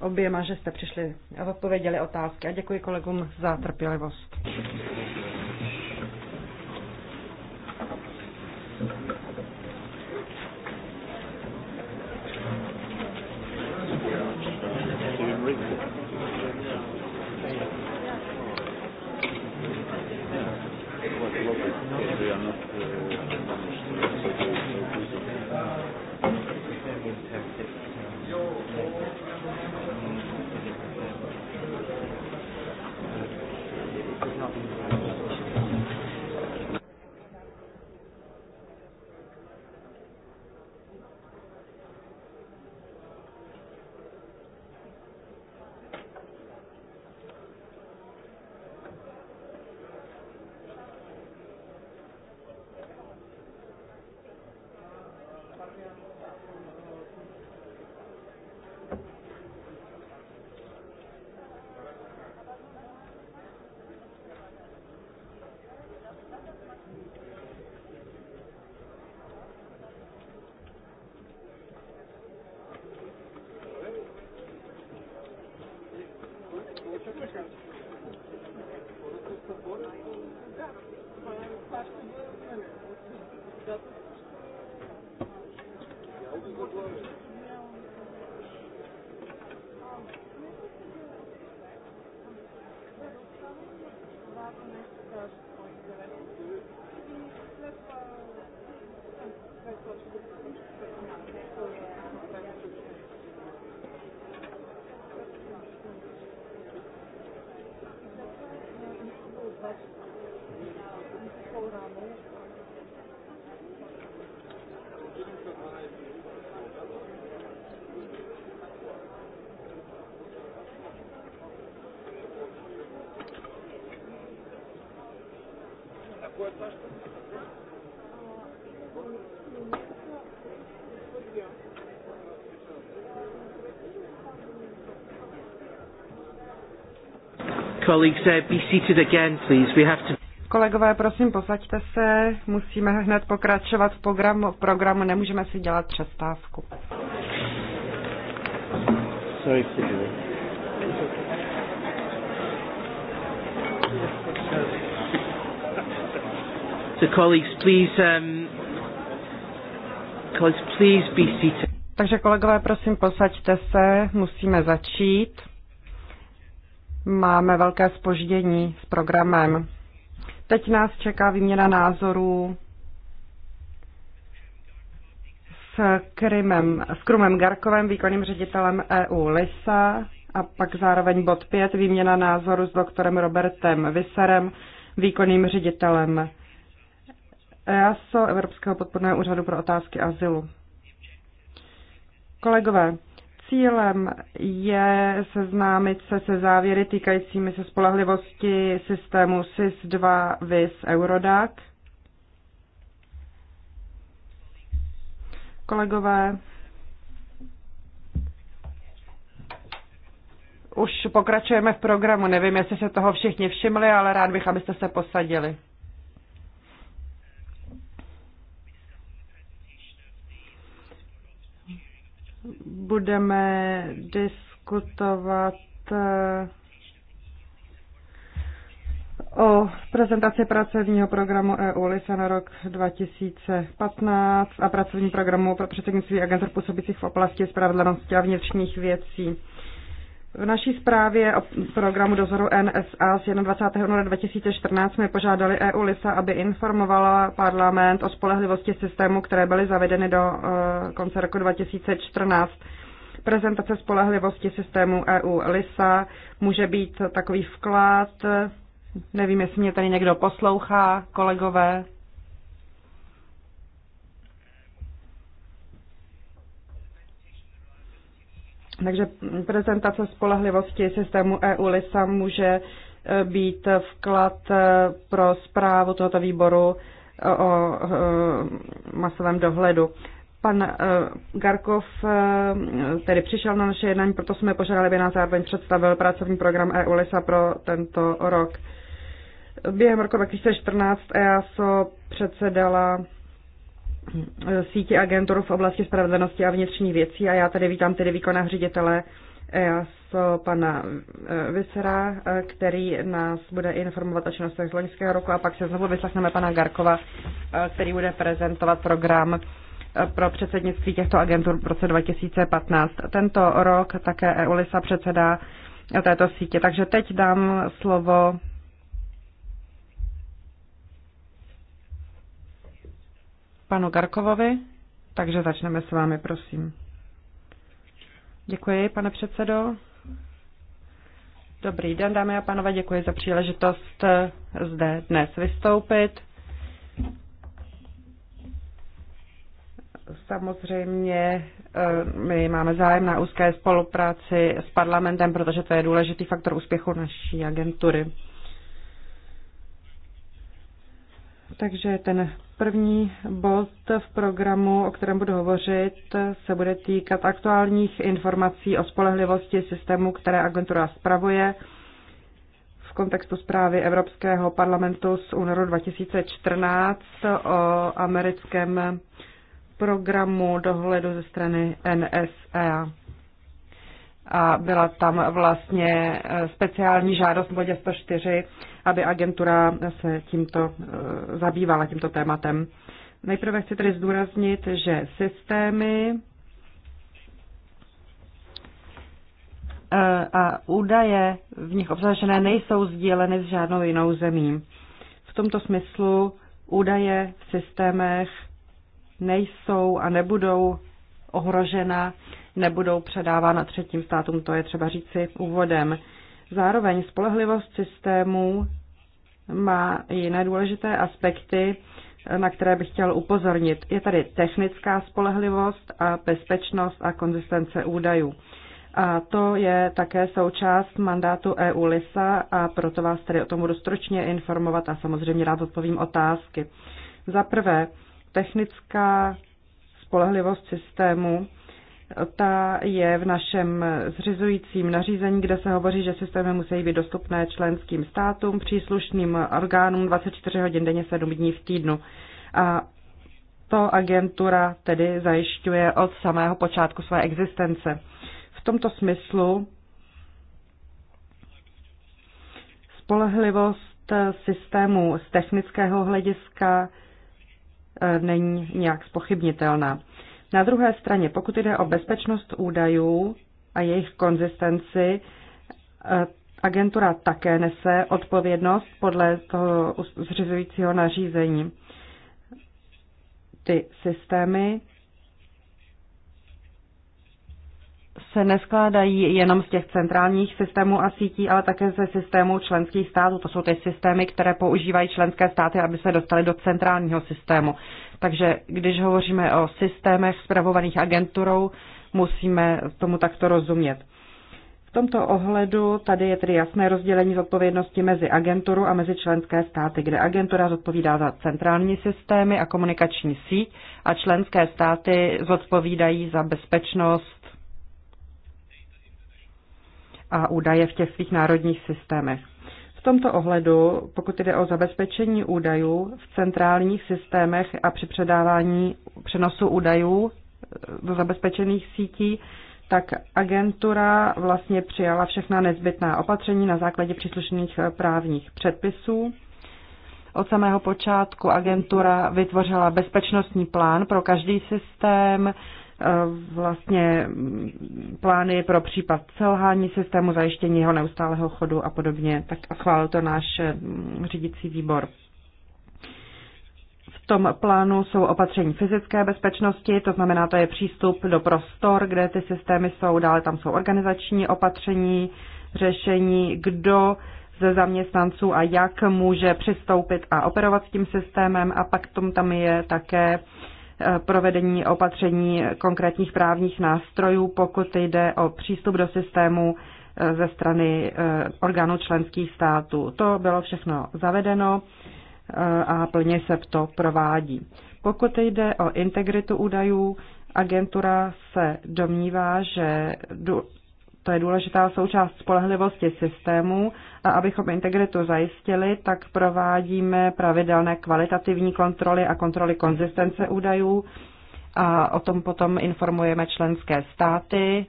S5: oběma, že jste přišli a odpověděli otázky a děkuji kolegům za trpělivost.
S1: Uh,
S5: kolegové, prosím, posaďte se. Musíme hned pokračovat v programu. V programu nemůžeme si
S1: dělat přestávku. Sorry, um,
S5: Takže kolegové, prosím, posaďte se. Musíme začít. Máme velké spoždění s programem. Teď nás čeká výměna názorů s, Krymem, s Krumem Garkovem, výkonným ředitelem EU LISA, a pak zároveň bod 5, výměna názoru s doktorem Robertem Viserem, výkonným ředitelem EASO, Evropského podporného úřadu pro otázky azylu. Kolegové, Cílem je seznámit se se závěry týkajícími se spolehlivosti systému SIS-2 VIS Eurodac. Kolegové, už pokračujeme v programu. Nevím, jestli se toho všichni všimli, ale rád bych, abyste se posadili. budeme diskutovat eh, o prezentaci pracovního programu EU LISA na rok 2015 a pracovní programu pro předsednictví agentů působících v oblasti spravedlnosti a vnitřních věcí. V naší zprávě o programu dozoru NSA z 21. února 2014 jsme požádali EU LISA, aby informovala parlament o spolehlivosti systému, které byly zavedeny do eh, konce roku 2014. Prezentace spolehlivosti systému EU LISA může být takový vklad. Nevím, jestli mě tady někdo poslouchá, kolegové. Takže prezentace spolehlivosti systému EU LISA může e, být vklad e, pro zprávu tohoto výboru e, o masovém dohledu. Pan Garkov tedy přišel na naše jednání, proto jsme požádali, aby nás zároveň představil pracovní program EU LISA pro tento rok. Během roku 2014 EASO předsedala síti agentur v oblasti spravedlnosti a vnitřních věcí a já tady vítám tedy výkona ředitele EAS pana e, Vysera, e, který nás bude informovat o činnostech z loňského roku a pak se znovu vyslechneme pana Garkova, e, který bude prezentovat program pro předsednictví těchto agentur v roce 2015. Tento rok také EULISA předsedá této sítě. Takže teď dám slovo panu Garkovovi, takže začneme s vámi, prosím. Děkuji, pane předsedo. Dobrý den, dámy a pánové, děkuji za příležitost eh, zde dnes vystoupit. Samozřejmě eh, my máme zájem na úzké spolupráci s parlamentem, protože to je důležitý faktor úspěchu naší agentury. Takže ten první bod v programu, o kterém budu hovořit, se bude týkat aktuálních informací o spolehlivosti systému, které agentura spravuje v kontextu zprávy Evropského parlamentu z únoru 2014 o americkém programu dohledu ze strany NSA. A byla tam vlastně eh, speciální žádost v bodě 104 aby agentura se tímto eh, zabývala, tímto tématem. Nejprve chci tedy zdůraznit, že systémy eh, a údaje v nich obsažené nejsou sdíleny s žádnou jinou zemí. V tomto smyslu údaje v systémech nejsou a nebudou ohrožena, nebudou předávána třetím státům, to je třeba říci úvodem. Zároveň spolehlivost systému má jiné důležité aspekty, na které bych chtěl upozornit. Je tady technická spolehlivost a bezpečnost a konzistence údajů. A to je také součást mandátu EU LISA a proto vás tedy o tom budu stručně informovat a samozřejmě rád odpovím otázky. Za prvé, technická spolehlivost systému ta je v našem zřizujícím nařízení, kde se hovoří, že systémy musí být dostupné členským státům, příslušným orgánům 24 hodin denně 7 dní v týdnu. A to agentura tedy zajišťuje od samého počátku své existence. V tomto smyslu spolehlivost systému z technického hlediska eh, není nějak spochybnitelná. Na druhé straně, pokud jde o bezpečnost údajů a jejich konzistenci, eh, agentura také nese odpovědnost podle toho zřizujícího nařízení. Ty systémy se neskládají jenom z těch centrálních systémů a sítí, ale také ze systémů členských států. To jsou ty systémy, které používají členské státy, aby se dostaly do centrálního systému. Takže když hovoříme o systémech zpravovaných agenturou, musíme tomu takto rozumět. V tomto ohledu tady je tedy jasné rozdělení zodpovědnosti mezi agenturu a mezi členské státy, kde agentura zodpovídá za centrální systémy a komunikační síť a členské státy zodpovídají za bezpečnost a údaje v těch svých národních systémech. V tomto ohledu, pokud jde o zabezpečení údajů v centrálních systémech a při předávání přenosu údajů e, do zabezpečených sítí, tak agentura vlastně přijala všechna nezbytná opatření na základě příslušných e, právních předpisů. Od samého počátku agentura vytvořila bezpečnostní plán pro každý systém, Eh, vlastně plány pro případ selhání systému, zajištění jeho neustálého chodu a podobně. Tak a chválil to náš eh, řídící výbor. V tom plánu jsou opatření fyzické bezpečnosti, to znamená, to je přístup do prostor, kde ty systémy jsou, dále tam jsou organizační opatření, řešení, kdo ze zaměstnanců a jak může přistoupit a operovat s tím systémem a pak tom tam je také uh, provedení opatření konkrétních právních nástrojů, pokud jde o přístup do systému eh, ze strany eh, orgánů členských států. To bylo všechno zavedeno eh, a plně se to provádí. Pokud jde o integritu údajů, agentura se domnívá, že to je důležitá součást spolehlivosti systému a abychom integritu zajistili, tak provádíme pravidelné kvalitativní kontroly a kontroly konzistence údajů a o tom potom informujeme členské státy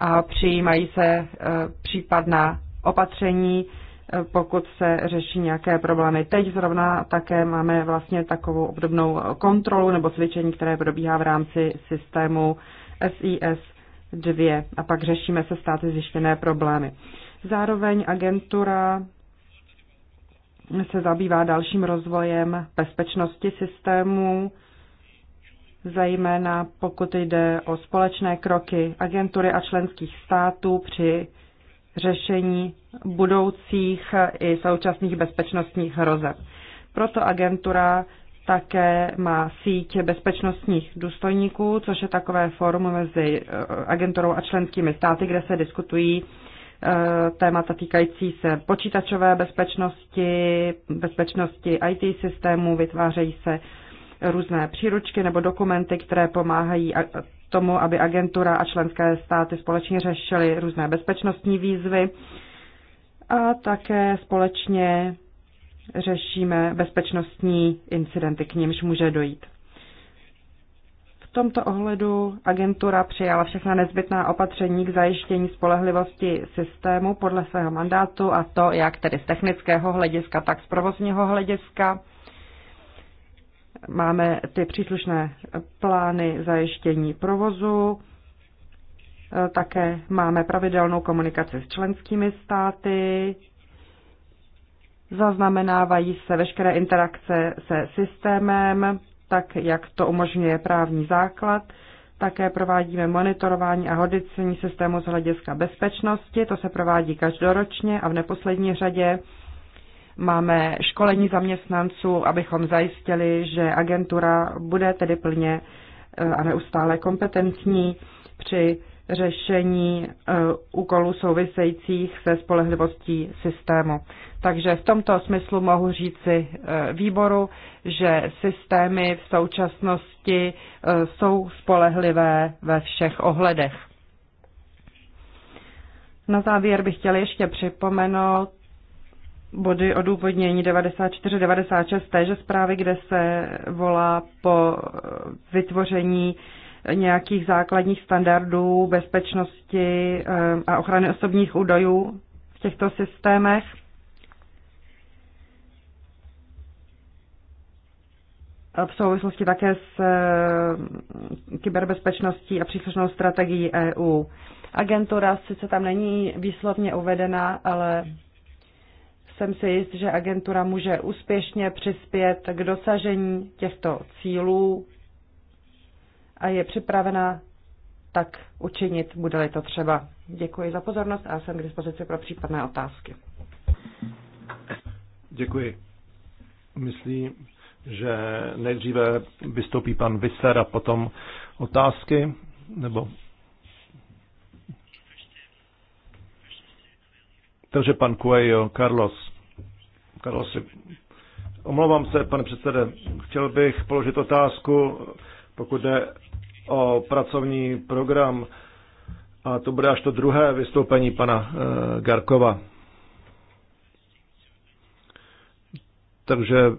S5: a přijímají se e, případná opatření, e, pokud se řeší nějaké problémy. Teď zrovna také máme vlastně takovou obdobnou kontrolu nebo cvičení, které probíhá v rámci systému SIS dvě a pak řešíme se státy zjištěné problémy. Zároveň agentura se zabývá dalším rozvojem bezpečnosti systému, zejména pokud jde o společné kroky agentury a členských států při řešení budoucích i současných bezpečnostních hrozeb. Proto agentura také má síť bezpečnostních důstojníků, což je takové forum mezi eh, agenturou a členskými státy, kde se diskutují eh, témata týkající se počítačové bezpečnosti, bezpečnosti IT systému vytvářejí se různé příručky nebo dokumenty, které pomáhají tomu, aby agentura a členské státy společně řešily různé bezpečnostní výzvy a také společně řešíme bezpečnostní incidenty, k nímž může dojít. V tomto ohledu agentura přijala všechna nezbytná opatření k zajištění spolehlivosti systému podle svého mandátu a to jak tedy z technického hlediska, tak z provozního hlediska. Máme ty příslušné plány zajištění provozu, také máme pravidelnou komunikaci s členskými státy, Zaznamenávají se veškeré interakce se systémem, tak jak to umožňuje právní základ. Také provádíme monitorování a hodnocení systému z hlediska bezpečnosti. To se provádí každoročně a v neposlední řadě máme školení zaměstnanců, abychom zajistili, že agentura bude tedy plně eh, a neustále kompetentní při řešení eh, úkolů souvisejících se spolehlivostí systému. Takže v tomto smyslu mohu říci eh, výboru, že systémy v současnosti eh, jsou spolehlivé ve všech ohledech. Na závěr bych chtěl ještě připomenout body odůvodnění 94-96 téže zprávy, kde se volá po vytvoření nějakých základních standardů bezpečnosti eh, a ochrany osobních údajů v těchto systémech. v souvislosti také s eh, kyberbezpečností a příslušnou strategií EU. Agentura sice tam není výslovně uvedena, ale jsem si jist, že agentura může úspěšně přispět k dosažení těchto cílů a je připravena tak učinit, bude-li to třeba. Děkuji za pozornost a jsem k dispozici pro případné otázky.
S4: Děkuji. Myslím, že nejdříve vystoupí pan Viser a potom otázky, nebo... Takže pan Coelho, Carlos. Carlos, omlouvám se, pane předsede, chtěl bych položit otázku, pokud jde o pracovní program a to bude až to druhé vystoupení pana eh, Garkova. Takže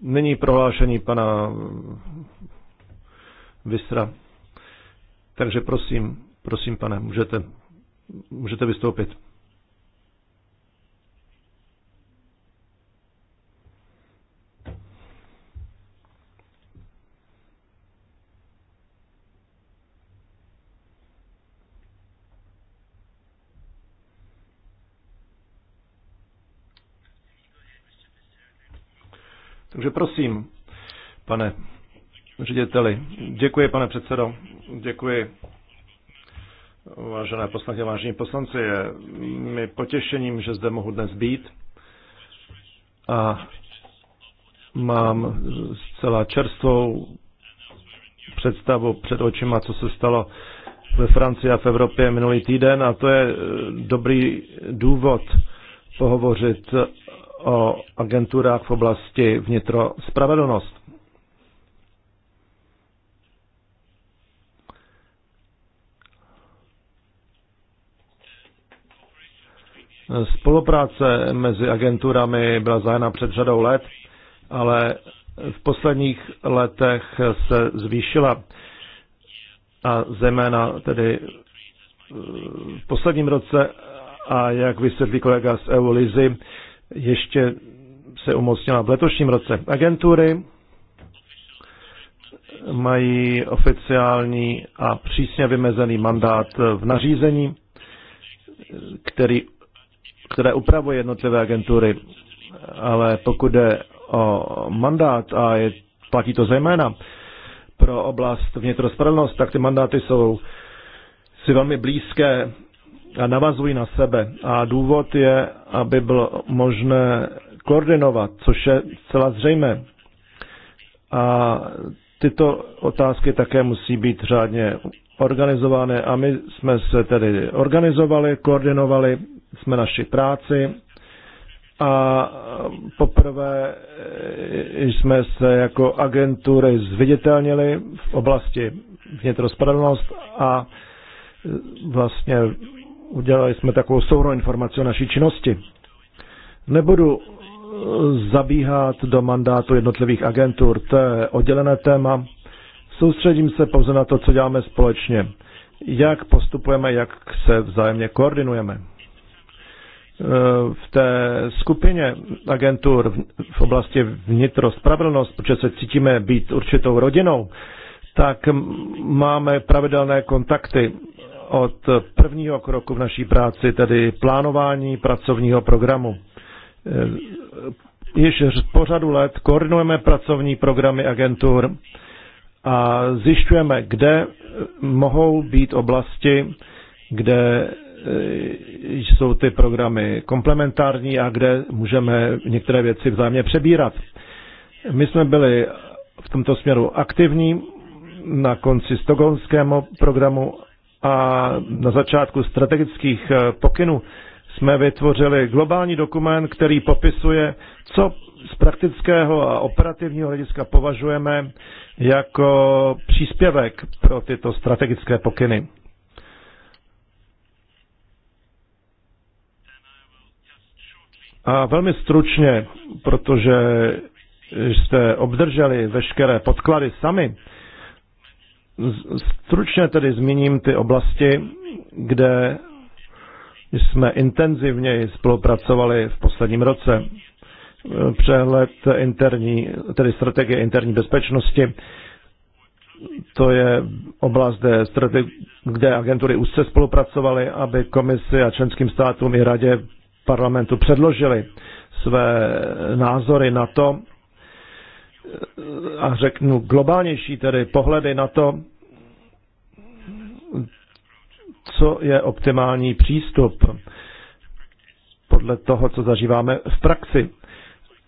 S4: není prohlášení pana eh, Vysra. Takže prosím, prosím pane, můžete, můžete vystoupit. Takže prosím, pane řediteli. Děkuji, pane předsedo. Děkuji. Vážené poslanky, vážení poslanci, je mi potěšením, že zde mohu dnes být. A mám zcela čerstvou představu před očima, co se stalo ve Francii a v Evropě minulý týden a to je dobrý důvod pohovořit o agenturách v oblasti vnitro spravedlnost. Spolupráce mezi agenturami byla zájena před řadou let, ale v posledních letech se zvýšila a zejména tedy eh, v posledním roce a jak vysvětlí kolega z EU Lizy, ještě se umocnila v letošním roce. Agentury mají oficiální a přísně vymezený mandát v nařízení, který, které upravuje jednotlivé agentury. Ale pokud jde o mandát, a je, platí to zejména pro oblast vnitrospravedlnost, tak ty mandáty jsou si velmi blízké a navazují na sebe. A důvod je, aby bylo možné koordinovat, což je zcela zřejmé. A tyto otázky také musí být řádně organizované a my jsme se tedy organizovali, koordinovali jsme naši práci a poprvé eh, jsme se jako agentury zviditelnili v oblasti vnitrospravedlnost a eh, vlastně udělali jsme takovou souhrnou informaci o naší činnosti. Nebudu eh, zabíhat do mandátu jednotlivých agentur, to je oddělené téma. Soustředím se pouze na to, co děláme společně. Jak postupujeme, jak se vzájemně koordinujeme. Eh, v té skupině agentur v oblasti vnitro spravedlnost, protože se cítíme být určitou rodinou, tak máme pravidelné kontakty od prvního kroku v naší práci, tedy plánování pracovního programu.
S3: Eh,
S4: již po řadu let koordinujeme pracovní programy agentur a zjišťujeme, kde mohou být oblasti, kde eh, jsou ty programy komplementární a kde můžeme některé věci vzájemně přebírat. My jsme byli v tomto směru aktivní na konci stokholmského programu a na začátku strategických eh, pokynů jsme vytvořili globální dokument, který popisuje, co z praktického a operativního hlediska považujeme jako příspěvek pro tyto strategické pokyny. A velmi stručně, protože jste obdrželi veškeré podklady sami, Stručně tedy zmíním ty oblasti, kde jsme intenzivněji spolupracovali v posledním roce. Přehled interní, tedy strategie interní bezpečnosti, to je oblast, kde, kde agentury úzce spolupracovaly, aby komisi a členským státům i radě parlamentu předložili své názory na to, a řeknu globálnější tedy pohledy na to, co je optimální přístup podle toho, co zažíváme v praxi.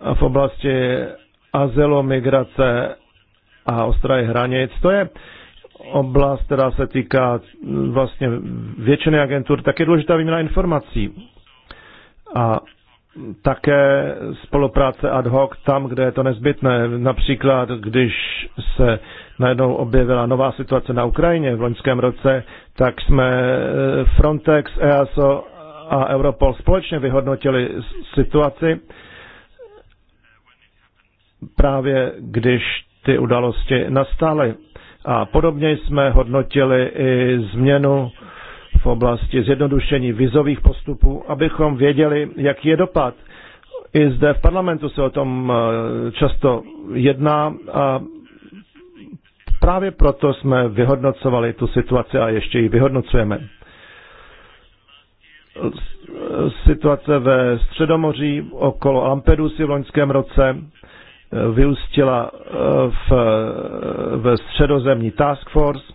S4: A v oblasti azylu, migrace a ostraje hranic, to je oblast, která se týká vlastně většiny agentur, tak je důležitá výměna informací. A také spolupráce ad hoc tam, kde je to nezbytné. Například, když se najednou objevila nová situace na Ukrajině v loňském roce, tak jsme e, Frontex, EASO a Europol společně vyhodnotili situaci právě když ty udalosti nastaly. A podobně jsme hodnotili i změnu v oblasti zjednodušení vizových postupů, abychom věděli, jaký je dopad. I zde v parlamentu se o tom eh, často jedná a právě proto jsme vyhodnocovali tu situaci a ještě ji vyhodnocujeme. Situace ve Středomoří okolo Lampedusy v loňském roce eh, vyústila eh, v, ve středozemní task force,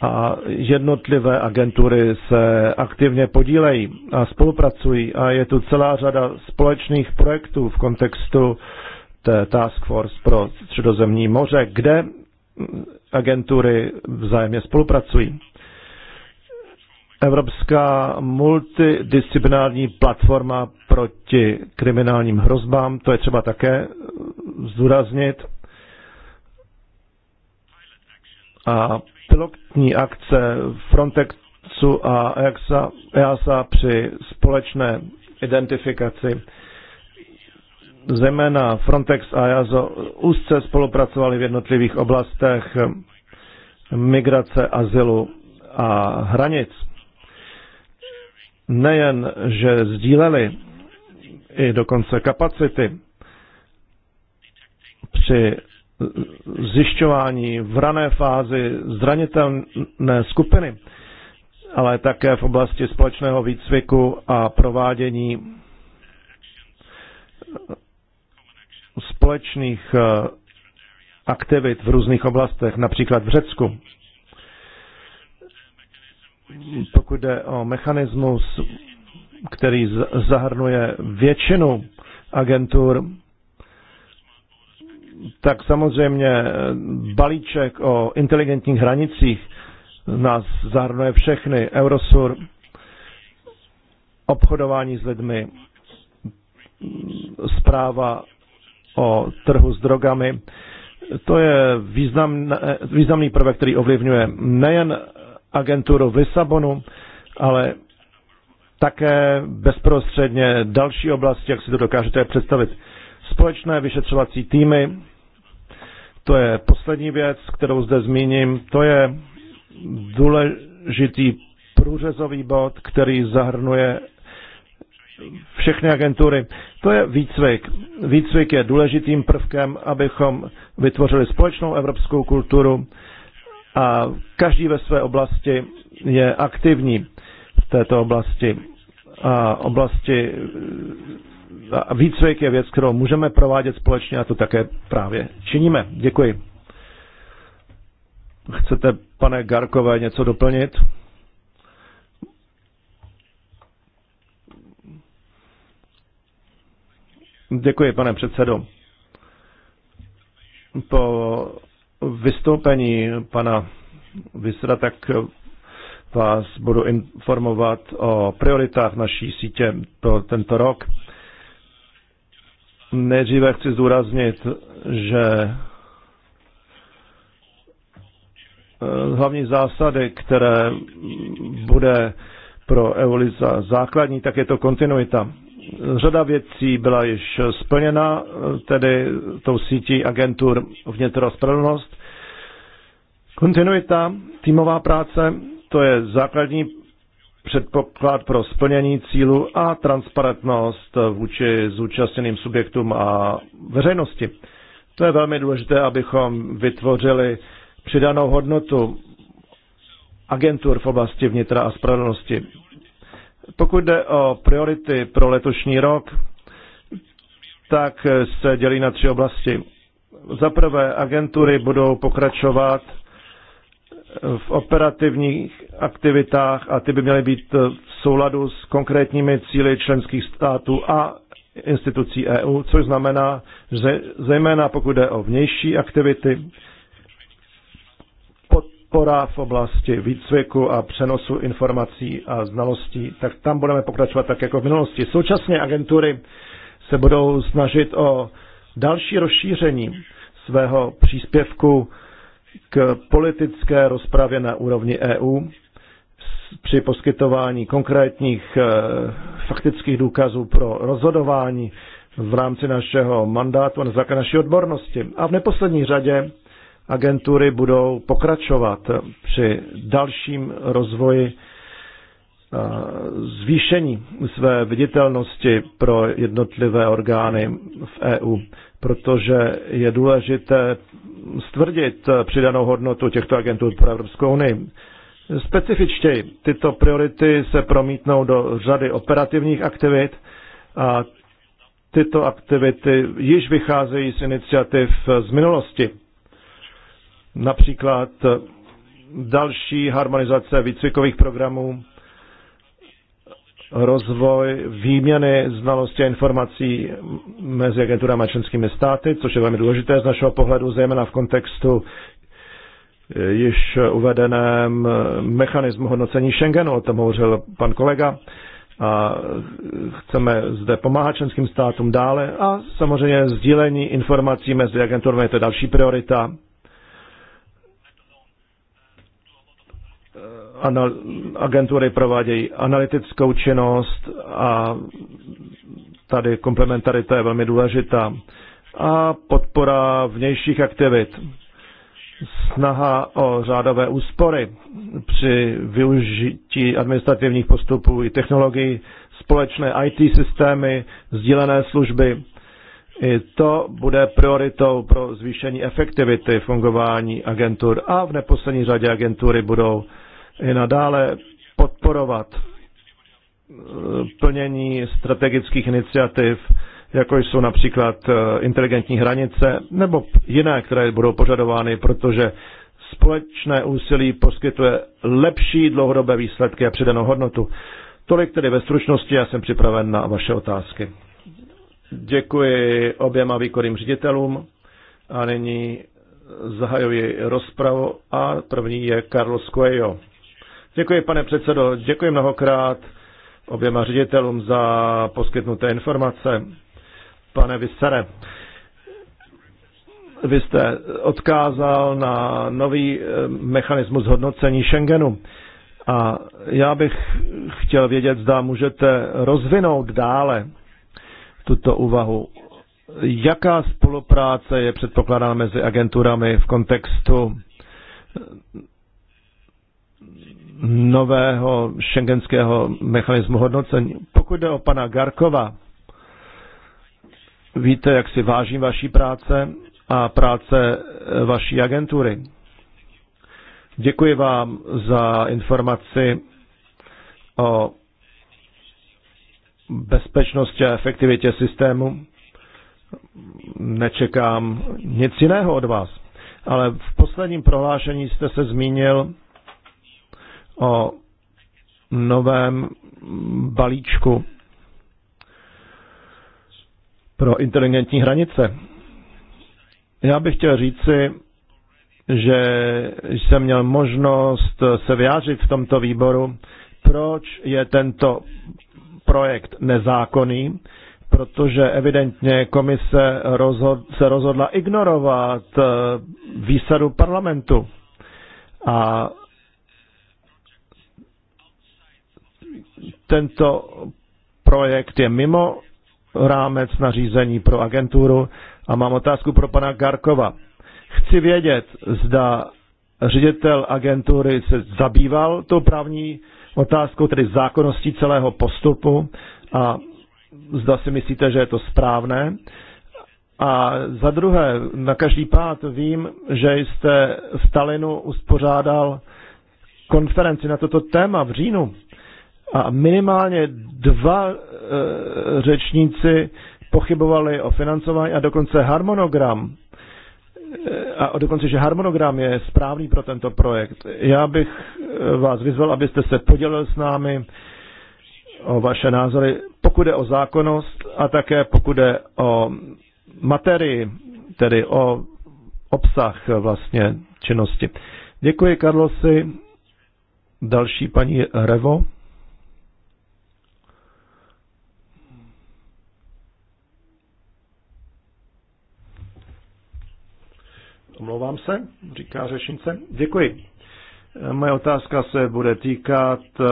S4: a jednotlivé agentury se aktivně podílejí a spolupracují a je tu celá řada společných projektů v kontextu té Task Force pro středozemní moře, kde agentury vzájemně spolupracují. Evropská multidisciplinární platforma proti kriminálním hrozbám, to je třeba také zdůraznit. A pilotní akce Frontexu a EASA, EASA při společné identifikaci. Zejména Frontex a EASA úzce spolupracovali v jednotlivých oblastech migrace, azylu a hranic. Nejen, že sdíleli i dokonce kapacity při zjišťování v rané fázi zranitelné skupiny, ale také v oblasti společného výcviku a provádění společných eh, aktivit v různých oblastech, například v Řecku. Pokud jde o mechanismus, který zahrnuje většinu agentur, tak samozřejmě eh, balíček o inteligentních hranicích nás zahrnuje všechny. Eurosur, obchodování s lidmi, zpráva o trhu s drogami. To je významný, eh, významný prvek, který ovlivňuje nejen agenturu v Lisabonu, ale také bezprostředně další oblasti, jak si to dokážete představit. Společné vyšetřovací týmy, to je poslední věc, kterou zde zmíním, to je důležitý průřezový bod, který zahrnuje všechny agentury. To je výcvik. Výcvik je důležitým prvkem, abychom vytvořili společnou evropskou kulturu a každý ve své oblasti je aktivní v této oblasti. A oblasti výcvik je věc, kterou můžeme provádět společně a to také právě činíme. Děkuji. Chcete, pane Garkové, něco doplnit? Děkuji, pane předsedo. Po vystoupení pana Vysra, tak vás budu informovat o prioritách naší sítě pro tento rok. Nejdříve chci zdůraznit, že eh, hlavní zásady, které bude pro Eulisa základní, tak je to kontinuita. Řada věcí byla již splněna, eh, tedy tou sítí agentur vnitro spravedlnost. Kontinuita, týmová práce, to je základní předpoklad pro splnění cílu a transparentnost vůči zúčastněným subjektům a veřejnosti. To je velmi důležité, abychom vytvořili přidanou hodnotu agentur v oblasti vnitra a spravedlnosti. Pokud jde o priority pro letošní rok, tak se dělí na tři oblasti. Za prvé, agentury budou pokračovat v operativních aktivitách a ty by měly být eh, v souladu s konkrétními cíly členských států a institucí EU, což znamená, že zejména pokud jde o vnější aktivity, podpora v oblasti výcviku a přenosu informací a znalostí, tak tam budeme pokračovat tak jako v minulosti. Současně agentury se budou snažit o další rozšíření svého příspěvku k politické rozpravě na úrovni EU při poskytování konkrétních eh, faktických důkazů pro rozhodování v rámci našeho mandátu na základě naší odbornosti. A v neposlední řadě agentury budou pokračovat při dalším rozvoji eh, zvýšení své viditelnosti pro jednotlivé orgány v EU protože je důležité stvrdit přidanou hodnotu těchto agentů pro Evropskou unii. Specifičtěji tyto priority se promítnou do řady operativních aktivit a tyto aktivity již vycházejí z iniciativ z minulosti. Například další harmonizace výcvikových programů, rozvoj výměny znalostí a informací mezi agenturami a členskými státy, což je velmi důležité z našeho pohledu, zejména v kontextu eh, již uvedeném eh, mechanismu hodnocení Schengenu, o tom hovořil pan kolega. A eh, chceme zde pomáhat členským státům dále a samozřejmě sdílení informací mezi agenturami je to další priorita agentury provádějí analytickou činnost a tady komplementarita je velmi důležitá. A podpora vnějších aktivit. Snaha o řádové úspory při využití administrativních postupů i technologií, společné IT systémy, sdílené služby. I to bude prioritou pro zvýšení efektivity fungování agentur a v neposlední řadě agentury budou i nadále podporovat eh, plnění strategických iniciativ, jako jsou například eh, inteligentní hranice nebo jiné, které budou požadovány, protože společné úsilí poskytuje lepší dlouhodobé výsledky a přidanou hodnotu. Tolik tedy ve stručnosti, já jsem připraven na vaše otázky. Děkuji oběma výkonným ředitelům a nyní zahajuji rozpravu a první je Carlos Coelho. Děkuji, pane předsedo, děkuji mnohokrát oběma ředitelům za poskytnuté informace. Pane Vysere, vy jste odkázal na nový eh, mechanismus hodnocení Schengenu. A já bych chtěl vědět, zda můžete rozvinout dále tuto úvahu. Jaká spolupráce je předpokládána mezi agenturami v kontextu nového šengenského mechanismu hodnocení. Pokud jde o pana Garkova, víte, jak si vážím vaší práce a práce e, vaší agentury. Děkuji vám za informaci o bezpečnosti a efektivitě systému. Nečekám nic jiného od vás. Ale v posledním prohlášení jste se zmínil o novém balíčku pro inteligentní hranice. Já bych chtěl říci, že jsem měl možnost se vyjádřit v tomto výboru, proč je tento projekt nezákonný, protože evidentně komise rozhod, se rozhodla ignorovat výsadu parlamentu. A Tento projekt je mimo rámec nařízení pro agenturu a mám otázku pro pana Garkova. Chci vědět, zda ředitel agentury se zabýval tou právní otázkou, tedy zákonností celého postupu a zda si myslíte, že je to správné. A za druhé, na každý pát vím, že jste v Talinu uspořádal konferenci na toto téma v říjnu a minimálně dva eh, řečníci pochybovali o financování a dokonce harmonogram eh, a dokonce, že harmonogram je správný pro tento projekt. Já bych eh, vás vyzval, abyste se podělil s námi o vaše názory, pokud je o zákonnost a také pokud je o materii, tedy o obsah vlastně činnosti. Děkuji, Karlosi. Další paní Revo. Omlouvám se, říká řešnice. Děkuji. Moje otázka se bude týkat eh,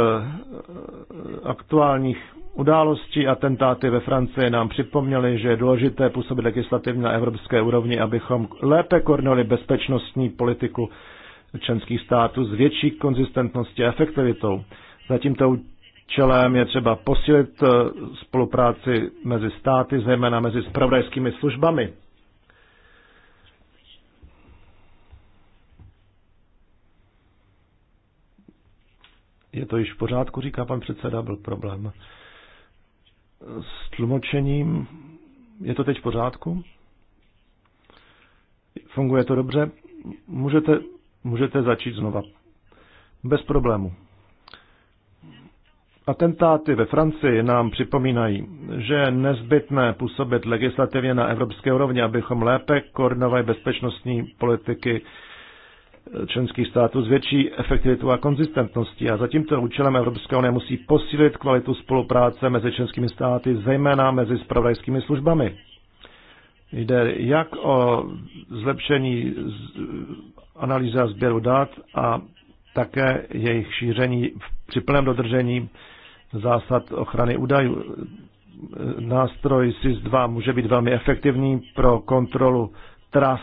S4: aktuálních událostí. Atentáty ve Francii nám připomněly, že je důležité působit legislativně na evropské úrovni, abychom lépe koordinovali bezpečnostní politiku členských států s větší konzistentností a efektivitou. Za tímto účelem je třeba posílit eh, spolupráci mezi státy, zejména mezi spravodajskými službami Je to již v pořádku, říká pan předseda, byl problém. S tlumočením je to teď v pořádku? Funguje to dobře? Můžete, můžete začít znova. Bez problému. Atentáty ve Francii nám připomínají, že je nezbytné působit legislativně na evropské úrovni, abychom lépe koordinovali bezpečnostní politiky členských států s větší efektivitou a konzistentností. A za tímto účelem Evropská unie musí posílit kvalitu spolupráce mezi členskými státy, zejména mezi spravodajskými službami. Jde jak o zlepšení analýzy a sběru dat a také jejich šíření při plném dodržení zásad ochrany údajů. Nástroj SIS-2 může být velmi efektivní pro kontrolu tras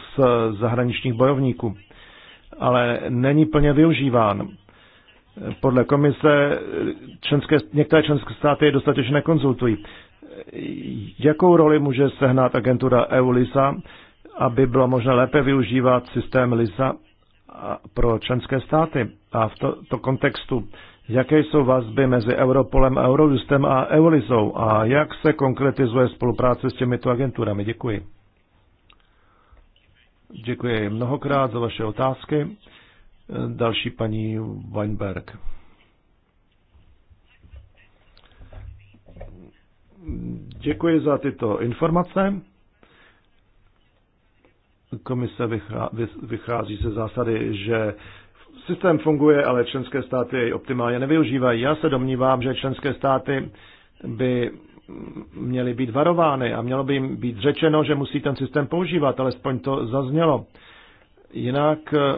S4: zahraničních bojovníků ale není plně využíván. Podle komise členské, některé členské státy je dostatečně nekonzultují. Jakou roli může sehnat agentura EU-LISA, aby bylo možné lépe využívat systém LISA pro členské státy? A v tomto to kontextu, jaké jsou vazby mezi Europolem, Eurojustem a EULISou a jak se konkretizuje spolupráce s těmito agenturami? Děkuji. Děkuji mnohokrát za vaše otázky. Další paní Weinberg. Děkuji za tyto informace. Komise vychází ze zásady, že systém funguje, ale členské státy jej optimálně nevyužívají. Já se domnívám, že členské státy by měly být varovány a mělo by jim být řečeno, že musí ten systém používat, alespoň to zaznělo. Jinak eh,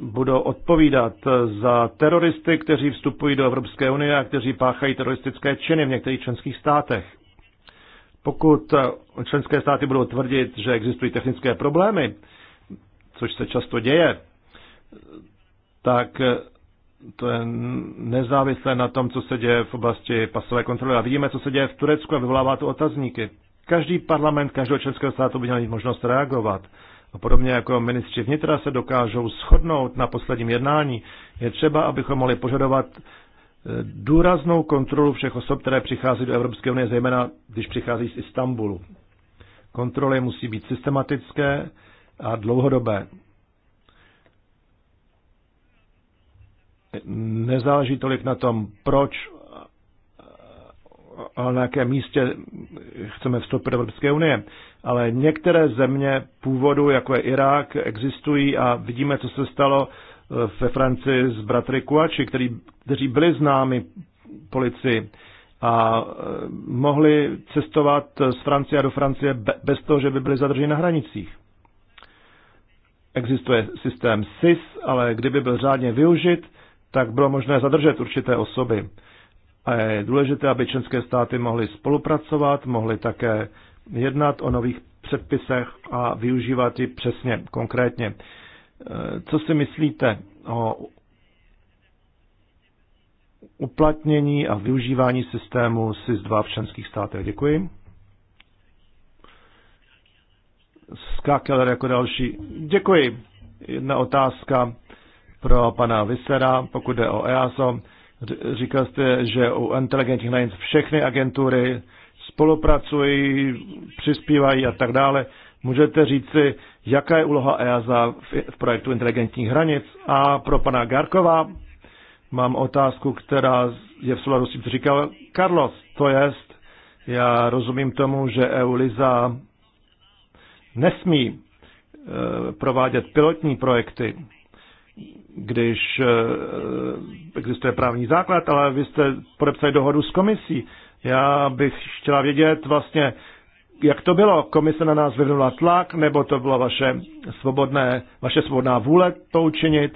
S4: budou odpovídat eh, za teroristy, kteří vstupují do Evropské unie a kteří páchají teroristické činy v některých členských státech. Pokud eh, členské státy budou tvrdit, že existují technické problémy, což se často děje, tak to je nezávislé na tom, co se děje v oblasti pasové kontroly. A vidíme, co se děje v Turecku a vyvolává to otazníky. Každý parlament každého českého státu by měl mít možnost reagovat. A podobně jako ministři vnitra se dokážou shodnout na posledním jednání, je třeba, abychom mohli požadovat eh, důraznou kontrolu všech osob, které přichází do Evropské unie, zejména když přichází z Istanbulu. Kontroly musí být systematické a dlouhodobé. nezáleží tolik na tom, proč a na jakém místě chceme vstoupit do Evropské unie. Ale některé země původu, jako je Irák, existují a vidíme, co se stalo ve Francii s bratry Kuači, který, kteří byli známi policii a e, mohli cestovat z Francie do Francie bez toho, že by byli zadrženi na hranicích. Existuje systém SIS, ale kdyby byl řádně využit, tak bylo možné zadržet určité osoby. A je důležité, aby členské státy mohly spolupracovat, mohly také jednat o nových předpisech a využívat ji přesně, konkrétně. E, co si myslíte o uplatnění a využívání systému SIS-2 v členských státech? Děkuji. Skákeler jako další. Děkuji. Jedna otázka pro pana Vysera, pokud jde o EASO. Říkal jste, že u inteligentních hranic všechny agentury spolupracují, přispívají a tak dále. Můžete říci, jaká je úloha EASA v projektu inteligentních hranic? A pro pana Garkova mám otázku, která je v souladu s tím, co říkal Carlos. To jest, já rozumím tomu, že EULISA nesmí eh, provádět pilotní projekty když eh, existuje právní základ, ale vy jste podepsali dohodu s komisí. Já bych chtěla vědět vlastně, jak to bylo? Komise na nás vyvinula tlak, nebo to byla vaše, svobodné, vaše svobodná vůle to učinit?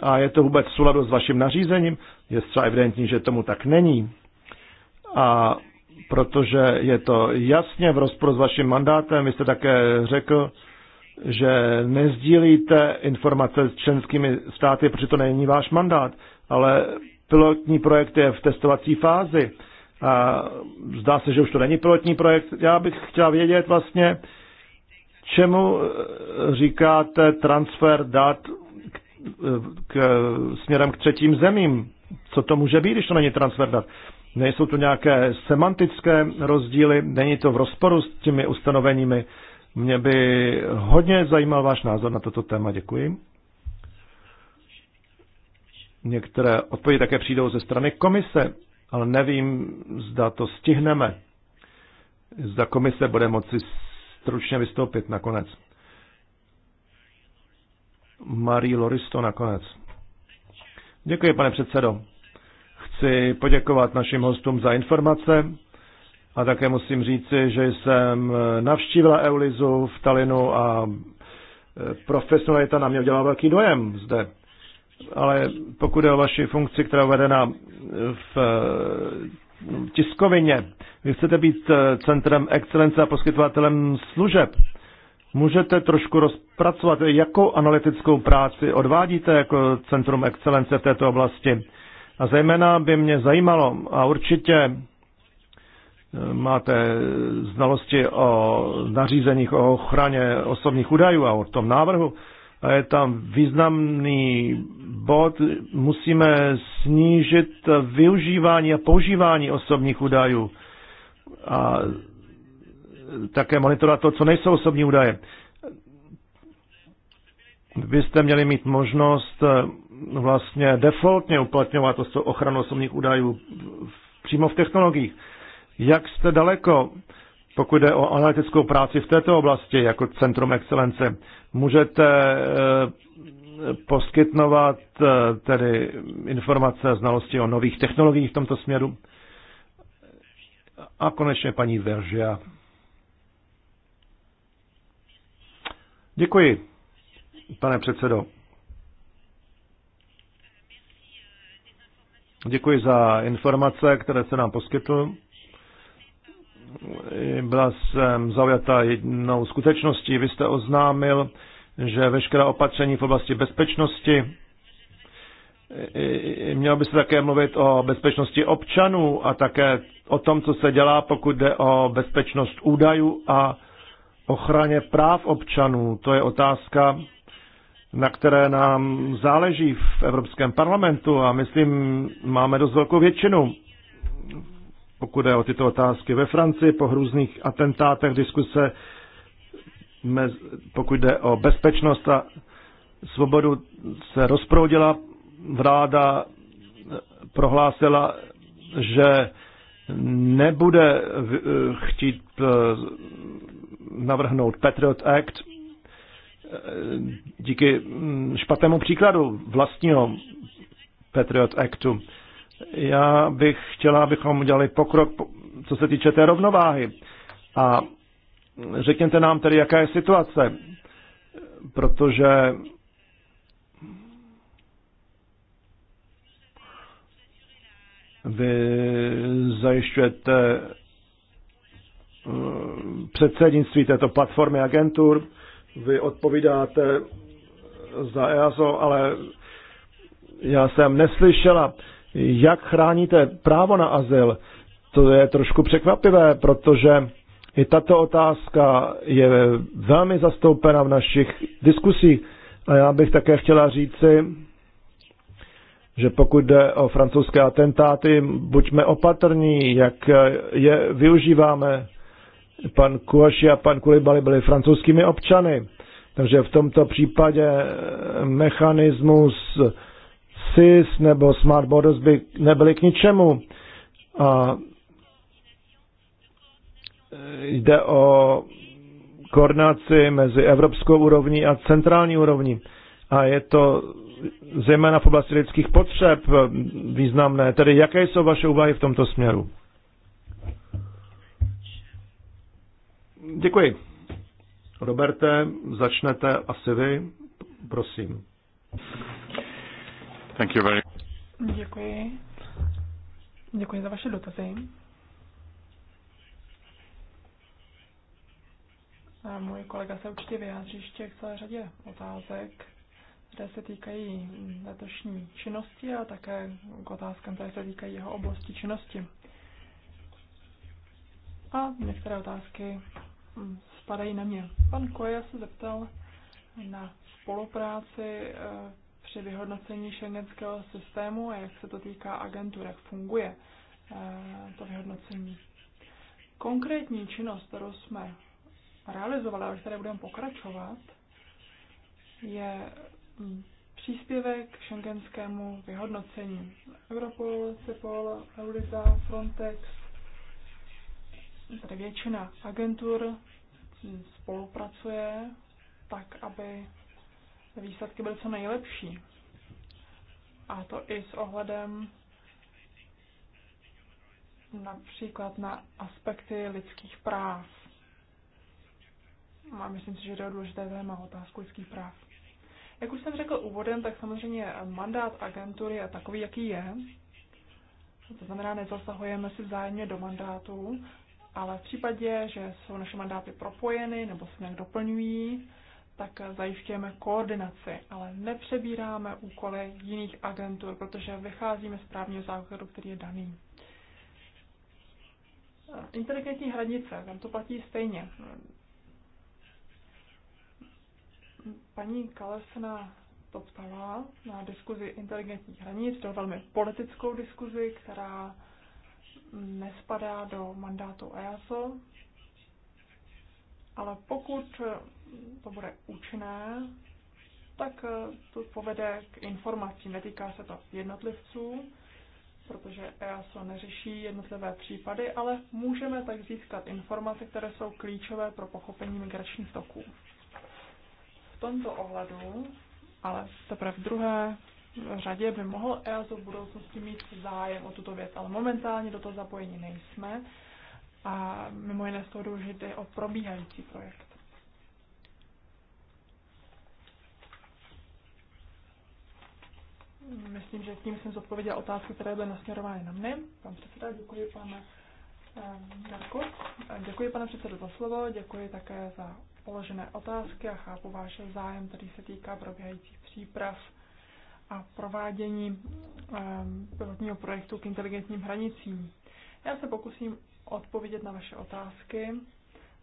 S4: A je to vůbec v souladu s vaším nařízením? Je zcela evidentní, že tomu tak není. A protože je to jasně v rozporu s vaším mandátem, vy jste také řekl, že nezdílíte informace s členskými státy, protože to není váš mandát, ale pilotní projekt je v testovací fázi. A zdá se, že už to není pilotní projekt. Já bych chtěl vědět vlastně, čemu říkáte transfer dat k, k, směrem k třetím zemím. Co to může být, když to není transfer dat? Nejsou to nějaké semantické rozdíly, není to v rozporu s těmi ustanoveními mě by hodně zajímal váš názor na toto téma. Děkuji. Některé odpovědi také přijdou ze strany komise, ale nevím, zda to stihneme. Zda komise bude moci stručně vystoupit nakonec. Marie Loristo nakonec. Děkuji, pane předsedo. Chci poděkovat našim hostům za informace a také musím říci, že jsem navštívila Eulizu v Talinu a e, profesionalita na mě udělala velký dojem zde. Ale pokud je o vaši funkci, která je vedena v e, tiskovině, vy chcete být e, centrem excelence a poskytovatelem služeb. Můžete trošku rozpracovat, jakou analytickou práci odvádíte jako Centrum excelence v této oblasti? A zejména by mě zajímalo, a určitě máte znalosti o nařízeních o ochraně osobních údajů a o tom návrhu. A je tam významný bod, musíme snížit využívání a používání osobních údajů a také monitorovat to, co nejsou osobní údaje. Byste měli mít možnost eh, vlastně defaultně uplatňovat ochranu osobních údajů přímo v technologiích. Jak jste daleko, pokud jde o analytickou práci v této oblasti jako Centrum excelence? Můžete eh, poskytnovat eh, tedy informace a znalosti o nových technologiích v tomto směru? A konečně paní Veržia. Děkuji, pane předsedo. Děkuji za informace, které se nám poskytly. Byla jsem zaujata jednou skutečností. Vy jste oznámil, že veškerá opatření v oblasti bezpečnosti Mělo by se také mluvit o bezpečnosti občanů a také o tom, co se dělá, pokud jde o bezpečnost údajů a ochraně práv občanů. To je otázka, na které nám záleží v Evropském parlamentu a myslím, máme dost velkou většinu pokud je o tyto otázky. Ve Francii po hrůzných atentátech diskuse, mez, pokud jde o bezpečnost a svobodu, se rozproudila. Vláda prohlásila, že nebude chtít eh, navrhnout Patriot Act eh, díky hm, špatnému příkladu vlastního Patriot Actu. Já bych chtěla, abychom udělali pokrok, co se týče té rovnováhy. A řekněte nám tedy, jaká je situace, protože vy zajišťujete eh, předsednictví této platformy agentur, vy odpovídáte za EASO, ale já jsem neslyšela jak chráníte právo na azyl. To je trošku překvapivé, protože i tato otázka je velmi zastoupena v našich diskusích. A já bych také chtěla říci, že pokud jde o francouzské atentáty, buďme opatrní, jak je využíváme. Pan Kuaši a pan Kulibali byli francouzskými občany, takže v tomto případě mechanismus SIS nebo Smart Borders by nebyly k ničemu. A jde o koordinaci mezi evropskou úrovní a centrální úrovní. A je to zejména v oblasti lidských potřeb významné. Tedy jaké jsou vaše úvahy v tomto směru? Děkuji. Roberte, začnete asi vy, prosím.
S1: Thank you very...
S2: Děkuji. Děkuji za vaše dotazy. A můj kolega se určitě vyjádří ještě k celé řadě otázek, které se týkají letošní činnosti a také k otázkám, které se týkají jeho oblasti činnosti. A některé otázky spadají na mě. Pan Koja se zeptal na spolupráci eh, při vyhodnocení šengenského systému a jak se to týká agentů, jak funguje eh, to vyhodnocení. Konkrétní činnost, kterou jsme realizovali a které budeme pokračovat, je mm, příspěvek k šengenskému vyhodnocení. Europol, Cepol, Eulisa, Frontex, tedy většina agentur spolupracuje tak, aby výsledky byly co nejlepší. A to i s ohledem například na aspekty lidských práv. A myslím si, že jde o důležité téma otázku lidských práv. Jak už jsem řekl úvodem, tak samozřejmě mandát agentury je takový, jaký je. To znamená, nezasahujeme si vzájemně do mandátu, ale v případě, že jsou naše mandáty propojeny nebo se nějak doplňují, tak zajišťujeme koordinaci, ale nepřebíráme úkoly jiných agentur, protože vycházíme z právního základu, který je daný. Inteligentní hranice, tam to platí stejně. Paní Kalesna to ptala na diskuzi inteligentních hranic, to velmi politickou diskuzi, která nespadá do mandátu EASO, ale pokud eh, to bude účinné, tak eh, to povede k informacím. Netýká se to jednotlivců, protože EASO neřeší jednotlivé případy, ale můžeme tak získat informace, které jsou klíčové pro pochopení migračních toků. V tomto ohledu, ale teprve v druhé řadě by mohl EASO v budoucnosti mít zájem o tuto věc, ale momentálně do toho zapojení nejsme a mimo jiné z toho že jde o probíhající projekt. Myslím, že tím jsem zodpověděla otázky, které byly nasměrovány na mě. Pan předseda, děkuji pane Darku. Eh, eh, děkuji pane předsedo za slovo, děkuji také za položené otázky a chápu váš zájem, který se týká probíhajících příprav a provádění eh, pilotního projektu k inteligentním hranicím. Já se pokusím odpovědět na vaše otázky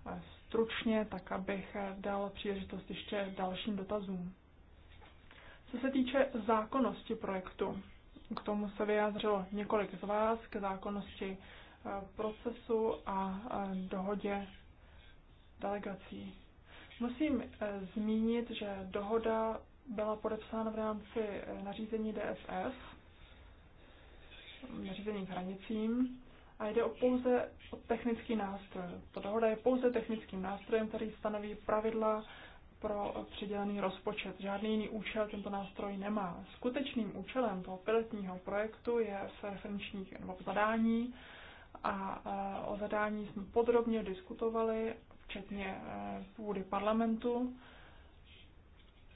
S2: eh, stručně, tak abych eh, dal příležitost ještě dalším dotazům. Co se týče zákonnosti projektu, k tomu se vyjádřilo několik z vás, k zákonnosti eh, procesu a dohodě delegací. Musím zmínit, že dohoda byla podepsána v rámci nařízení DSS, nařízení k hranicím, a jde o pouze o technický nástroj. Ta dohoda je pouze technickým nástrojem, který stanoví pravidla pro přidělený rozpočet. Žádný jiný účel tento nástroj nemá. Skutečným účelem toho pilotního projektu je referenční nebo zadání a e, o zadání jsme podrobně diskutovali, včetně půdy e, parlamentu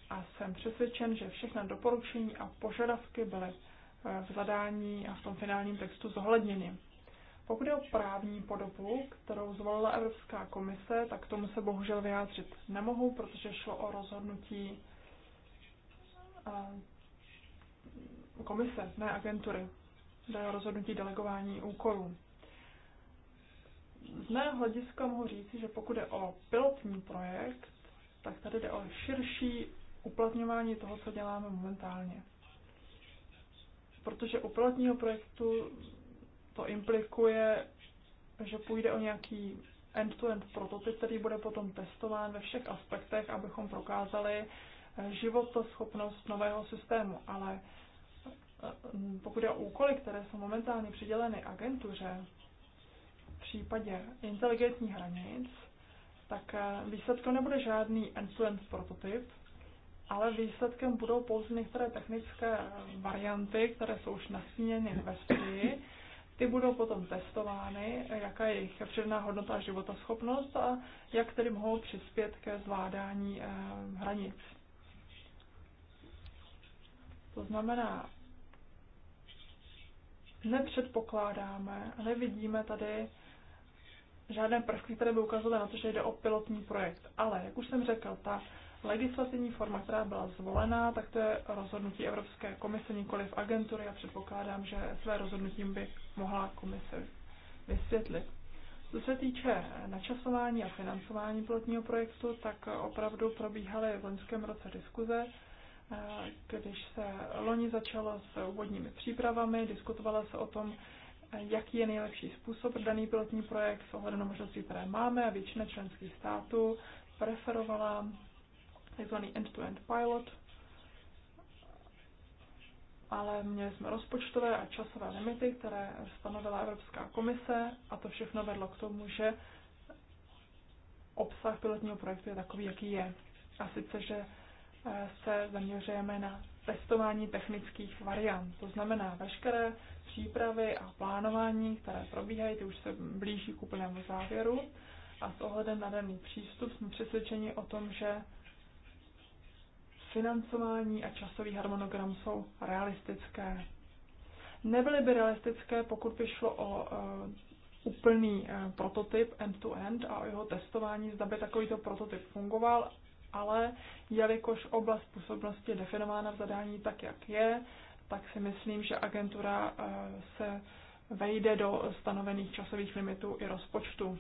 S2: a jsem přesvědčen, že všechna doporučení a požadavky byly e, v zadání a v tom finálním textu zohledněny. Pokud je o právní podobu, kterou zvolila Evropská komise, tak tomu se bohužel vyjádřit nemohu, protože šlo o rozhodnutí eh, komise, ne agentury. Jde o rozhodnutí delegování úkolů. Z mého hlediska mohu říci, že pokud je o pilotní projekt, tak tady jde o širší uplatňování toho, co děláme momentálně. Protože u pilotního projektu to implikuje, že půjde o nějaký end-to-end -end prototyp, který bude potom testován ve všech aspektech, abychom prokázali eh, životoschopnost nového systému. Ale eh, pokud je o úkoly, které jsou momentálně přiděleny agentuře, v případě inteligentních hranic, tak eh, výsledkem nebude žádný end-to-end -end prototyp, ale výsledkem budou pouze některé technické varianty, které jsou už nasíněny ve studii ty budou potom testovány, jaká je jejich předná hodnota a životaschopnost a jak tedy mohou přispět ke zvládání eh, hranic. To znamená, nepředpokládáme, nevidíme tady žádné prvky, které by ukazovaly na to, že jde o pilotní projekt. Ale, jak už jsem řekl, ta Legislativní forma, která byla zvolená, tak to je rozhodnutí Evropské komise, v agentury a předpokládám, že své rozhodnutí by mohla komise vysvětlit. Co se týče načasování a financování pilotního projektu, tak opravdu probíhaly v loňském roce diskuze, když se loni začalo s úvodními přípravami, diskutovalo se o tom, jaký je nejlepší způsob daný pilotní projekt s ohledem na možnosti, které máme. a Většina členských států preferovala takzvaný end-to-end pilot, ale měli jsme rozpočtové a časové limity, které stanovila Evropská komise a to všechno vedlo k tomu, že obsah pilotního projektu je takový, jaký je. A sice, že eh, se zaměřujeme na testování technických variant. To znamená, veškeré přípravy a plánování, které probíhají, ty už se blíží k úplnému závěru. A s ohledem na daný přístup jsme přesvědčeni o tom, že financování a časový harmonogram jsou realistické. Nebyly by realistické, pokud by šlo o eh, úplný eh, prototyp end-to-end -end a o jeho testování, zda by takovýto prototyp fungoval, ale jelikož oblast působnosti je definována v zadání tak, jak je, tak si myslím, že agentura eh, se vejde do stanovených časových limitů i rozpočtu.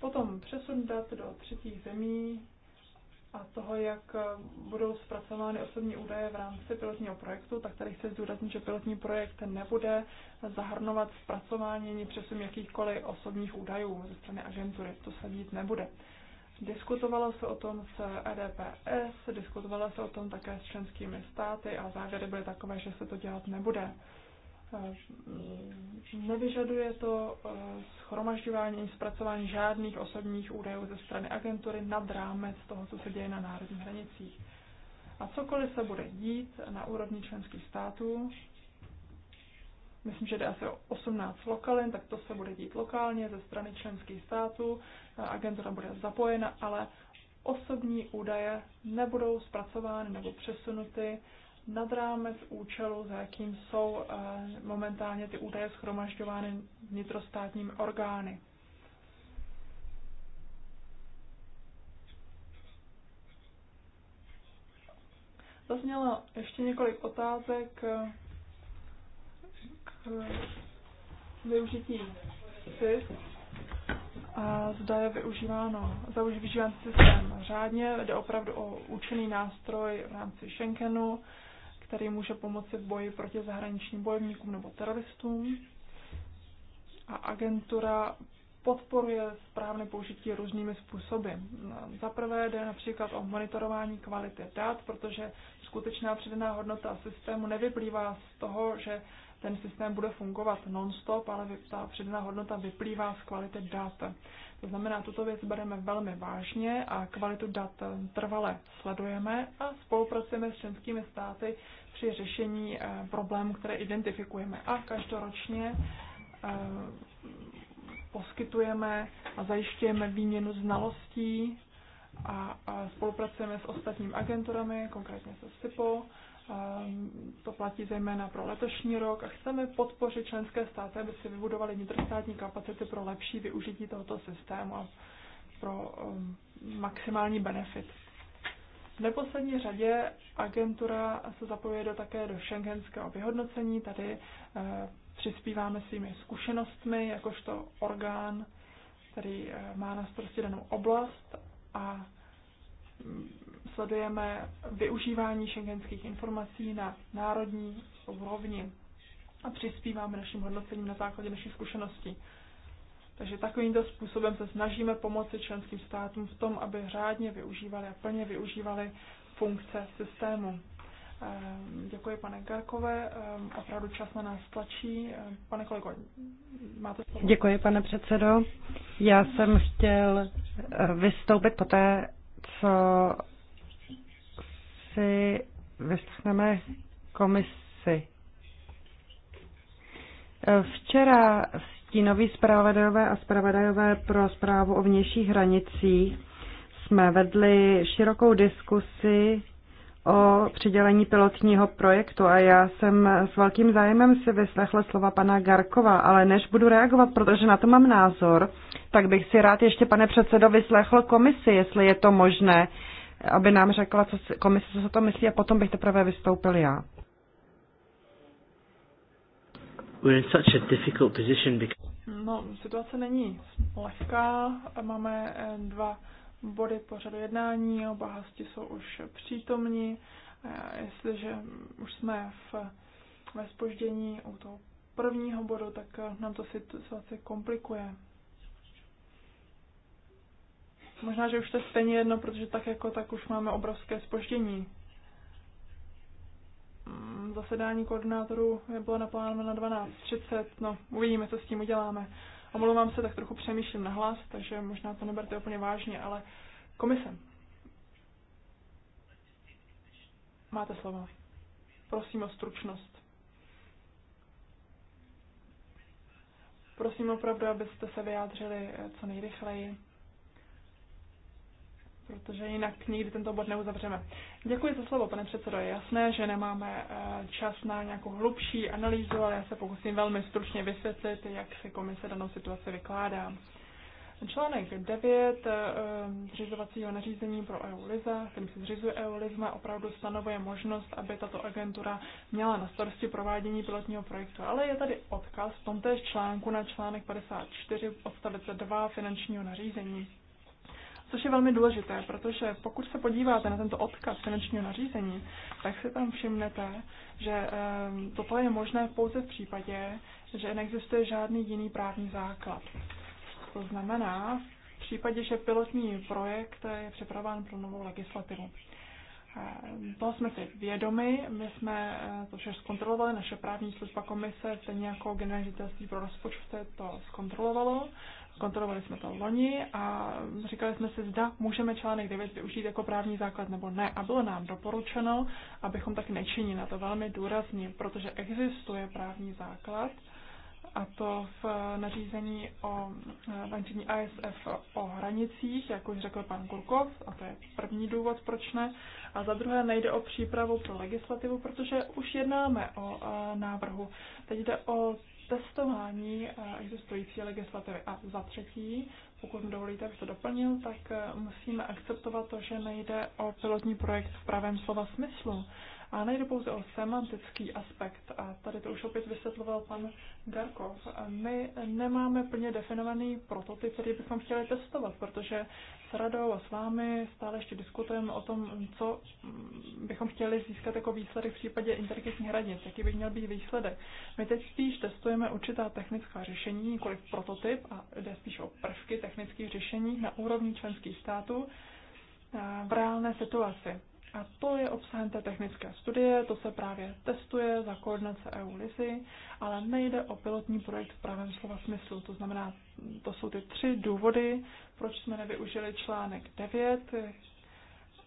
S2: Potom přesun dat do třetích zemí a toho, jak eh, budou zpracovány osobní údaje v rámci pilotního projektu, tak tady chci zdůraznit, že pilotní projekt nebude zahrnovat zpracování ani přesun jakýchkoliv osobních údajů ze strany agentury. To se dít nebude. Diskutovalo se o tom s EDPS, diskutovalo se o tom také s členskými státy a závěry byly takové, že se to dělat nebude. Eh, nevyžaduje to eh, schromažďování ani zpracování žádných osobních údajů ze strany agentury nad rámec toho, co se děje na národních hranicích. A cokoliv se bude dít na úrovni členských států, myslím, že jde asi o 18 lokalin, tak to se bude dít lokálně ze strany členských států, eh, agentura bude zapojena, ale osobní údaje nebudou zpracovány nebo přesunuty nad rámec účelu, za jakým jsou eh, momentálně ty údaje schromažďovány vnitrostátními orgány. Zaznělo ještě několik otázek k využití SIS a zda je využíváno, zda už využíván systém řádně, jde opravdu o účinný nástroj v rámci Schengenu který může pomoci v boji proti zahraničním bojovníkům nebo teroristům. A agentura podporuje správné použití různými způsoby. Za prvé jde například o monitorování kvality dat, protože skutečná přidaná hodnota systému nevyplývá z toho, že ten systém bude fungovat non-stop, ale ta předná hodnota vyplývá z kvality dat. To znamená, tuto věc bereme velmi vážně a kvalitu dat eh, trvale sledujeme a spolupracujeme s členskými státy při řešení eh, problémů, které identifikujeme. A každoročně eh, poskytujeme a zajišťujeme výměnu znalostí a, a spolupracujeme s ostatními agenturami, konkrétně se SIPO. To platí zejména pro letošní rok a chceme podpořit členské státy, aby si vybudovali vnitrostátní kapacity pro lepší využití tohoto systému a pro um, maximální benefit. V neposlední řadě agentura se zapojuje do také do šengenského vyhodnocení. Tady e, přispíváme svými zkušenostmi, jakožto orgán, který e, má na starosti danou oblast a sledujeme využívání šengenských informací na národní úrovni a přispíváme našim hodnocením na základě našich zkušeností. Takže takovýmto způsobem se snažíme pomoci členským státům v tom, aby řádně využívali a plně využívali funkce systému. Ehm, děkuji, pane Garkové. Ehm, opravdu čas na nás tlačí. Ehm, pane kolego, máte slovo? Děkuji,
S5: pane předsedo. Já jsem chtěl eh, vystoupit po té, co si vyslechneme komisi. Eh, včera stínoví zpravodajové a zpravodajové pro zprávu o vnějších hranicích jsme vedli širokou diskusi o přidělení pilotního projektu a já jsem s velkým zájmem si vyslechla slova pana Garkova, ale než budu reagovat, protože na to mám názor, tak bych si rád ještě, pane předsedo, vyslechl komisi, jestli je to možné, aby nám řekla co si, komise, co se to myslí a potom bych teprve vystoupil já.
S1: We're in such a difficult position because...
S2: No, situace není lehká. Máme eh, dva body pořadu jednání, oba hosti jsou už přítomní. Jestliže už jsme v, ve spoždění u toho prvního bodu, tak nám to situaci komplikuje. Možná, že už to je stejně jedno, protože tak jako tak už máme obrovské spoždění. Zasedání koordinátorů bylo naplánováno na 12.30, no uvidíme, co s tím uděláme. Omlouvám se, tak trochu přemýšlím na hlas, takže možná to neberte úplně vážně, ale komise. Máte slovo. Prosím o stručnost. Prosím opravdu, abyste se vyjádřili eh, co nejrychleji protože jinak nikdy tento bod neuzavřeme. Děkuji za slovo, pane předsedo. Je jasné, že nemáme eh, čas na nějakou hlubší analýzu, ale já se pokusím velmi stručně vysvětlit, jak si komise danou situaci vykládá. Článek 9 eh, zřizovacího nařízení pro EULIZA, kterým se zřizuje EULIZMA, opravdu stanovuje možnost, aby tato agentura měla na starosti provádění pilotního projektu. Ale je tady odkaz v tomtéž článku na článek 54 odstavec 2 finančního nařízení což je velmi důležité, protože pokud se podíváte na tento odkaz finančního nařízení, tak si tam všimnete, že ehm, toto je možné pouze v případě, že neexistuje žádný jiný právní základ. To znamená, v případě, že pilotní projekt je připravován pro novou legislativu. Ehm, to jsme si vědomi, my jsme eh, to vše zkontrolovali, naše právní služba komise, stejně jako generální pro rozpočet to zkontrolovalo Kontrolovali jsme to loni a říkali jsme si, zda můžeme článek 9 využít jako právní základ nebo ne. A bylo nám doporučeno, abychom tak nečinili na to velmi důrazně, protože existuje právní základ a to v nařízení o eh, nařízení ASF o hranicích, jak už řekl pan Kurkov, a to je první důvod, proč ne. A za druhé nejde o přípravu pro legislativu, protože už jednáme o eh, návrhu. Teď jde o testování eh, existující legislativy. A za třetí, pokud mi dovolíte, abych to doplnil, tak eh, musíme akceptovat to, že nejde o pilotní projekt v pravém slova smyslu. A nejde pouze o semantický aspekt, a tady to už opět vysvětloval pan Garkov. My nemáme plně definovaný prototyp, který bychom chtěli testovat, protože s Radou a s vámi stále ještě diskutujeme o tom, co bychom chtěli získat jako výsledek v případě inteligentních hranic, jaký by měl být výsledek. My teď spíš testujeme určitá technická řešení, nikoli prototyp, a jde spíš o prvky technických řešení na úrovni členských států v reálné situaci. A to je obsahem té technické studie, to se právě testuje za koordinace EU LISY, ale nejde o pilotní projekt v pravém slova smyslu. To znamená, to jsou ty tři důvody, proč jsme nevyužili článek 9,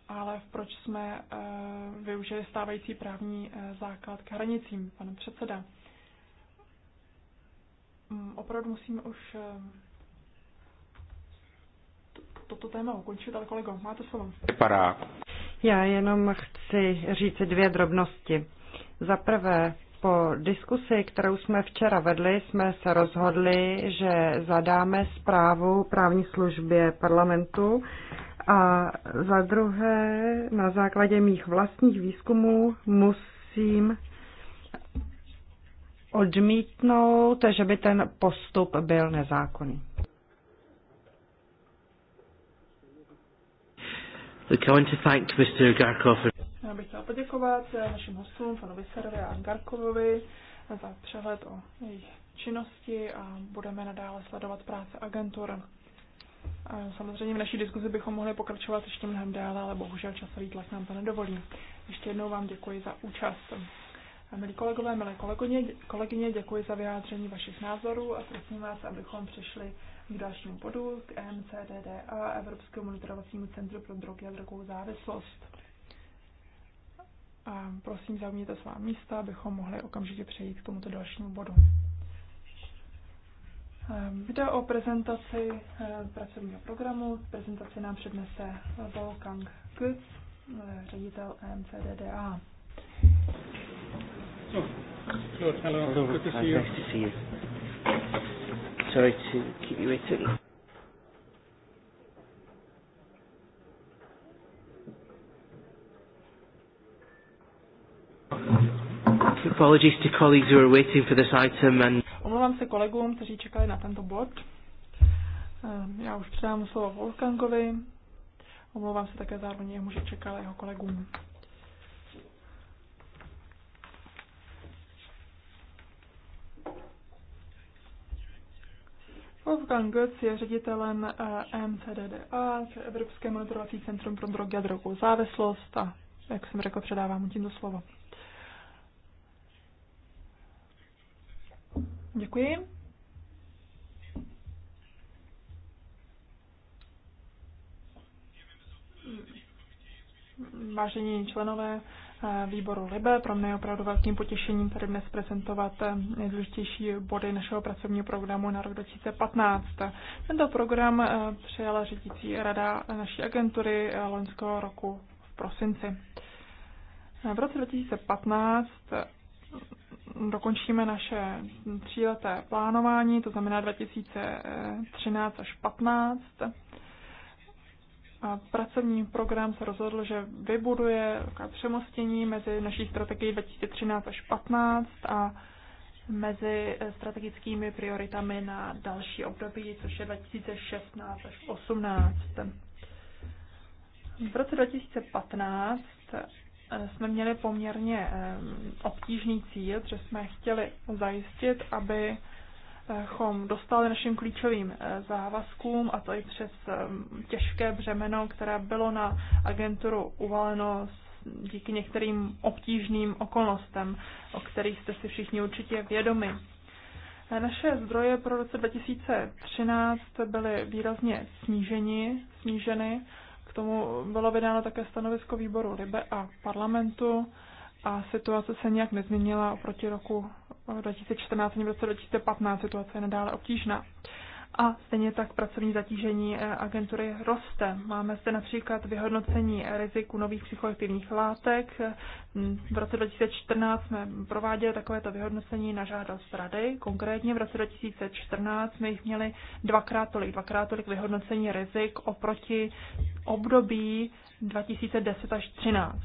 S2: ale proč jsme e, využili stávající právní e, základ k hranicím, pane předseda. Mm, opravdu musím už e, toto téma ukončit, ale kolego, máte slovo. Vypadá.
S5: Já jenom chci říct dvě drobnosti. Za prvé, po diskusi, kterou jsme včera vedli, jsme se rozhodli, že zadáme zprávu právní službě parlamentu a za druhé, na základě mých vlastních výzkumů musím odmítnout, že by ten postup byl nezákonný.
S1: Tak já want to thank Mr. Garkov.
S2: Já bych chtěl poděkovat eh, našim hostům, panu Vyserovi a Garkovovi, eh, za přehled o jejich činnosti a budeme nadále sledovat práce agentur. Samozřejmě v naší diskuzi bychom mohli pokračovat ještě mnohem déle, ale bohužel časový tlak nám to nedovolí. Ještě jednou vám děkuji za účast. A Milí kolegové, milé kolegyně děkuji za vyjádření vašich názorů a prosím vás, abychom přišli k dalšímu bodu, k a Evropskému monitorovacímu centru pro drogy a drogovou závislost. A prosím, zaujměte svá místa, abychom mohli okamžitě přejít k tomuto dalšímu bodu. Ehm, jde o prezentaci eh, pracovního programu. Prezentaci nám přednese Wolfgang Kutz, eh, ředitel MCDDA.
S1: Oh. hello. hello. Good to uh, see you. Nice to see you. Sorry to keep you waiting. Apologies to colleagues who are waiting for this item and...
S2: Omlouvám se kolegům, kteří čekali na tento bod. Ehm, já už předám slovo Wolfgangovi. Omlouvám se také zároveň jemu, že čekal jeho kolegům. Wolfgang Götz je ředitelem eh, MCDDA, Evropské monitorovací centrum pro drogy a drogovou závislost a, jak jsem řekl, předávám mu tímto slovo. Děkuji. Vážení členové Eh, výboru LIBE. Pro mě je opravdu velkým potěšením tady dnes prezentovat eh, nejdůležitější body našeho pracovního programu na rok 2015. Tento program eh, přijala řídící rada naší agentury loňského roku v prosinci. V roce 2015 dokončíme naše tříleté plánování, to znamená 2013 až 2015 pracovní program se rozhodl, že vybuduje přemostění mezi naší strategií 2013 až 15 a mezi strategickými prioritami na další období, což je 2016 až 18. V roce 2015 eh, jsme měli poměrně eh, obtížný cíl, že jsme chtěli zajistit, aby chom dostali našim klíčovým eh, závazkům, a to i přes ehm, těžké břemeno, které bylo na agenturu uvaleno díky některým obtížným okolnostem, o kterých jste si všichni určitě vědomi. Eh, naše zdroje pro roce 2013 byly výrazně sníženi, sníženy. K tomu bylo vydáno také stanovisko výboru Libe a parlamentu a situace se nějak nezměnila oproti roku 2014 ani v roce 2015 situace je nadále obtížná. A stejně tak pracovní zatížení eh, agentury roste. Máme zde například vyhodnocení riziku nových psychoaktivních látek. V roce 2014 jsme prováděli takovéto vyhodnocení na žádost rady. Konkrétně v roce 2014 jsme jich měli dvakrát tolik, dvakrát tolik vyhodnocení rizik oproti období 2010 až 2013.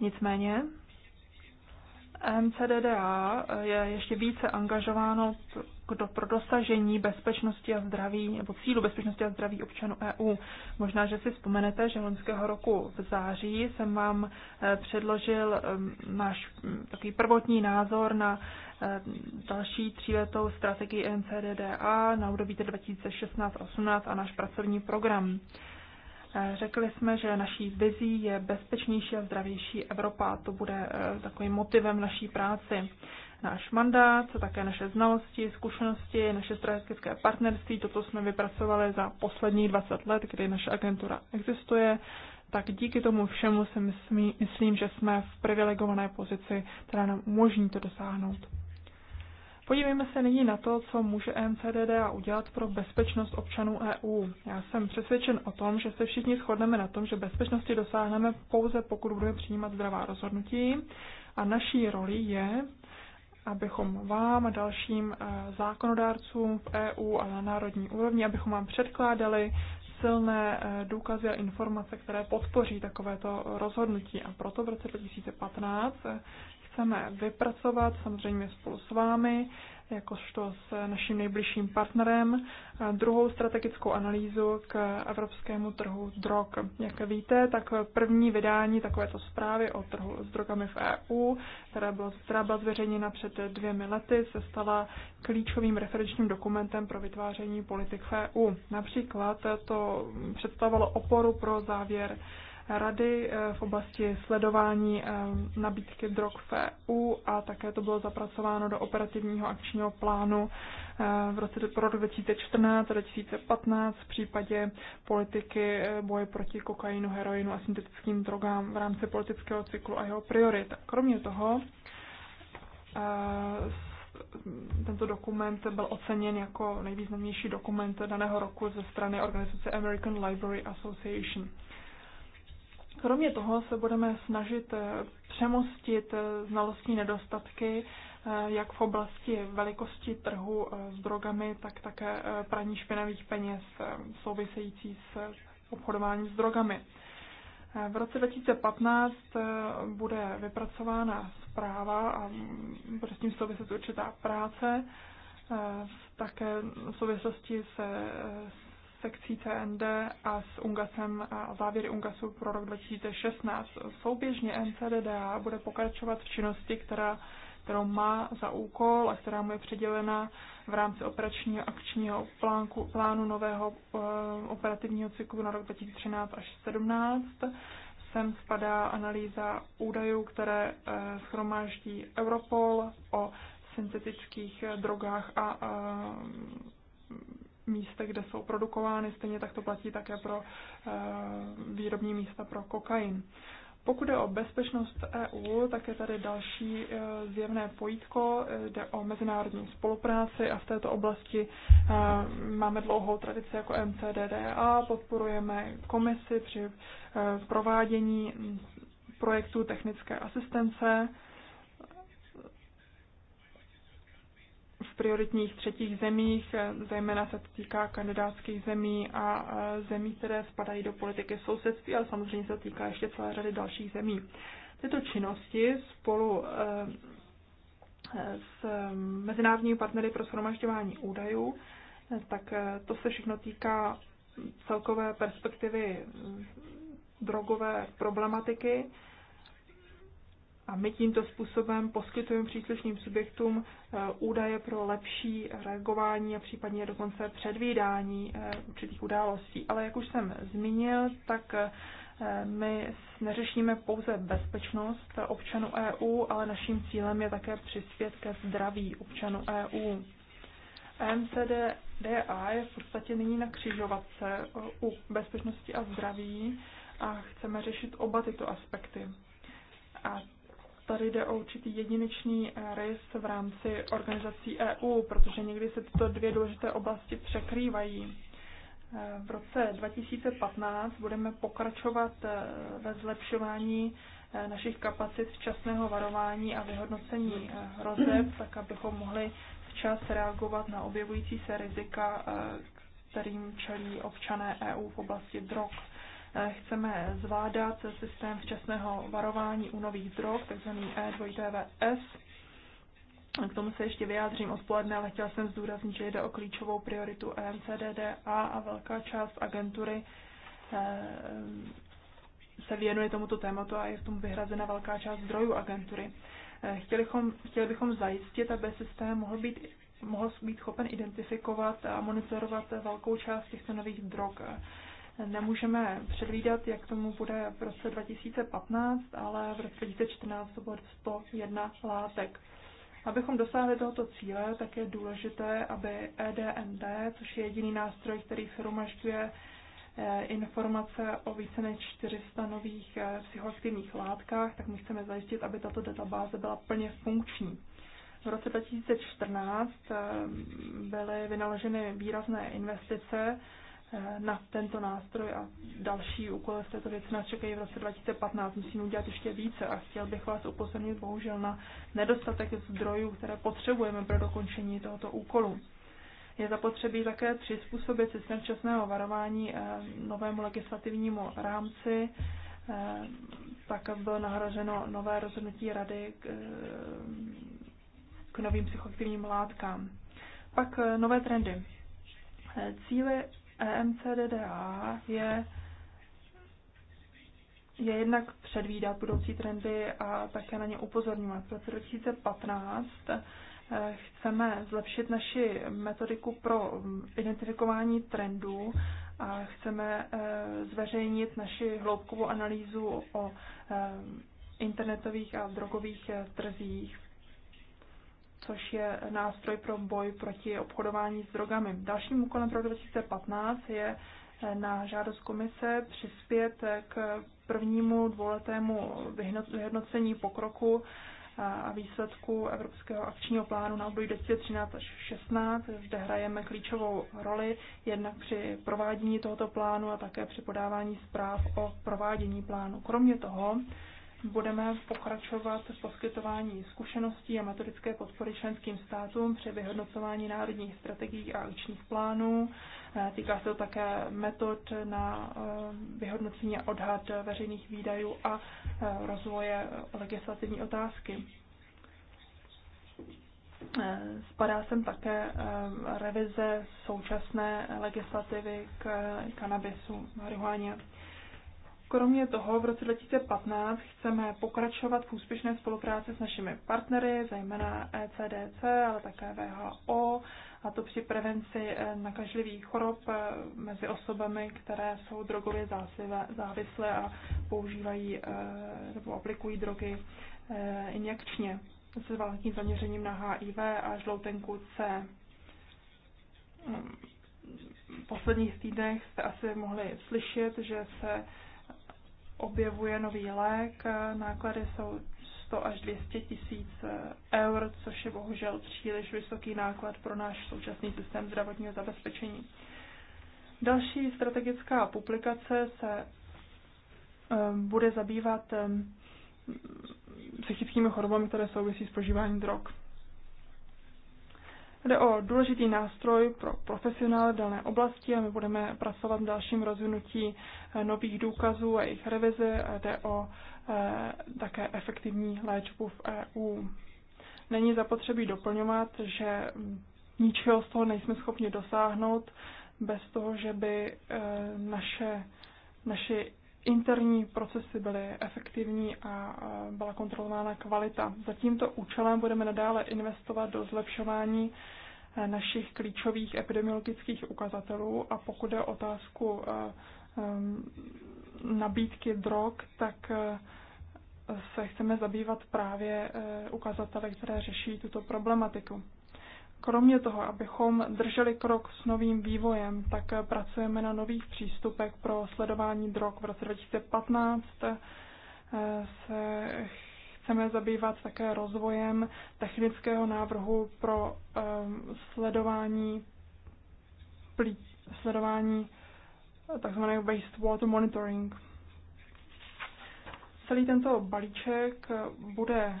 S2: Nicméně MCDDA je ještě více angažováno do, pro dosažení bezpečnosti a zdraví, nebo cílu bezpečnosti a zdraví občanů EU. Možná, že si vzpomenete, že loňského roku v září jsem vám eh, předložil náš mm, takový prvotní názor na další tříletou strategii NCDDA na období 2016-18 a náš pracovní program. Eh, řekli jsme, že naší vizí je bezpečnější a zdravější Evropa. To bude eh, takovým motivem naší práci. Náš mandát, také naše znalosti, zkušenosti, naše strategické partnerství, toto jsme vypracovali za posledních 20 let, kdy naše agentura existuje, tak díky tomu všemu si myslím, že jsme v privilegované pozici, která nám umožní to dosáhnout. Podívejme se nyní na to, co může NCDDA udělat pro bezpečnost občanů EU. Já jsem přesvědčen o tom, že se všichni shodneme na tom, že bezpečnosti dosáhneme pouze pokud budeme přijímat zdravá rozhodnutí a naší roli je, abychom vám a dalším eh, zákonodárcům v EU a na národní úrovni, abychom vám předkládali silné eh, důkazy a informace, které podpoří takovéto rozhodnutí. A proto v roce 2015 chceme vypracovat, samozřejmě spolu s vámi, jakožto s naším nejbližším partnerem, druhou strategickou analýzu k evropskému trhu drog. Jak víte, tak první vydání takovéto zprávy o trhu s drogami v EU, která byla, která byla zveřejněna před dvěmi lety, se stala klíčovým referenčním dokumentem pro vytváření politik v EU. Například to představovalo oporu pro závěr rady eh, v oblasti sledování eh, nabídky drog v EU a také to bylo zapracováno do operativního akčního plánu eh, v roce pro 2014 a 2015 v případě politiky boje proti kokainu, heroinu a syntetickým drogám v rámci politického cyklu a jeho priorit. Kromě toho tento dokument byl oceněn jako nejvýznamnější dokument daného roku ze strany organizace American Library Association. Kromě toho se budeme snažit eh, přemostit eh, znalostní nedostatky, eh, jak v oblasti velikosti trhu s drogami, tak také praní špinavých peněz související s obchodováním s drogami. V roce 2015 bude vypracována zpráva a mm, bude s tím souviset určitá práce, také v souvislosti se sekcí CND a s UNGASem a závěry UNGASu pro rok 2016. Souběžně NCDDA bude pokračovat v činnosti, která, kterou má za úkol a která mu je předělena v rámci operačního akčního plánku, plánu nového uh, operativního cyklu na rok 2013 až 2017. Sem spadá analýza údajů, které uh, eh, schromáždí Europol o syntetických eh, drogách a uh, místa, kde jsou produkovány, stejně tak to platí také pro eh, výrobní místa pro kokain. Pokud je o bezpečnost EU, tak je tady další eh, zjevné pojítko, eh, jde o mezinárodní spolupráci a v této oblasti máme dlouhou tradici jako MCDDA, podporujeme komisi při provádění projektů technické asistence prioritních třetích zemích, eh, zejména se to týká kandidátských zemí a eh, zemí, které spadají do politiky sousedství, ale samozřejmě se to týká ještě celé řady dalších zemí. Tyto činnosti spolu eh, s mezinárodními partnery pro shromažďování údajů, tak to se všechno týká celkové perspektivy drogové problematiky a my tímto způsobem poskytujeme příslušným subjektům eh, údaje pro lepší reagování a případně dokonce předvídání eh, určitých událostí. Ale jak už jsem zmínil, tak eh, my neřešíme pouze bezpečnost občanů EU, ale naším cílem je také přispět ke zdraví občanů EU. MCDDA je v podstatě nyní na křižovatce u bezpečnosti a zdraví a chceme řešit oba tyto aspekty. A tady jde o určitý jedinečný eh, rys v rámci organizací EU, protože někdy se tyto dvě důležité oblasti překrývají. Eh, v roce 2015 budeme pokračovat eh, ve zlepšování našich kapacit včasného varování a vyhodnocení hrozeb, tak abychom mohli včas reagovat na objevující se rizika, kterým čelí občané EU v oblasti drog. Chceme zvládat systém včasného varování u nových drog, takzvaný E2TVS. K tomu se ještě vyjádřím odpoledne, ale chtěla jsem zdůraznit, že jde o klíčovou prioritu EMCDDA a velká část agentury eh, se věnuje tomuto tématu a je v tom vyhrazena velká část zdrojů agentury. Eh, chtěli, chom, chtěli bychom zajistit, aby systém mohl být, mohl být schopen identifikovat a monitorovat velkou část těchto nových drog. Eh, nemůžeme předvídat, jak tomu bude v roce 2015, ale v roce 2014 to bylo 101 látek. Abychom dosáhli tohoto cíle, tak je důležité, aby EDND, což je jediný nástroj, který shromažďuje eh, informace o více než 400 nových eh, psychoaktivních látkách, tak my chceme zajistit, aby tato databáze byla plně funkční. V roce 2014 eh, byly vynaloženy výrazné investice, Eh, na tento nástroj a další úkoly v této věci nás čekají v roce 2015. Musíme udělat ještě více a chtěl bych vás upozornit bohužel na nedostatek zdrojů, které potřebujeme pro dokončení tohoto úkolu. Je zapotřebí také přizpůsobit systém včasného varování eh, novému legislativnímu rámci, eh, tak aby bylo nahraženo nové rozhodnutí rady k, k novým psychoaktivním látkám. Pak nové trendy. Cíle EMCDDA je, je jednak předvídat budoucí trendy a také na ně upozorňovat. V roce 2015 e, chceme zlepšit naši metodiku pro identifikování trendů a chceme e, zveřejnit naši hloubkovou analýzu o e, internetových a drogových trzích což je nástroj pro boj proti obchodování s drogami. Dalším úkolem pro 2015 je eh, na žádost komise přispět eh, k prvnímu dvouletému vyhodnocení pokroku eh, a výsledku Evropského akčního plánu na období 2013 až 2016. kde hrajeme klíčovou roli jednak při provádění tohoto plánu a také při podávání zpráv o provádění plánu. Kromě toho budeme pokračovat v poskytování zkušeností a metodické podpory členským státům při vyhodnocování národních strategií a akčních plánů. Eh, týká se to také metod na eh, vyhodnocení a odhad veřejných výdajů a eh, rozvoje legislativní otázky. Spadá sem také revize současné legislativy k kanabisu marihuáně. Kromě toho v roce 2015 chceme pokračovat v úspěšné spolupráci s našimi partnery, zejména ECDC, ale také VHO, a to při prevenci eh, nakažlivých chorob eh, mezi osobami, které jsou drogově závislé a používají eh, nebo aplikují drogy injekčně s velkým zaměřením na HIV a žloutenku C. V posledních týdnech jste asi mohli slyšet, že se objevuje nový lék. Náklady jsou 100 až 200 tisíc eur, což je bohužel příliš vysoký náklad pro náš současný systém zdravotního zabezpečení. Další strategická publikace se eh, bude zabývat eh, psychickými chorobami, které souvisí s požíváním drog. Jde o důležitý nástroj pro profesionály dané oblasti a my budeme pracovat v dalším rozvinutí eh, nových důkazů a jejich revize. Jde o eh, také efektivní léčbu v EU. Není zapotřebí doplňovat, že ničeho z toho nejsme schopni dosáhnout bez toho, že by eh, naše, naši interní procesy byly efektivní a byla kontrolována kvalita. Za tímto účelem budeme nadále investovat do zlepšování e, našich klíčových epidemiologických ukazatelů a pokud je otázku e, e, nabídky drog, tak se chceme zabývat právě ukazateli, které řeší tuto problematiku. Kromě toho, abychom drželi krok s novým vývojem, tak pracujeme na nových přístupech pro sledování drog. V roce 2015 eh, se chceme zabývat také rozvojem technického návrhu pro eh, sledování, plí, sledování tzv. wastewater monitoring. Celý tento balíček bude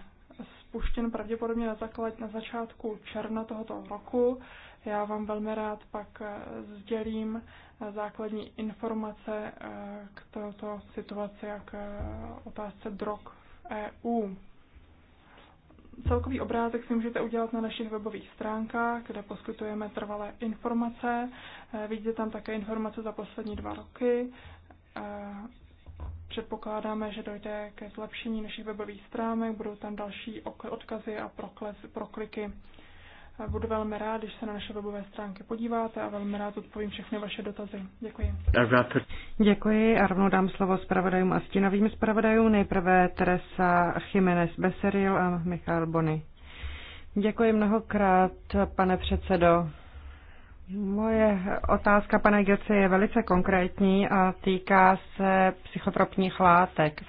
S2: spuštěn pravděpodobně na, základ, na začátku června tohoto roku. Já vám velmi rád pak eh, sdělím eh, základní informace eh, k této situaci a k otázce drog v EU. Celkový obrázek si můžete udělat na našich webových stránkách, kde poskytujeme trvalé informace. Vidíte tam také informace za poslední dva roky Předpokládáme, že dojde ke zlepšení našich webových stránek, budou tam další odkazy a prokles, prokliky. Budu velmi rád, když se na naše webové stránky podíváte a velmi rád odpovím všechny vaše dotazy. Děkuji.
S5: Děkuji a rovnou dám slovo zpravodajům a stínovým zpravodajům. Nejprve Teresa Jiménez Beseril a Michal Bony. Děkuji mnohokrát, pane předsedo. Moje otázka, pane Gece, je velice konkrétní a týká se psychotropních látek.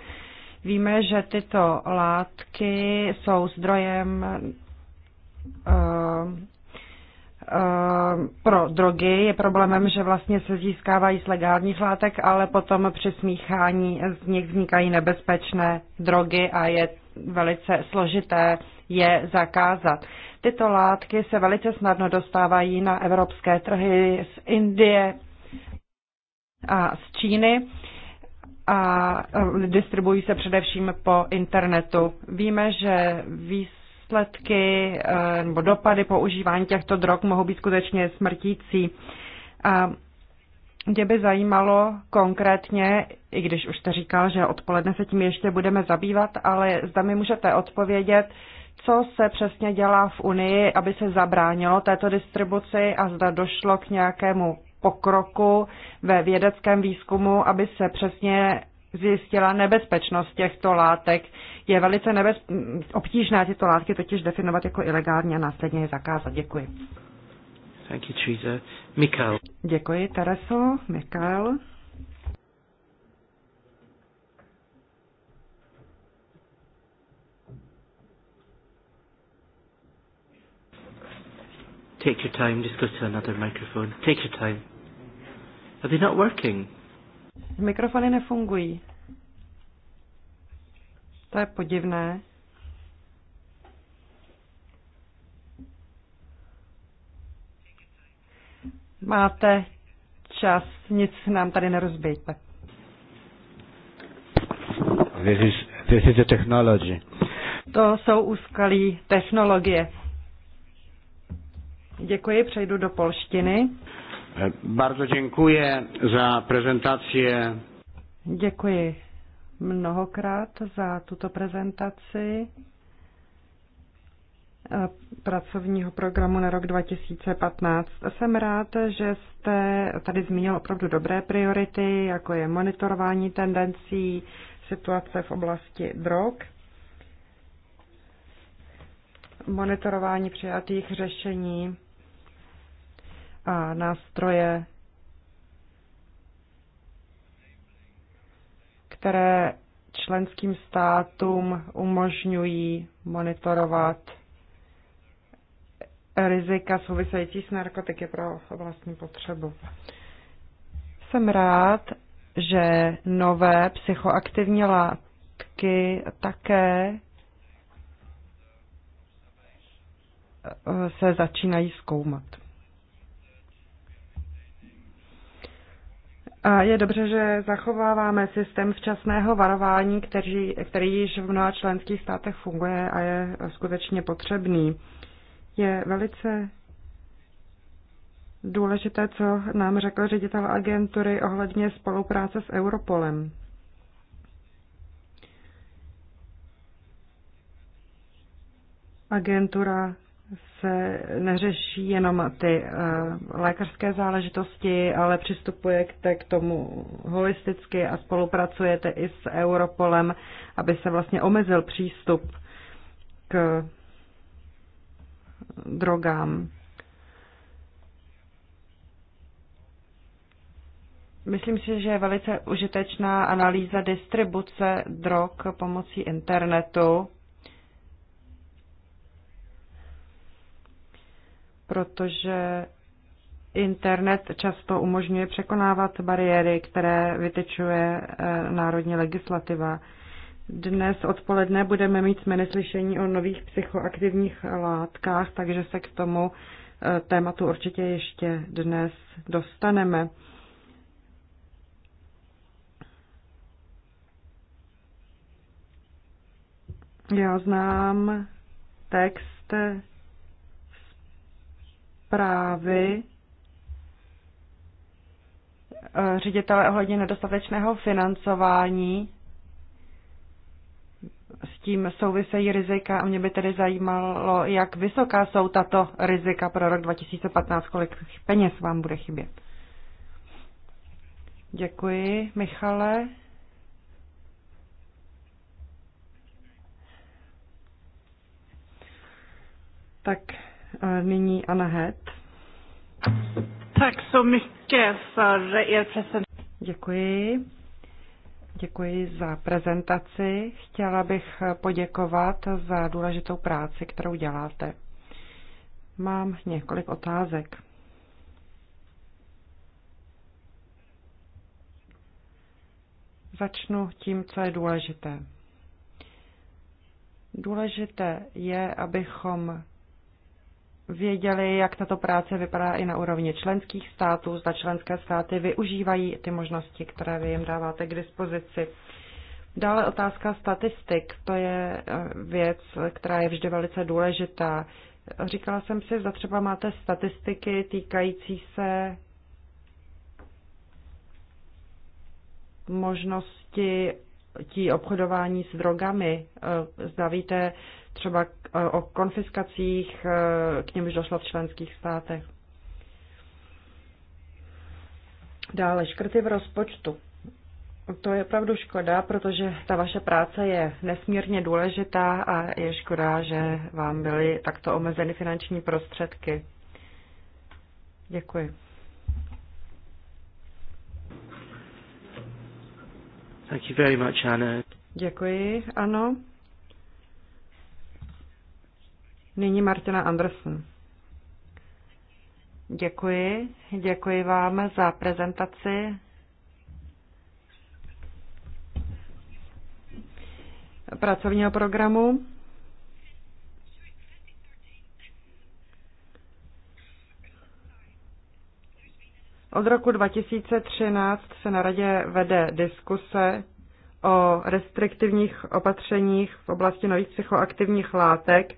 S5: Víme, že tyto látky jsou zdrojem uh, uh, pro drogy. Je problémem, že vlastně se získávají z legálních látek, ale potom při smíchání z nich vznikají nebezpečné drogy a je velice složité je zakázat. Tyto látky se velice snadno dostávají na evropské trhy z Indie a z Číny a e, distribuují se především po internetu. Víme, že výsledky e, nebo dopady používání těchto drog mohou být skutečně smrtící. A mě by zajímalo konkrétně, i když už jste říkal, že odpoledne se tím ještě budeme zabývat, ale zda mi můžete odpovědět, co se přesně dělá v Unii, aby se zabránilo této distribuci a zda došlo k nějakému pokroku ve vědeckém výzkumu, aby se přesně zjistila nebezpečnost těchto látek. Je velice nebez... obtížné tyto látky totiž definovat jako ilegální a následně je zakázat. Děkuji.
S1: Thank you, Teresa. Mikael. Děkuji,
S5: Tereso. Mikael.
S1: Take your time, just go to another microphone. Take your time. Are they not working?
S5: Mikrofony nefungují. To je podivné. Máte čas, nic nám tady nerozbijte.
S1: This is, this is the technology.
S5: To jsou úskalí technologie. Děkuji, přejdu do polštiny.
S1: Eh, bardzo děkuji za prezentaci.
S5: Děkuji mnohokrát za tuto prezentaci eh, pracovního programu na rok 2015. Jsem rád, že jste tady zmínil opravdu dobré priority, jako je monitorování tendencí, situace v oblasti drog, monitorování přijatých řešení a nástroje, které členským státům umožňují monitorovat rizika související s narkotiky pro vlastní potřebu. Jsem rád, že nové psychoaktivní látky také eh, se začínají zkoumat. A je dobře, že zachováváme systém včasného varování, který, který již v mnoha členských státech funguje a je skutečně potřebný. Je velice důležité, co nám řekl ředitel agentury ohledně spolupráce s Europolem. Agentura se neřeší jenom ty eh, lékařské záležitosti, ale přistupujete k tomu holisticky a spolupracujete i s Europolem, aby se vlastně omezil přístup k drogám. Myslím si, že je velice užitečná analýza distribuce drog pomocí internetu protože internet často umožňuje překonávat bariéry, které vytečuje eh, národní legislativa. Dnes odpoledne budeme mít jsme slyšení o nových psychoaktivních látkách, takže se k tomu eh, tématu určitě ještě dnes dostaneme. Já znám text zprávy eh, ředitele ohledně nedostatečného financování. S tím souvisejí rizika a mě by tedy zajímalo, jak vysoká jsou tato rizika pro rok 2015, kolik peněz vám bude chybět. Děkuji, Michale. Tak nyní Anna Het. Tak so mycket för er presentation. Děkuji. Děkuji za prezentaci. Chtěla bych poděkovat za důležitou práci, kterou děláte. Mám několik otázek. Začnu tím, co je důležité. Důležité je, abychom věděli, jak tato práce vypadá i na úrovni členských států, zda členské státy využívají ty možnosti, které vy jim dáváte k dispozici. Dále otázka statistik, to je eh, věc, která je vždy velice důležitá. Říkala jsem si, zda třeba máte statistiky týkající se možnosti tí obchodování s drogami. Eh, zda víte, třeba eh, o konfiskacích, eh, k němž došlo v členských státech. Dále škrty v rozpočtu. To je opravdu škoda, protože ta vaše práce je nesmírně důležitá a je škoda, že vám byly takto omezeny finanční prostředky. Děkuji.
S1: Thank you very much, Anna.
S5: Děkuji, ano. Nyní Martina Andersen. Děkuji. Děkuji vám za prezentaci. pracovního programu. Od roku 2013 se na radě vede diskuse o restriktivních opatřeních v oblasti nových psychoaktivních látek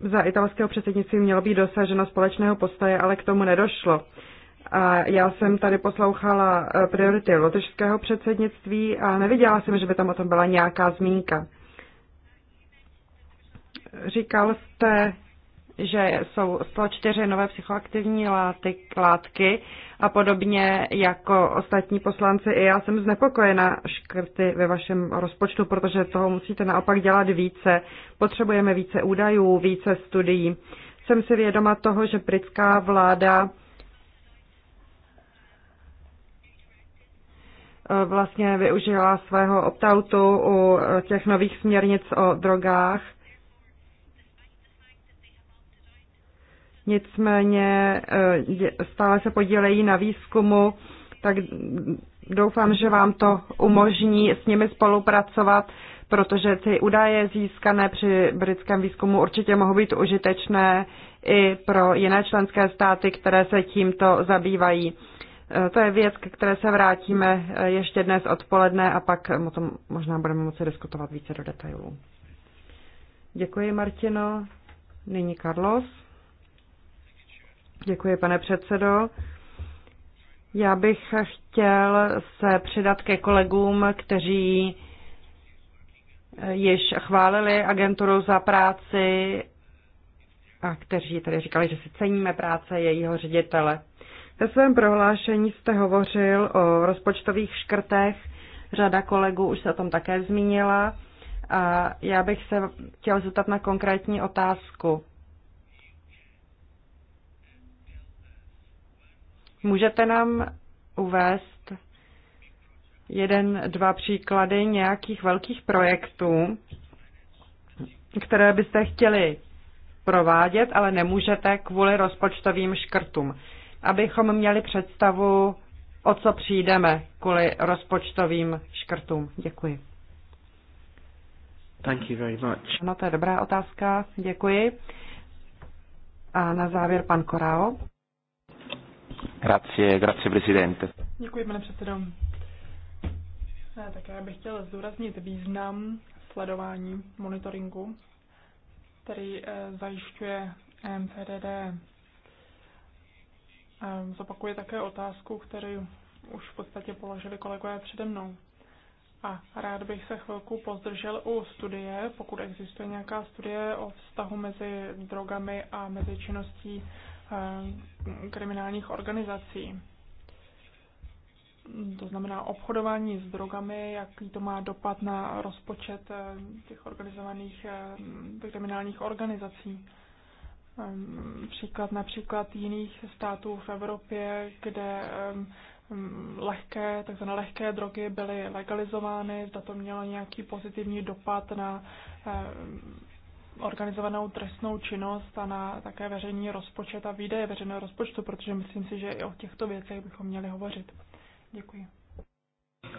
S5: za italského předsednictví mělo být dosaženo společného postoje, ale k tomu nedošlo. A já jsem tady poslouchala eh, priority lotyšského předsednictví a neviděla jsem, že by tam o tom byla nějaká zmínka. Říkal jste, že jsou 104 nové psychoaktivní látky a podobně jako ostatní poslanci. I já jsem znepokojena škrty ve vašem rozpočtu, protože toho musíte naopak dělat více. Potřebujeme více údajů, více studií. Jsem si vědoma toho, že britská vláda eh, vlastně využila svého optautu u těch nových směrnic o drogách – nicméně eh, stále se podílejí na výzkumu, tak doufám, že vám to umožní s nimi spolupracovat, protože ty údaje získané při britském výzkumu určitě mohou být užitečné i pro jiné členské státy, které se tímto zabývají. Eh, to je věc, k které se vrátíme eh, ještě dnes odpoledne a pak o tom možná budeme moci diskutovat více do detailů. Děkuji, Martino. Nyní Carlos. Děkuji, pane předsedo. Já bych chtěl se přidat ke kolegům, kteří již chválili agenturu za práci a kteří tady říkali, že si ceníme práce jejího ředitele. Ve svém prohlášení jste hovořil o rozpočtových škrtech, řada kolegů už se o tom také zmínila a já bych se chtěl zeptat na konkrétní otázku. Můžete nám uvést jeden, dva příklady nějakých velkých projektů, které byste chtěli provádět, ale nemůžete kvůli rozpočtovým škrtům. Abychom měli představu, o co přijdeme kvůli rozpočtovým škrtům. Děkuji.
S1: Thank you very much.
S5: No to je dobrá otázka, děkuji. A na závěr pan Korao.
S1: Grazie, grazie
S3: presidente.
S2: Děkuji, pane předsedo. Ne, tak já bych chtěl zdůraznit význam sledování monitoringu, který eh, zajišťuje MCDD. Eh, zopakuje také otázku, kterou už v podstatě položili kolegové přede mnou. A rád bych se chvilku pozdržel u studie, pokud existuje nějaká studie o vztahu mezi drogami a mezi činností Eh, kriminálních organizací. To znamená obchodování s drogami, jaký to má dopad na rozpočet eh, těch organizovaných eh, kriminálních organizací. Příklad například jiných států v Evropě, kde mm, lehké, takzvané lehké drogy byly legalizovány, zda to mělo nějaký pozitivní dopad na organizovanou trestnou činnost a na také veřejný rozpočet a výdaje veřejného rozpočtu, protože myslím si, že i o těchto věcech bychom měli hovořit. Děkuji.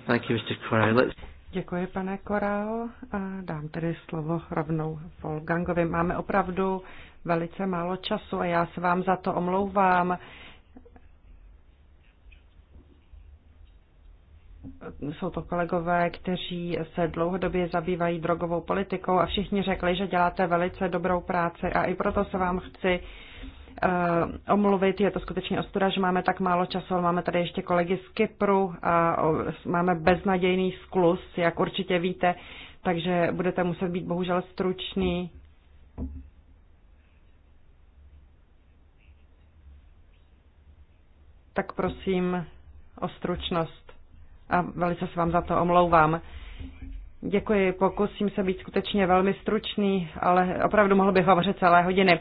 S1: Thank you, Mr. Corral. Děkuji, pane
S5: Korál. Dám tedy slovo rovnou Volgangovi. Máme opravdu velice málo času a já se vám za to omlouvám. jsou to kolegové, kteří se dlouhodobě zabývají drogovou politikou a všichni řekli, že děláte velice dobrou práci a i proto se vám chci uh, omluvit. Je to skutečně ostuda, že máme tak málo času, máme tady ještě kolegy z Kypru a máme beznadějný sklus, jak určitě víte, takže budete muset být bohužel stručný. Tak prosím o stručnost a velice se vám za to omlouvám. Děkuji, pokusím se být skutečně velmi stručný, ale opravdu mohl bych hovořit celé hodiny.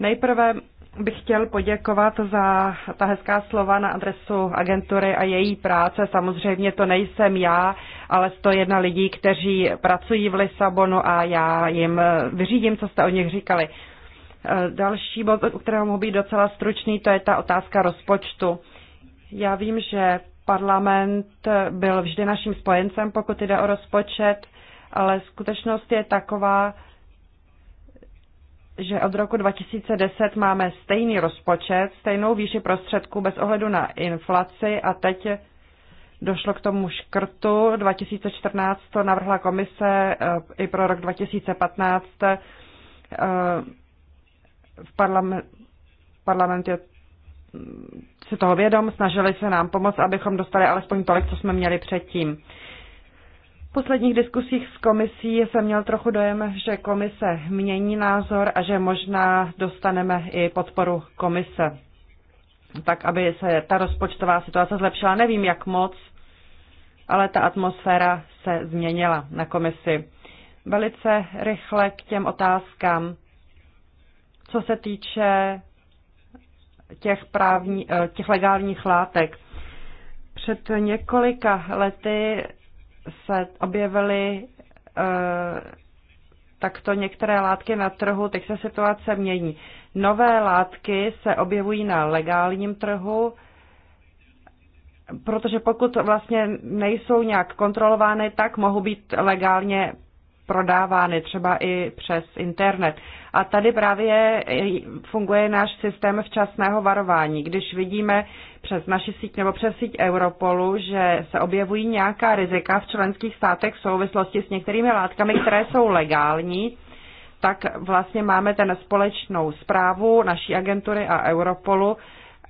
S5: Nejprve bych chtěl poděkovat za ta hezká slova na adresu agentury a její práce. Samozřejmě to nejsem já, ale 101 lidí, kteří pracují v Lisabonu a já jim vyřídím, co jste o nich říkali. Další bod, u kterého mohu být docela stručný, to je ta otázka rozpočtu. Já vím, že parlament byl vždy naším spojencem, pokud jde o rozpočet, ale skutečnost je taková, že od roku 2010 máme stejný rozpočet, stejnou výši prostředků bez ohledu na inflaci a teď došlo k tomu škrtu. 2014 to navrhla komise eh, i pro rok 2015. Eh, v parlament, parlament je si toho vědom, snažili se nám pomoct, abychom dostali alespoň tolik, co jsme měli předtím. V posledních diskusích s komisí jsem měl trochu dojem, že komise mění názor a že možná dostaneme i podporu komise, tak aby se ta rozpočtová situace zlepšila. Nevím, jak moc, ale ta atmosféra se změnila na komisi. Velice rychle k těm otázkám. Co se týče těch, právní, eh, těch legálních látek. Před několika lety se objevily eh, takto některé látky na trhu, teď se situace mění. Nové látky se objevují na legálním trhu, protože pokud vlastně nejsou nějak kontrolovány, tak mohou být legálně prodávány třeba i přes internet. A tady právě funguje náš systém včasného varování. Když vidíme přes naši síť nebo přes síť Europolu, že se objevují nějaká rizika v členských státech v souvislosti s některými látkami, které jsou legální, tak vlastně máme ten společnou zprávu naší agentury a Europolu,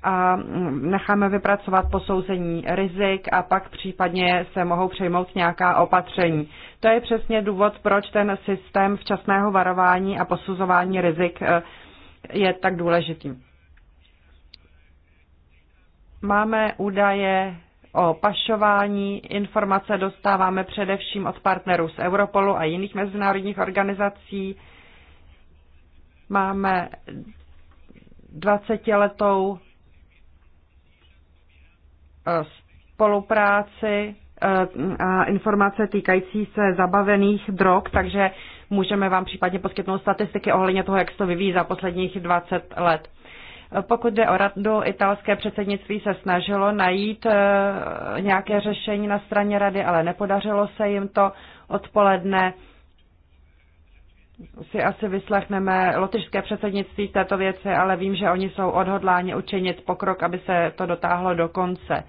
S5: a necháme vypracovat posouzení rizik a pak případně se mohou přejmout nějaká opatření. To je přesně důvod, proč ten systém včasného varování a posuzování rizik eh, je tak důležitý. Máme údaje o pašování. Informace dostáváme především od partnerů z Europolu a jiných mezinárodních organizací. Máme 20-letou Eh, spolupráci eh, a informace týkající se zabavených drog, takže můžeme vám případně poskytnout statistiky ohledně toho, jak se to vyvíjí za posledních 20 let. Eh, pokud jde o radu, italské předsednictví se snažilo najít nějaké řešení na straně rady, ale nepodařilo se jim to odpoledne si asi vyslechneme lotyšské předsednictví v této věci, ale vím, že oni jsou odhodláni učinit pokrok, aby se to dotáhlo do konce.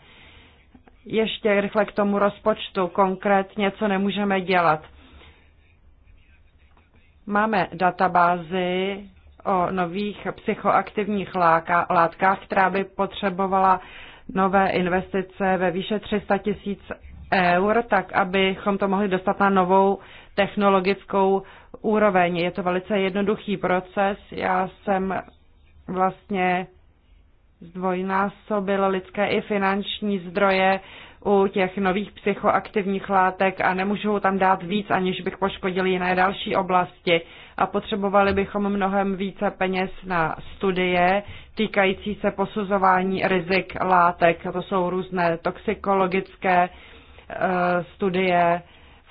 S5: Ještě rychle k tomu rozpočtu konkrétně, co nemůžeme dělat. Máme databázy o nových psychoaktivních látkách, která by potřebovala nové investice ve výše 300 tisíc eur, tak abychom to mohli dostat na novou technologickou úroveň. Je to velice jednoduchý proces. Já jsem vlastně zdvojnásobil lidské i finanční zdroje u těch nových psychoaktivních látek a nemůžu tam dát víc, aniž bych poškodil jiné další oblasti. A potřebovali bychom mnohem více peněz na studie týkající se posuzování rizik látek. To jsou různé toxikologické eh, studie,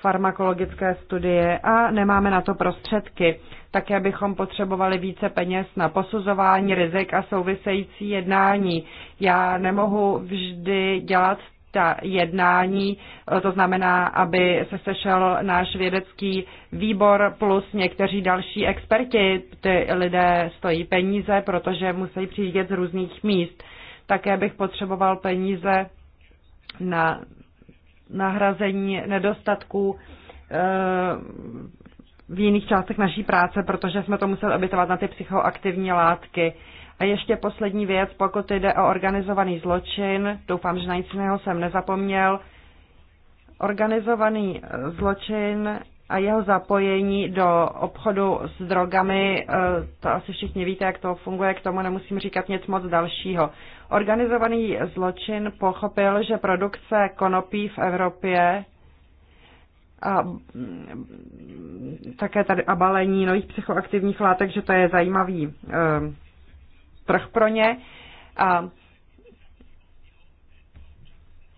S5: farmakologické studie a nemáme na to prostředky. Také bychom potřebovali více peněz na posuzování rizik a související jednání. Já nemohu vždy dělat ta jednání, to znamená, aby se sešel náš vědecký výbor plus někteří další experti. Ty lidé stojí peníze, protože musí přijíždět z různých míst. Také bych potřeboval peníze na nahrazení nedostatků eh, v jiných částech naší práce, protože jsme to museli obětovat na ty psychoaktivní látky. A ještě poslední věc, pokud jde o organizovaný zločin, doufám, že na nic jiného jsem nezapomněl, organizovaný zločin a jeho zapojení do obchodu s drogami, eh, to asi všichni víte, jak to funguje, k tomu nemusím říkat nic moc dalšího. Organizovaný zločin pochopil, že produkce konopí v Evropě a mm, také tady a balení nových psychoaktivních látek, že to je zajímavý e, trh pro ně. A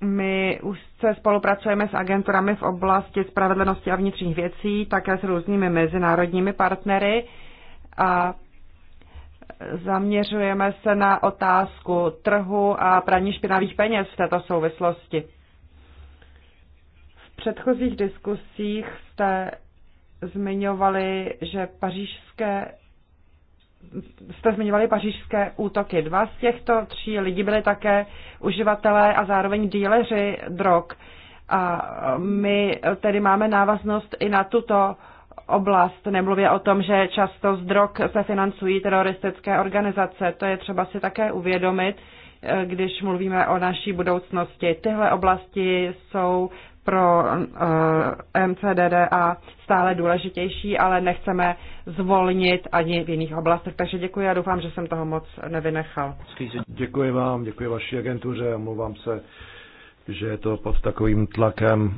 S5: my už se spolupracujeme s agenturami v oblasti spravedlnosti a vnitřních věcí, také s různými mezinárodními partnery a Zaměřujeme se na otázku trhu a praní špinavých peněz v této souvislosti. V předchozích diskusích jste zmiňovali, že pařížské jste zmiňovali pařížské útoky. Dva z těchto tří lidí byli také uživatelé a zároveň díleři drog. A my tedy máme návaznost i na tuto oblast. Nemluvě o tom, že často z drog se financují teroristické organizace. To je třeba si také uvědomit, eh, když mluvíme o naší budoucnosti. Tyhle oblasti jsou pro eh, MCDD a stále důležitější, ale nechceme zvolnit ani v jiných oblastech. Takže děkuji a doufám, že jsem toho moc nevynechal.
S4: Děkuji vám, děkuji vaší agentuře, mluvám se, že je to pod takovým tlakem.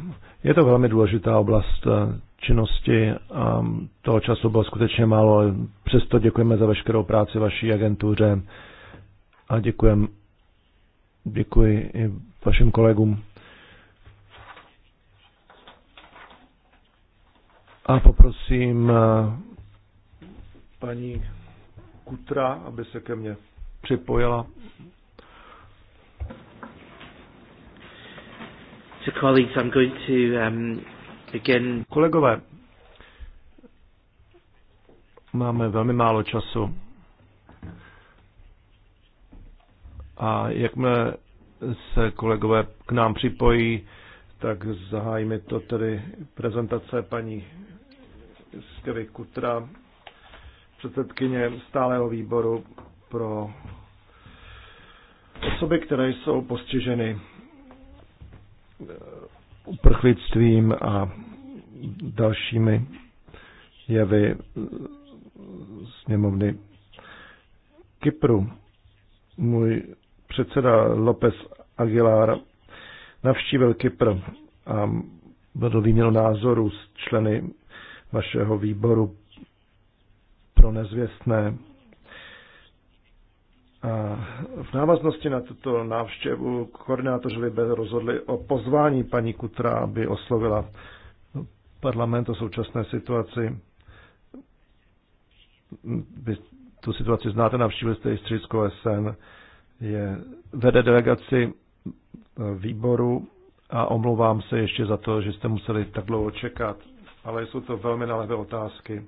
S4: Je to velmi důležitá oblast, eh, činnosti a toho času bylo skutečně málo, ale přesto děkujeme za veškerou práci vaší agentuře a děkujem, děkuji i vašim kolegům. A poprosím eh, paní Kutra, aby se ke mně připojila.
S1: So colleagues, I'm going to um, Again. Kolegové,
S4: máme velmi málo času. A jakmile se kolegové k nám připojí, tak zahájíme to tedy prezentace paní Skevy Kutra, předsedkyně stáleho výboru pro osoby, které jsou postiženy uprchlictvím a dalšími jevy sněmovny Kypru. Můj předseda López Aguilar navštívil Kypr a vedl výměnu názoru s členy vašeho výboru pro nezvěstné a v návaznosti na tuto návštěvu koordinátoři Libe rozhodli o pozvání paní Kutra, aby oslovila parlament o současné situaci. Vy tu situaci znáte, navštívili jste i SN. Je, vede delegaci výboru a omlouvám se ještě za to, že jste museli tak dlouho čekat, ale jsou to velmi nalevé otázky,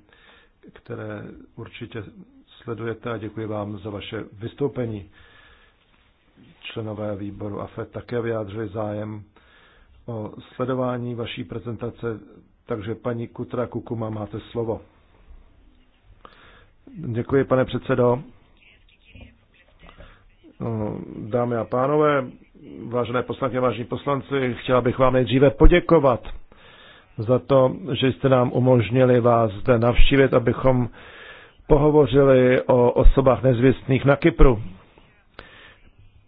S4: které určitě sledujete a děkuji vám za vaše vystoupení. Členové výboru AFE také vyjádřili zájem o sledování vaší prezentace, takže paní Kutra Kukuma máte slovo. Děkuji, pane předsedo. Dámy a pánové, vážené poslankyně, vážení poslanci, chtěla bych vám nejdříve poděkovat za to, že jste nám umožnili vás zde navštívit, abychom pohovořili o osobách nezvěstných na Kypru.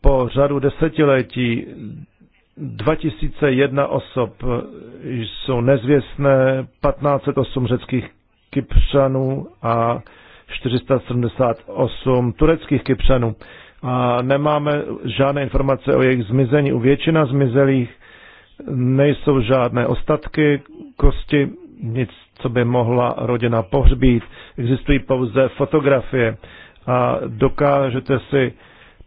S4: Po řadu desetiletí 2001 osob jsou nezvěstné, 1508 řeckých Kypřanů a 478 tureckých Kypřanů. A nemáme žádné informace o jejich zmizení. U většina zmizelých nejsou žádné ostatky kosti nic, co by mohla rodina pohřbít. Existují pouze fotografie a dokážete si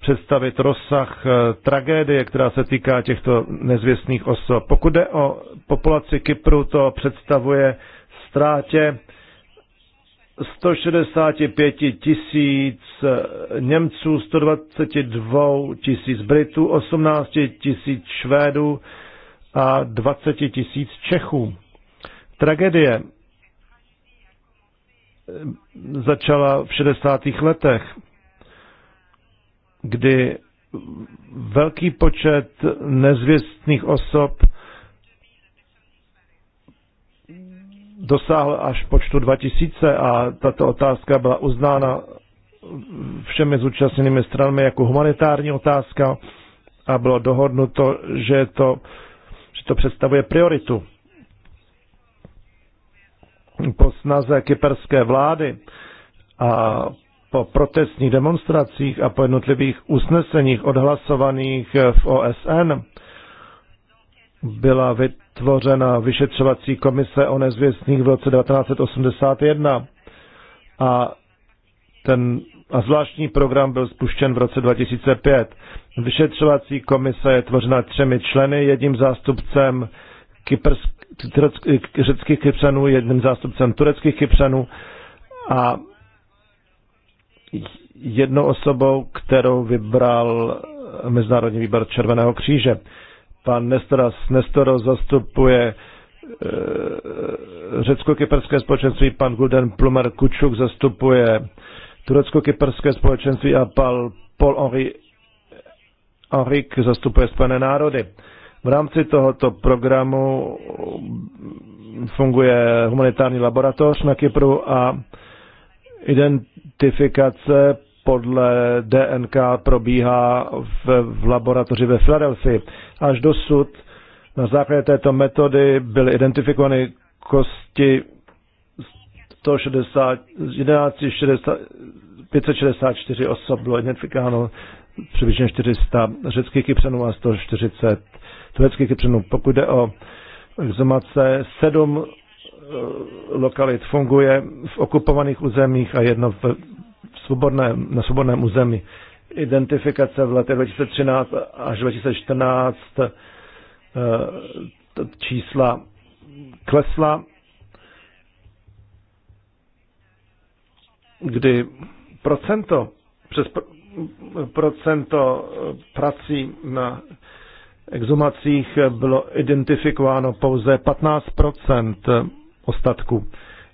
S4: představit rozsah eh, tragédie, která se týká těchto nezvěstných osob. Pokud jde o populaci Kypru, to představuje ztrátě 165 tisíc eh, Němců, 122 tisíc Britů, 18 tisíc Švédů a 20 tisíc Čechů. Tragédie eh, začala v 60. letech, kdy velký počet nezvěstných osob dosáhl až počtu 2000 a tato otázka byla uznána všemi zúčastněnými stranami jako humanitární otázka a bylo dohodnuto, že to, že to představuje prioritu po snaze kyperské vlády a po protestních demonstracích a po jednotlivých usneseních odhlasovaných v OSN byla vytvořena vyšetřovací komise o nezvěstných v roce 1981 a ten a zvláštní program byl spuštěn v roce 2005. Vyšetřovací komise je tvořena třemi členy, jedním zástupcem kypersk, řeckých kypřanů, jedním zástupcem tureckých kypřanů a jednou osobou, kterou vybral Mezinárodní výbor Červeného kříže. Pan Nestoras Nestoro zastupuje e, řecko-kyperské společenství, pan Gulden Plumer Kučuk zastupuje turecko-kyperské společenství a pan Paul Henri Henrik zastupuje Spojené národy. V rámci tohoto programu funguje humanitární laboratoř na Kypru a identifikace podle DNK probíhá v, v laboratoři ve Filadelfii. Až dosud na základě této metody byly identifikovány kosti 164 564 osob bylo identifikováno přibližně 400 řeckých kypřanů a 140 tureckých Kypřanů. Pokud jde o exhumace, sedm eh, lokalit funguje v okupovaných územích a jedno v svobodném, na svobodném území. Identifikace v letech 2013 až 2014 eh, čísla klesla, kdy procento, přes procento eh, prací na exumacích bylo identifikováno pouze 15 ostatků.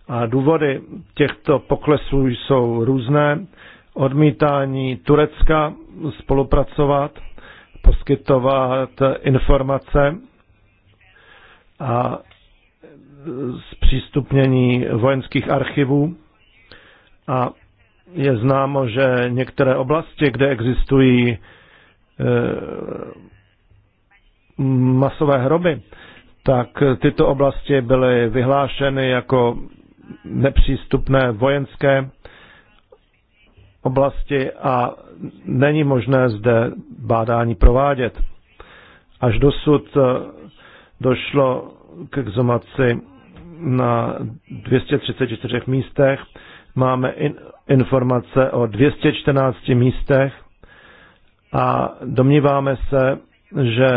S4: A důvody těchto poklesů jsou různé. Odmítání Turecka spolupracovat, poskytovat informace a zpřístupnění vojenských archivů. A je známo, že některé oblasti, kde existují eh, masové hroby, tak tyto oblasti byly vyhlášeny jako nepřístupné vojenské oblasti a není možné zde bádání provádět. Až dosud eh, došlo k exomaci na 234 místech. Máme in, informace o 214 místech a domníváme se, že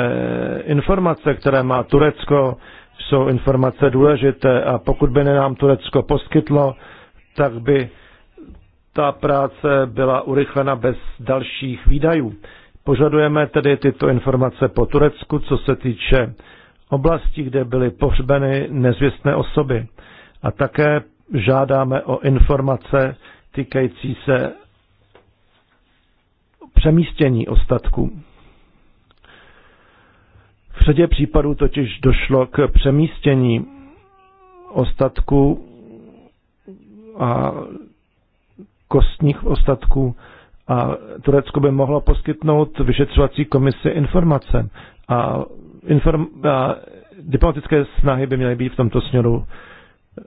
S4: informace, které má Turecko, jsou informace důležité a pokud by nám Turecko poskytlo, tak by ta práce byla urychlena bez dalších výdajů. Požadujeme tedy tyto informace po Turecku, co se týče oblasti, kde byly pohřbeny nezvěstné osoby. A také žádáme o informace týkající se přemístění ostatků řadě případů totiž došlo k přemístění ostatků a kostních ostatků a Turecko by mohlo poskytnout vyšetřovací komisi informace a, inform, a diplomatické snahy by měly být v tomto směru e,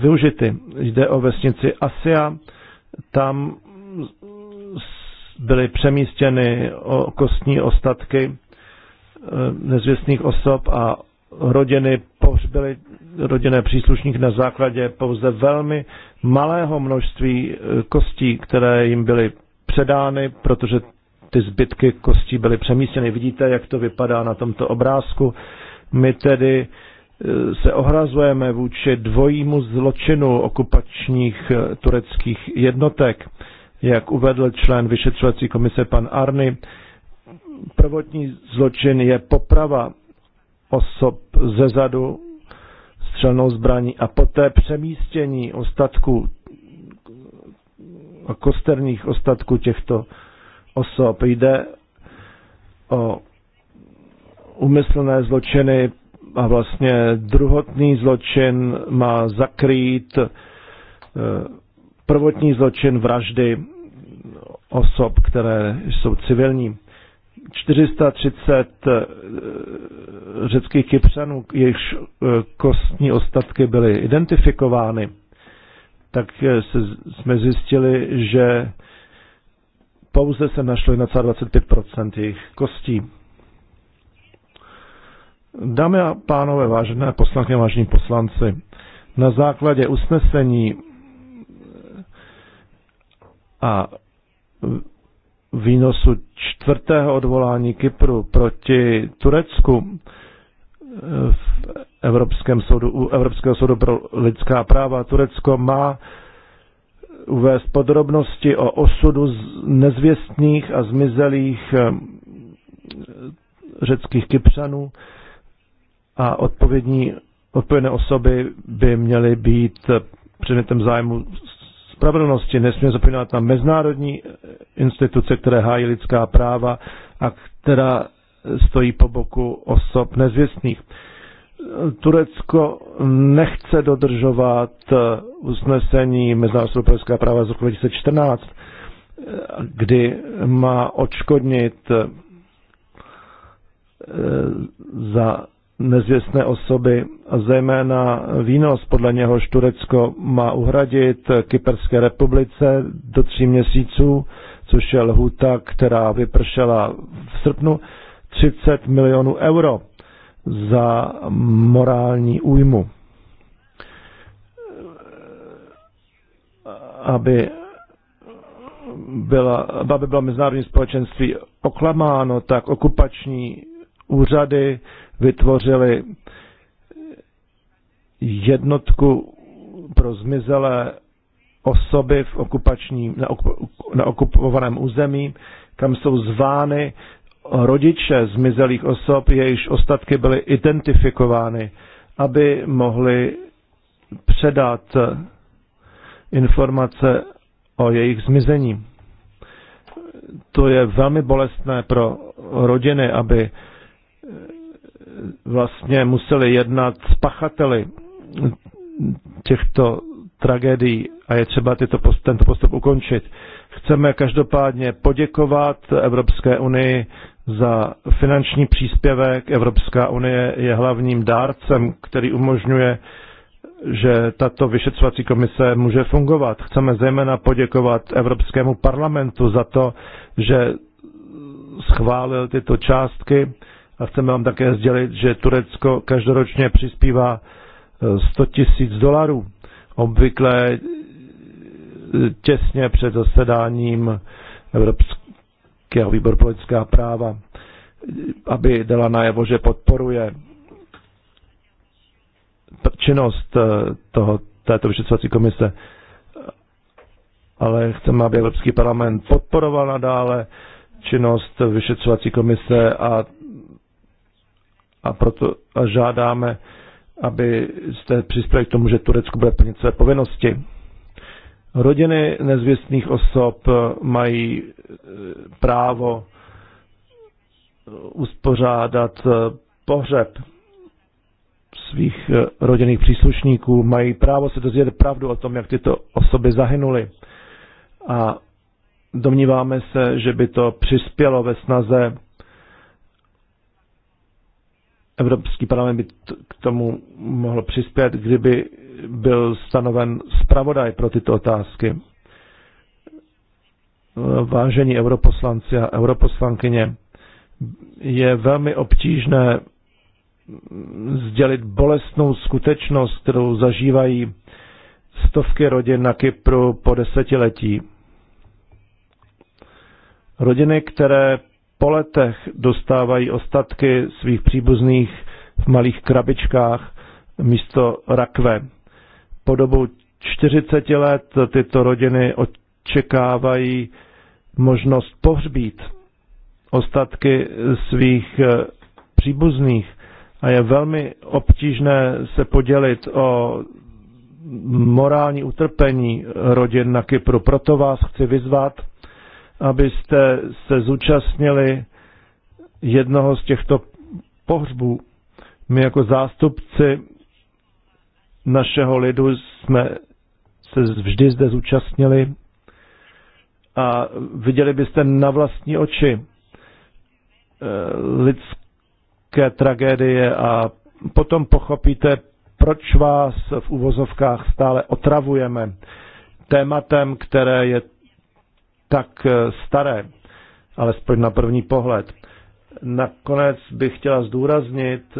S4: využity. Jde o vesnici Asia, tam byly přemístěny kostní ostatky Eh, nezvěstných osob a rodiny pohřbily rodinné příslušník na základě pouze velmi malého množství eh, kostí, které jim byly předány, protože ty zbytky kostí byly přemístěny. Vidíte, jak to vypadá na tomto obrázku. My tedy eh, se ohrazujeme vůči dvojímu zločinu okupačních tureckých jednotek, jak uvedl člen vyšetřovací komise pan Arny prvotní zločin je poprava osob ze zadu střelnou zbraní a poté přemístění ostatků kosterních ostatků těchto osob. Jde o umyslné zločiny a vlastně druhotný zločin má zakrýt e, prvotní zločin vraždy osob, které jsou civilní. 430 eh, řeckých kypřanů, jejichž eh, kostní ostatky byly identifikovány, tak eh, jsme zjistili, že pouze se našlo 25 jejich kostí. Dámy a pánové, vážené poslankyně, vážení poslanci, na základě usnesení a výnosu čtvrtého odvolání Kypru proti Turecku v Evropském soudu, u Evropského soudu pro lidská práva. Turecko má uvést podrobnosti o osudu nezvěstných a zmizelých eh, řeckých Kypřanů a odpovědní, odpovědné osoby by měly být předmětem zájmu spravedlnosti. Nesmíme zapomínat na mezinárodní eh, instituce, které hájí lidská práva a která stojí po boku osob nezvěstných. Turecko nechce dodržovat eh, usnesení Mezinárodního politického práva z roku 2014, eh, kdy má odškodnit za nezvěstné osoby a zejména výnos, podle něhož Turecko má uhradit Kyperské republice do tří měsíců, což je lhuta, která vypršela v srpnu, 30 milionů euro za morální újmu. Aby byla, aby bylo mezinárodní společenství oklamáno, tak okupační úřady vytvořili jednotku pro zmizelé osoby v okupačním, na, okup, na okupovaném území, kam jsou zvány rodiče zmizelých osob, jejichž ostatky byly identifikovány, aby mohli předat informace o jejich zmizení. To je velmi bolestné pro rodiny, aby vlastně museli jednat s pachateli těchto tragédií a je třeba tyto, post, tento postup ukončit. Chceme každopádně poděkovat Evropské unii za finanční příspěvek. Evropská unie je hlavním dárcem, který umožňuje, že tato vyšetřovací komise může fungovat. Chceme zejména poděkovat Evropskému parlamentu za to, že schválil tyto částky a chceme vám také sdělit, že Turecko každoročně přispívá 100 e, tisíc dolarů. Obvykle e, těsně před zasedáním Evropského výboru politická práva, e, aby dala najevo, že podporuje činnost toho, této vyšetřovací komise. Ale chceme, aby Evropský parlament podporoval nadále činnost vyšetřovací komise a a proto žádáme, aby jste přispěli k tomu, že Turecko bude plnit své povinnosti. Rodiny nezvěstných osob mají e, právo uspořádat e, pohřeb svých e, rodinných příslušníků, mají právo se dozvědět pravdu o tom, jak tyto osoby zahynuly. A domníváme se, že by to přispělo ve snaze Evropský parlament by k tomu mohl přispět, kdyby byl stanoven zpravodaj pro tyto otázky. Vážení europoslanci a europoslankyně, je velmi obtížné sdělit bolestnou skutečnost, kterou zažívají stovky rodin na Kypru po desetiletí. Rodiny, které po letech dostávají ostatky svých příbuzných v malých krabičkách místo rakve. Po dobu 40 let tyto rodiny očekávají možnost pohřbít ostatky svých eh, příbuzných a je velmi obtížné se podělit o morální utrpení rodin na Kypru. Proto vás chci vyzvat, abyste se zúčastnili jednoho z těchto pohřbů. My jako zástupci našeho lidu jsme se vždy zde zúčastnili a viděli byste na vlastní oči eh, lidské tragédie a potom pochopíte, proč vás v uvozovkách stále otravujeme tématem, které je tak eh, staré, alespoň na první pohled. Nakonec bych chtěla zdůraznit,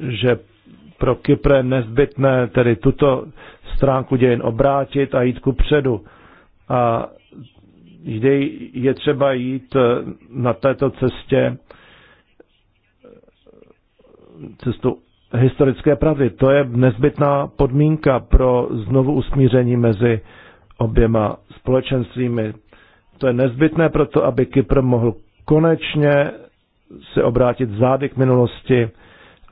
S4: že pro Kypr je nezbytné tedy tuto stránku dějin obrátit a jít ku předu. A jde, je třeba jít eh, na této cestě cestu historické pravdy. To je nezbytná podmínka pro znovu usmíření mezi oběma společenstvími. To je nezbytné proto, aby Kypr mohl konečně se obrátit zády k minulosti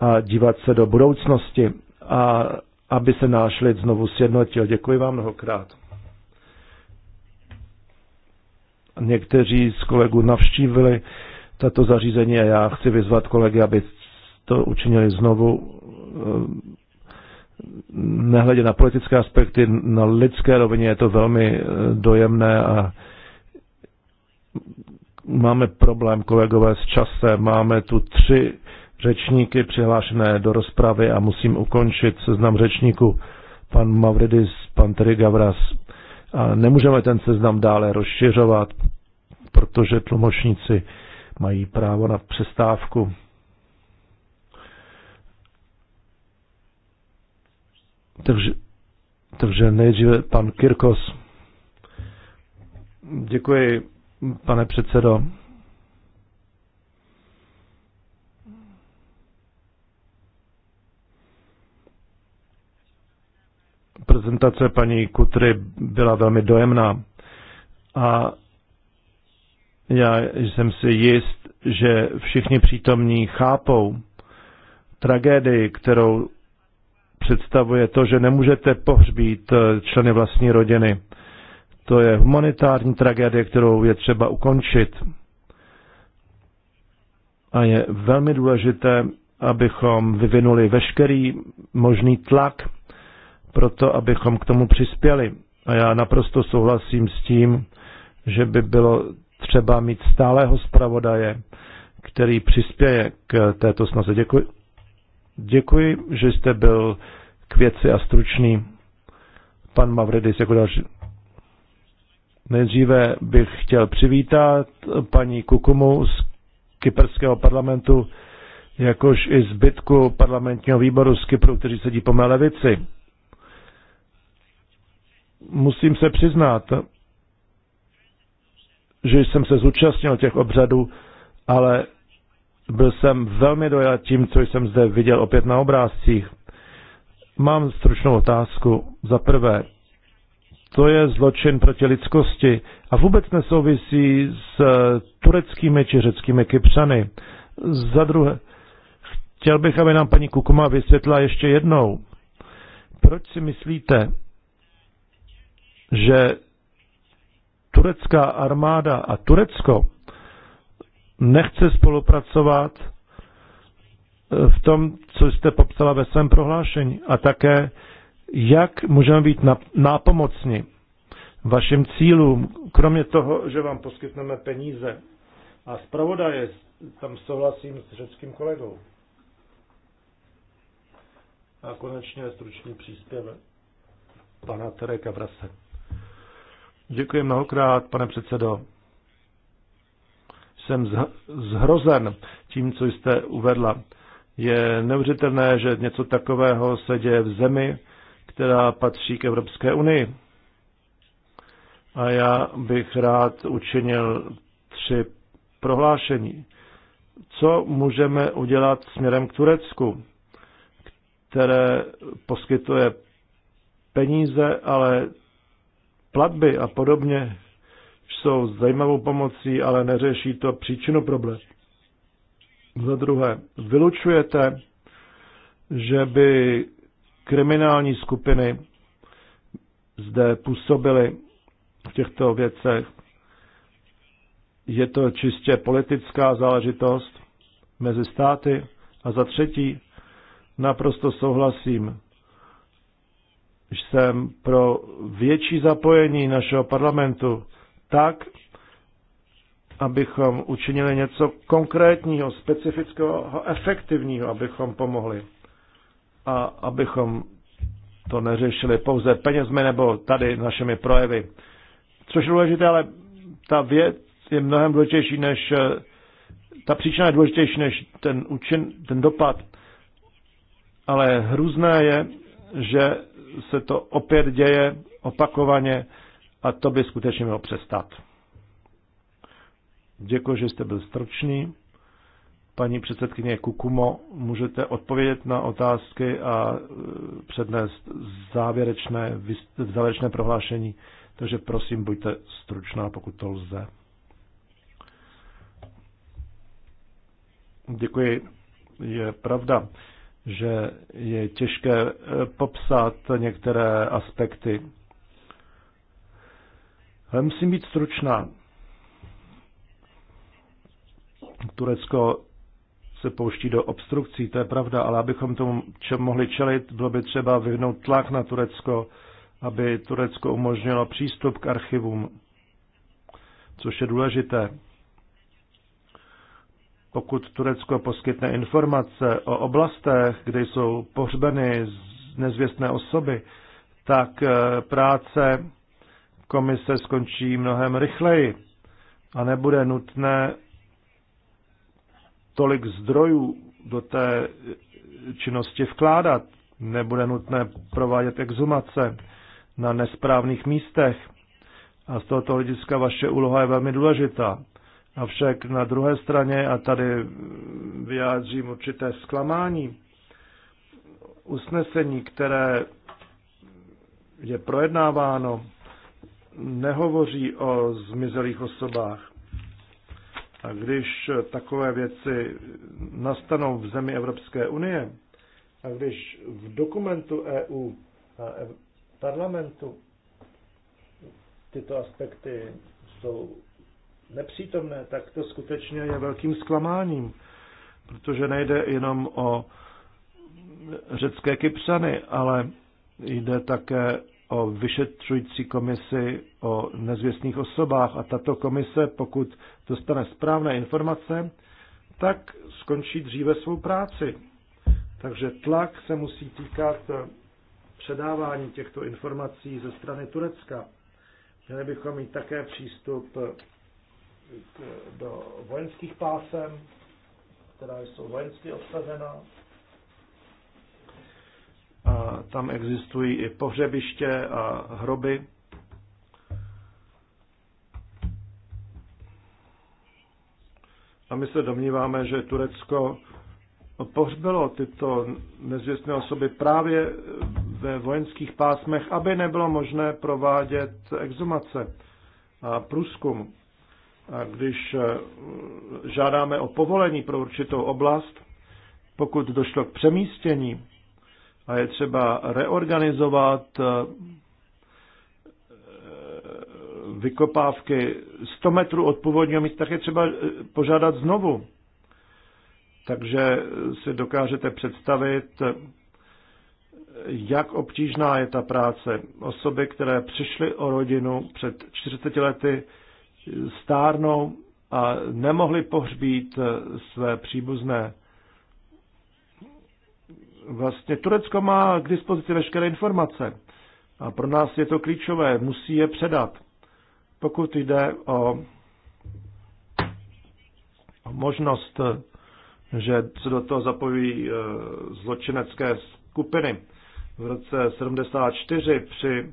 S4: a dívat se do budoucnosti a aby se náš lid znovu sjednotil. Děkuji vám mnohokrát. Někteří z kolegů navštívili tato zařízení a já chci vyzvat kolegy, aby to učinili znovu nehledě na politické aspekty, na lidské rovině je to velmi eh, dojemné a máme problém, kolegové, s časem. Máme tu tři řečníky přihlášené do rozpravy a musím ukončit seznam řečníků. Pan Mavridis, pan Terry Gavras. A nemůžeme ten seznam dále rozšiřovat, protože tlumočníci mají právo na přestávku. Takže, takže nejdříve pan Kirkos. Děkuji, pane předsedo. Prezentace paní Kutry byla velmi dojemná a já jsem si jist, že všichni přítomní chápou tragédii, kterou představuje to, že nemůžete pohřbít eh, členy vlastní rodiny. To je humanitární tragédie, kterou je třeba ukončit. A je velmi důležité, abychom vyvinuli veškerý možný tlak pro to, abychom k tomu přispěli. A já naprosto souhlasím s tím, že by bylo třeba mít stálého zpravodaje, který přispěje k této snaze. Děkuji. Děkuji, že jste byl k věci a stručný. Pan Mavredis jako další. Nejdříve bych chtěl přivítat paní Kukumu z kyperského parlamentu, jakož i zbytku parlamentního výboru z Kypru, kteří sedí po mé levici. Musím se přiznat, že jsem se zúčastnil těch obřadů, ale byl jsem velmi dojat tím, co jsem zde viděl opět na obrázcích. Mám stručnou otázku. Za prvé, to je zločin proti lidskosti a vůbec nesouvisí s eh, tureckými či řeckými kypřany. Za druhé, chtěl bych, aby nám paní Kukuma vysvětlila ještě jednou, proč si myslíte, že turecká armáda a Turecko nechce spolupracovat eh, v tom, co jste popsala ve svém prohlášení a také jak můžeme být nápomocni vašim cílům, kromě toho, že vám poskytneme peníze. A zpravodaje, tam souhlasím s řeckým kolegou. A konečně stručný příspěvek pana Tereka Vrase. Děkuji mnohokrát, pane předsedo jsem zhrozen tím, co jste uvedla. Je neuvěřitelné, že něco takového se děje v zemi, která patří k Evropské unii. A já bych rád učinil tři prohlášení. Co můžeme udělat směrem k Turecku, které poskytuje peníze, ale platby a podobně jsou zajímavou pomocí, ale neřeší to příčinu problému. Za druhé, vylučujete, že by kriminální skupiny zde působily v těchto věcech. Je to čistě politická záležitost mezi státy. A za třetí, naprosto souhlasím, že jsem pro větší zapojení našeho parlamentu tak, abychom učinili něco konkrétního, specifického, efektivního, abychom pomohli. A abychom to neřešili pouze penězmi nebo tady našimi projevy. Což je důležité, ale ta věc je mnohem důležitější než ta příčina je důležitější než ten, učin, ten dopad. Ale hrůzné je, že se to opět děje opakovaně a to by skutečně mělo přestat. Děkuji, že jste byl stručný. Paní předsedkyně Kukumo, můžete odpovědět na otázky a e, přednést závěrečné, závěrečné prohlášení, takže prosím, buďte stručná, pokud to lze. Děkuji. Je pravda, že je těžké e, popsat některé aspekty ale musím být stručná. Turecko se pouští do obstrukcí, to je pravda, ale abychom tomu čem mohli čelit, bylo by třeba vyhnout tlak na Turecko, aby Turecko umožnilo přístup k archivům, což je důležité. Pokud Turecko poskytne informace o oblastech, kde jsou pohřbeny nezvěstné osoby, tak eh, práce komise skončí mnohem rychleji a nebude nutné tolik zdrojů do té činnosti vkládat. Nebude nutné provádět exumace na nesprávných místech. A z tohoto hlediska vaše úloha je velmi důležitá. Avšak na druhé straně, a tady vyjádřím určité zklamání, usnesení, které je projednáváno, nehovoří o zmizelých osobách. A když takové věci nastanou v zemi Evropské unie, a když v dokumentu EU a e parlamentu tyto aspekty jsou nepřítomné, tak to skutečně je velkým zklamáním, protože nejde jenom o řecké kypsany, ale jde také o vyšetřující komisi o nezvěstných osobách a tato komise, pokud dostane správné informace, tak skončí dříve svou práci. Takže tlak se musí týkat předávání těchto informací ze strany Turecka. Měli bychom mít také přístup do vojenských pásem, která jsou vojensky obsazená. A tam existují i pohřebiště a hroby. A my se domníváme, že Turecko pohřbilo tyto nezvěstné osoby právě ve vojenských pásmech, aby nebylo možné provádět exumace a průzkum. A když eh, žádáme o povolení pro určitou oblast, pokud došlo k přemístění, a je třeba reorganizovat eh, vykopávky 100 metrů od původního místa, tak je třeba eh, požádat znovu. Takže si dokážete představit, jak obtížná je ta práce. Osoby, které přišly o rodinu před 40 lety, stárnou a nemohli pohřbít eh, své příbuzné vlastně Turecko má k dispozici veškeré informace a pro nás je to klíčové, musí je předat. Pokud jde o, o možnost, že se do toho zapojí e, zločinecké skupiny, v roce 74 při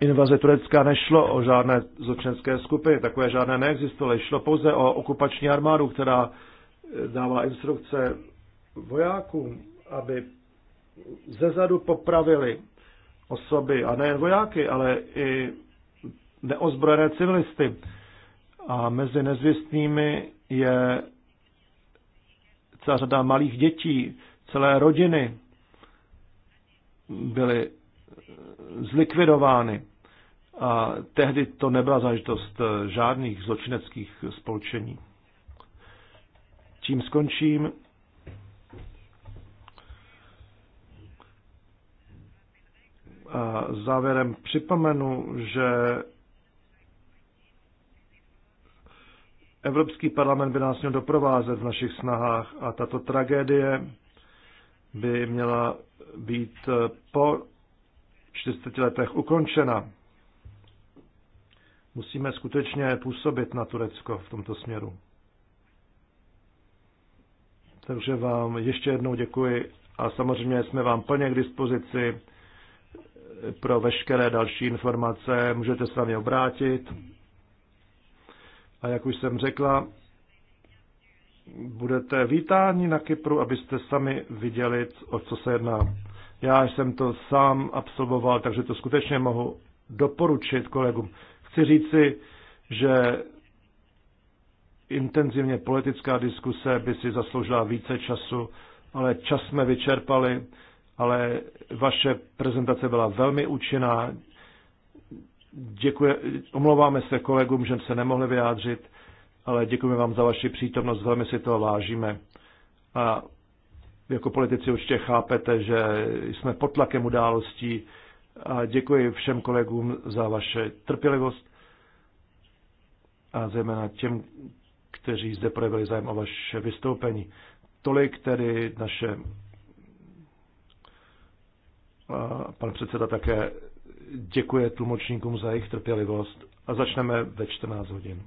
S4: invaze Turecka nešlo o žádné zločinské skupiny, takové žádné neexistovaly. Šlo pouze o okupační armádu, která eh, dává instrukce vojákům, aby zezadu popravili osoby, a nejen vojáky, ale i neozbrojené civilisty. A mezi nezvěstnými je celá řada malých dětí, celé rodiny byly zlikvidovány. A tehdy to nebyla zážitost žádných zločineckých spolčení. Tím skončím. závěrem připomenu, že Evropský parlament by nás měl doprovázet v našich snahách a tato tragédie by měla být po 40 letech ukončena. Musíme skutečně působit na Turecko v tomto směru. Takže vám ještě jednou děkuji a samozřejmě jsme vám plně k dispozici pro veškeré další informace můžete na mě obrátit. A jak už jsem řekla, budete vítáni na Kypru, abyste sami viděli, o co se jedná. Já jsem to sám absolvoval, takže to skutečně mohu doporučit kolegům. Chci říci, že intenzivně politická diskuse by si zasloužila více času, ale čas jsme vyčerpali ale vaše prezentace byla velmi účinná. Děkuji, omlouváme se kolegům, že se nemohli vyjádřit, ale děkujeme vám za vaši přítomnost, velmi si to vážíme. A jako politici určitě chápete, že jsme pod tlakem událostí a děkuji všem kolegům za vaše trpělivost a zejména těm, kteří zde projevili zájem o vaše vystoupení. Tolik tedy naše pan předseda také děkuje tlumočníkům za jejich trpělivost a začneme ve 14 hodin.